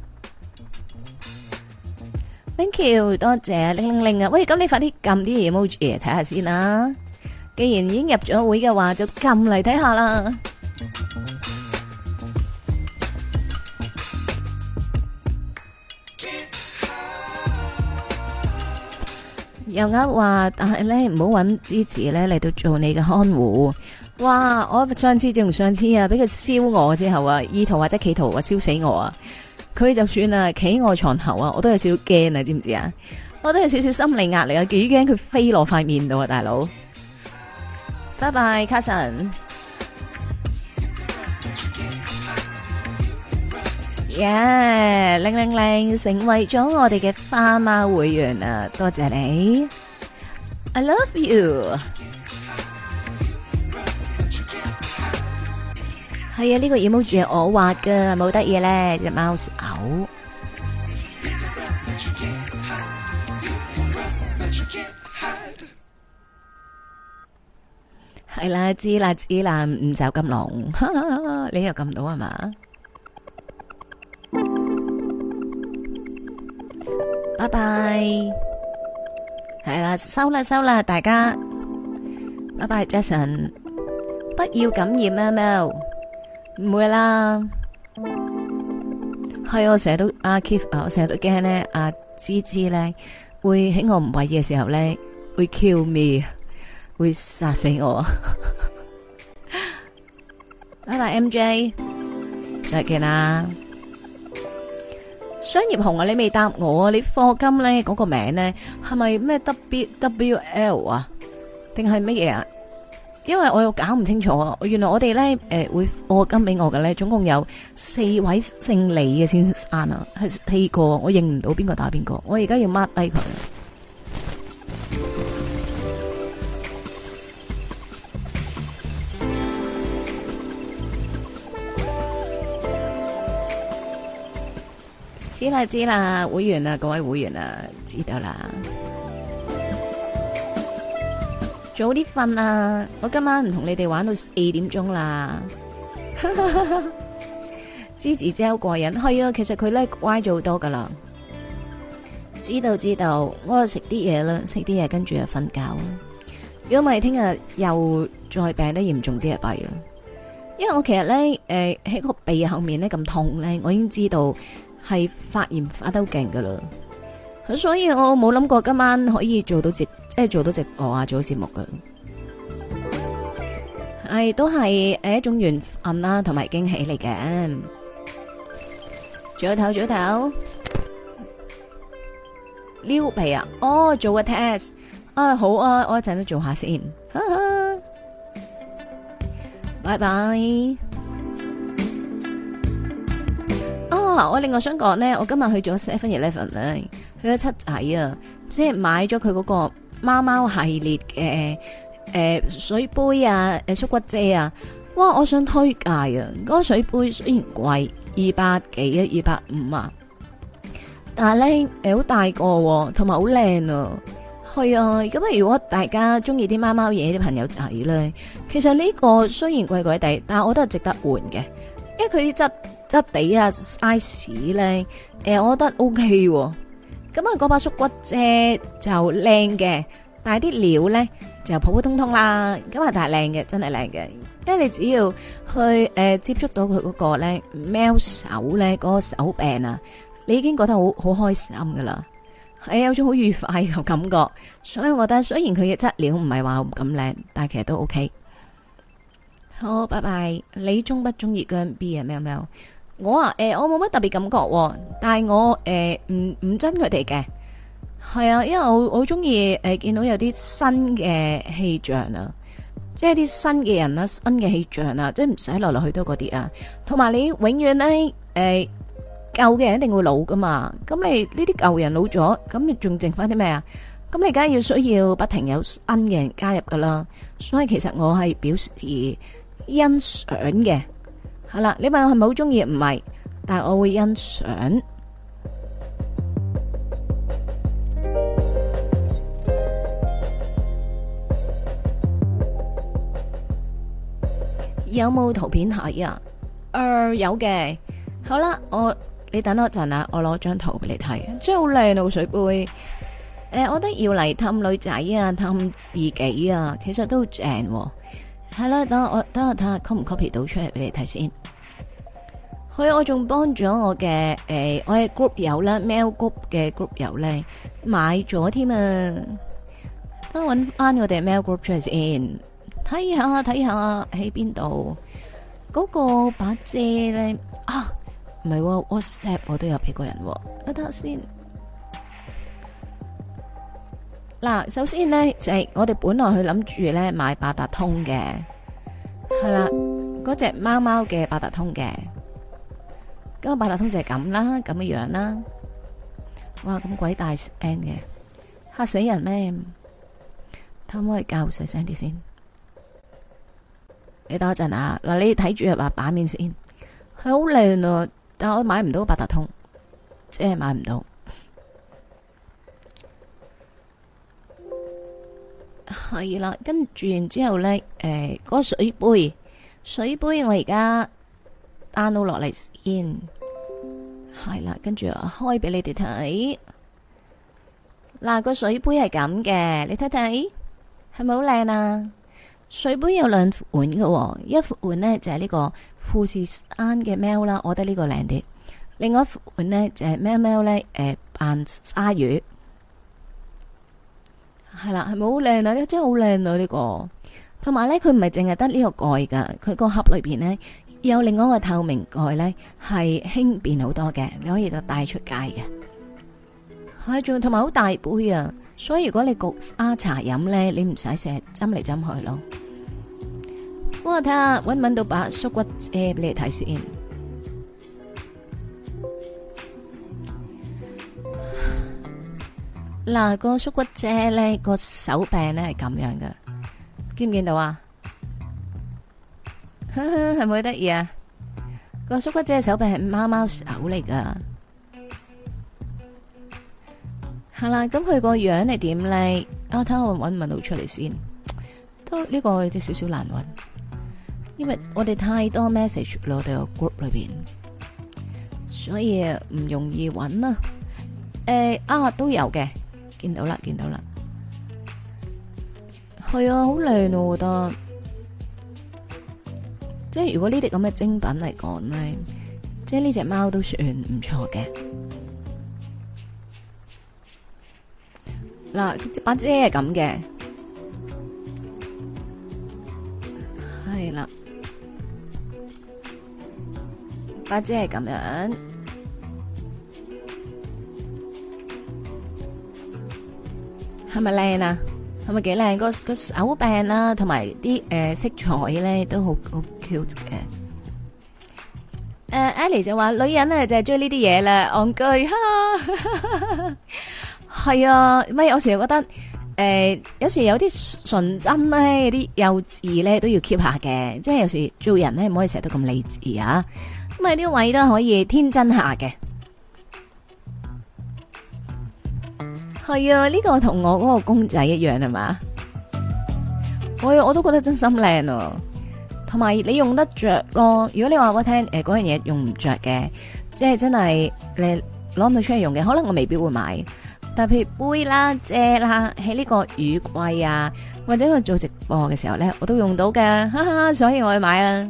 Thank you 多謝令令啊，喂咁你快啲撳啲 emoji 睇下先啦，既然已經入咗會嘅話，就撳嚟睇下啦。Get high. 又啱話，但係咧唔好搵支持咧嚟到做你嘅看護。哇！我上次仲上次啊，俾佢燒我之後啊，意圖或者企圖啊燒死我啊！佢就算啊，企我床頭啊，我都有少少驚啊，知唔知啊？我都有少少心理壓力啊，幾驚佢飛落塊面度啊，大佬。拜拜，Carson。耶，零零零，成為咗我哋嘅花貓會員啊！多謝你，I love you。係啊，呢個 emoji 係我畫嘅，係咪好得意咧？隻貓嘔。係啦，知啦知啦，唔就金龍，你又撳到係嘛？拜拜。係啦，收啦收啦，大家拜拜，Jason，不要感染喵喵。唔會啦，係我成日都阿 Keith 啊，我成日都驚咧阿芝芝咧會喺我唔為意嘅時候咧會 kill me，會殺死我。拜拜 MJ，再見啦。商業紅啊，你未答我啊？你課金咧嗰個名咧係咪咩 W W L 啊？定係乜嘢啊？因為我又搞唔清楚啊，原來我哋咧誒會我金俾我嘅咧，總共有四位姓李嘅先生啊，係四個，我認唔到邊個打邊個，我而家要 mark 低佢。知啦知啦，會員啊各位會員啊，知道啦。早啲瞓啊！我今晚唔同你哋玩到四點鐘啦。 芝士膠好過癮，係啊。其實佢咧乖咗好多噶啦。知道知道，我食啲嘢啦，食啲嘢，跟住就瞓覺。如果唔係，聽日又再病得嚴重啲啊！弊啦，因為我其實咧，誒喺個鼻後面咧咁痛咧，我已經知道係發炎發得勁噶啦。咁所以我冇諗過今晚可以做到直。即係做到直播啊，做到節目嘅，係都係誒一種緣分啦，同埋驚喜嚟嘅。早唞，早唞，撩皮啊！哦，做個 test 啊，好啊，我一陣都做下先。呵呵，bye bye。哦，我另外想講咧，我今日去咗 Seven Eleven 咧，去咗七仔啊，即係買咗佢嗰個。貓貓系列嘅誒、呃、水杯啊，誒、呃、縮骨遮啊，哇！我想推介啊，嗰、那個水杯雖然貴，二百幾啊，二百五啊，但係咧誒好大個，同埋好靚啊，係啊。咁啊，如果大家中意啲貓貓嘢啲朋友仔就係啦。其實呢個雖然貴貴地，但係我都係值得換嘅，因為佢啲質質地啊，size 咧，誒、呃，我覺得 ok、啊。咁啊，嗰把縮骨遮就靚嘅，但係啲料咧就普普通通啦。咁啊，但係靚嘅，真係靚嘅。因為你只要去誒接觸到佢嗰個咧貓手咧嗰個手柄啊，你已經覺得好好開心噶啦，係有種好愉快嘅感覺。所以我覺得，雖然佢嘅質料唔係話唔咁靚，但係其實都 OK。好，拜拜。你中不中意姜 BMLL？我啊，誒、呃，我冇乜特別感覺，但係我誒，唔唔憎佢哋嘅，係啊，因為我我中意誒見到有啲新嘅氣象啊，即係啲新嘅人啦，新嘅氣象啊，即係唔使落落去多嗰啲啊，同埋你永遠咧誒，舊、呃、嘅人一定會老噶嘛，咁你呢啲舊人老咗，咁你仲剩翻啲咩啊？咁你梗係要需要不停有新嘅人加入噶啦，所以其實我係表示欣賞嘅。好啦，你問我係咪好中意？唔係，但係我會欣賞、 呃。有冇圖片睇啊？誒，有嘅。好啦，我你等我一陣啊，我攞張圖俾你睇。真係好靚啊，水杯。誒、呃，我覺得要嚟氹女仔啊，氹自己啊，其實都正、啊。係啦，等我等下睇下 copy 唔 copy 到出嚟俾你睇先。佢我仲幫咗我嘅誒，我嘅、呃、group 友啦，mail group 嘅 group 友咧，買咗添啊！等我搵翻我哋 mail group 出嚟先，睇下睇下喺邊度。嗰、嗰個把遮咧啊，唔係、啊、WhatsApp 我都有幾個人喎、啊，等下先。嗱，首先咧就係我哋本來去諗住咧買八達通嘅，係啦，嗰隻貓貓嘅八達通嘅，咁八達通就係咁啦，咁嘅樣啦。哇，咁鬼大聲嘅，嚇死人咩？可唔可以教細聲啲先？你等一陣啊，嗱，你睇住啊版面先，好靚啊，但係我買唔到八達通，即係買唔到。係啦，跟住然之後咧，誒、欸，嗰、那個水杯，水杯我而家 download 落嚟先，係啦，跟住開俾你哋睇。嗱，個水杯係咁嘅，你睇睇，係咪好靚啊？水杯有兩款嘅，哦，一款咧就係、是、呢個富士山嘅 mel 啦，我覺得呢個靚啲。另外一款咧就係喵喵咧，誒，扮鯊魚。係啦，係咪好靚啊？真係好靚啊！呢個，同埋咧，佢唔係淨係得呢個蓋噶，佢個盒子裏邊咧有另外一個透明蓋咧，係輕便好多嘅，你可以就帶出街嘅。係仲同埋好大杯啊！所以如果你焗花茶飲咧，你唔使成日斟嚟斟去咯。我睇下搵唔搵到把縮骨遮俾你睇先。嗱，嗰個縮骨姐咧個手柄咧係咁樣嘅，見唔見到啊？係咪好得意啊？嗰個縮骨姐嘅手柄係貓貓手嚟噶。係啦，咁佢個樣你點咧？啊，睇下我搵唔搵到出嚟先。都呢個啲少少難搵，因為我哋太多 message 落我哋個 group 裏邊，所以唔容易搵啊。誒啊，啊，都有嘅。見到啦，見到啦，係啊，好靚啊，我覺得，即係如果呢啲咁嘅精品嚟講咧，即係呢隻貓都算唔錯嘅。嗱，八姐係咁嘅，係啦、啊，八姐係咁樣的。係咪靚啊？係咪幾靚？個個手柄啦，同埋啲誒色彩咧都好好 cute 嘅。誒 Alice 就話女人咧就係鍾意呢啲嘢啦，憨居吓。係啊，咪，嘢、呃？有時我覺得誒，有時有啲純真咧、有啲幼稚咧都要 keep 下嘅。即係有時候做人咧唔可以成日都咁理智啊。咁啊啲位置都可以天真下嘅。係啊，呢、這個同我嗰個公仔一樣係嘛？我我都覺得真心靚哦，啊。同埋你用得着咯，如果你話我聽，誒嗰樣嘢用唔着嘅，即係真係你攞唔到出嚟用嘅，可能我未必會買。但係譬如杯啦、遮啦，喺、這、呢個雨季啊，或者去做直播嘅時候咧，我都用到嘅，哈哈，所以我去買啦。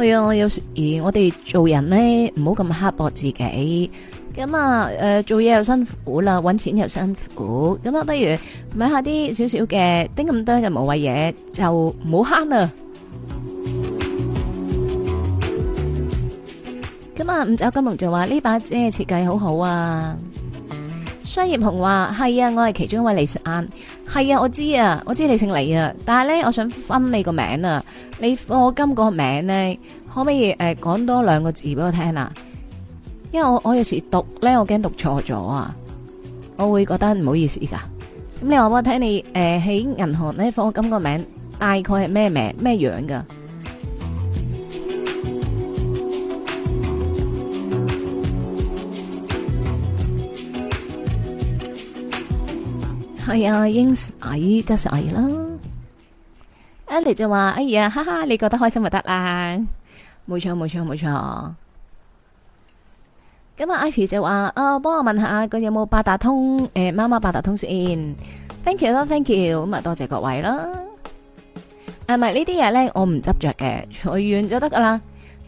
係啊，哎、我有時我哋做人咧，唔好咁刻薄自己，咁啊誒、呃、做嘢又辛苦啦，搵錢又辛苦，咁啊不如買下啲少少嘅，頂咁多嘅無謂嘢就唔好慳啦！咁啊五爪金龍就話呢把遮設計好好啊！商業紅話，係啊，我係其中一位李石晏，係啊，我知啊，我知你姓李啊，但係咧，我想分你個名啊，你課金個名咧，可唔可以誒講、呃、多兩個字俾我聽啊？因為我我有時讀咧，我驚讀錯咗啊，我會覺得唔好意思噶。咁你話我睇你誒喺銀行咧課金個名大概係咩名咩樣噶？哎呀，英姨真係阿啦。Andy 就話：哎呀，哈哈，你覺得開心咪得啦。冇錯，冇錯，冇錯。咁啊，Ivy 就話：啊、哦，幫我問一下個有冇八達通誒，媽、欸、媽八達通先。Thank you 啦，Thank you，咁啊多謝各位啦。啊咪呢啲嘢咧，我唔執着嘅，我願就得噶啦。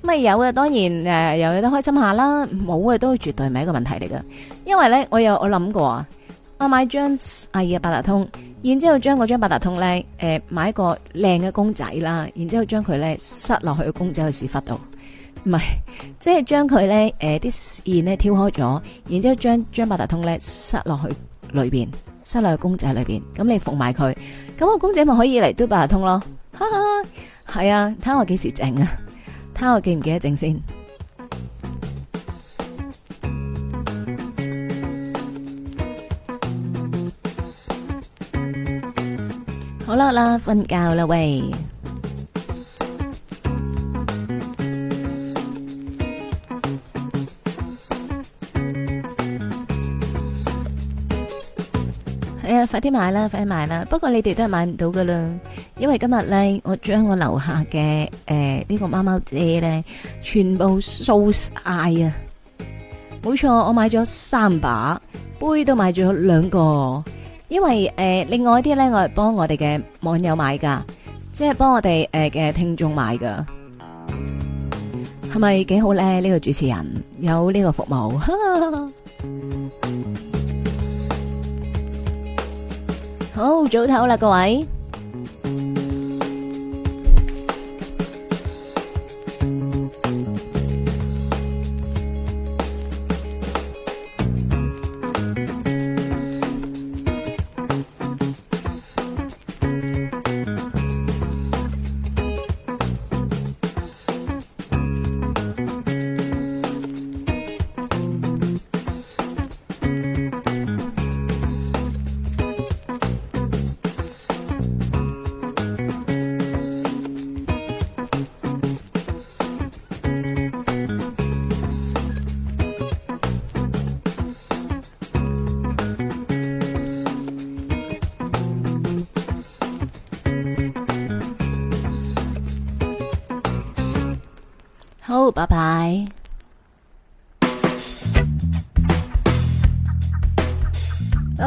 咁啊有嘅當然誒、呃、又有得開心下啦，冇嘅都絕對唔係一個問題嚟噶。因為咧，我有我諗過啊。啊我買張阿二嘅八達通，然之後將嗰張八達通咧，誒、呃、買一個靚嘅公仔啦，然之後將佢咧塞落去個公仔嘅屎忽度，唔係，即係將佢咧，誒、呃、啲線咧挑開咗，然之後將將八達通咧塞落去裏邊，塞落公仔裏邊，咁你縫埋佢，咁個公仔咪可以嚟嘟八達通咯，係 啊，睇我幾時整啊，睇我記唔記得整先，啊。好啦啦，瞓覺啦喂。係啊、 哎，快啲買啦，快啲買啦！不過你哋都係買唔到噶啦，因為今日咧，我將我樓下嘅誒、呃這個、呢個貓貓姐咧，全部掃晒啊！冇錯，我買咗三把，杯都買咗兩個。因為誒，另外一啲咧，我係幫我哋嘅網友買噶，即係幫我哋誒嘅聽眾買噶，係咪幾好咧？呢個主持人有呢個服務？好，早唞啦，各位。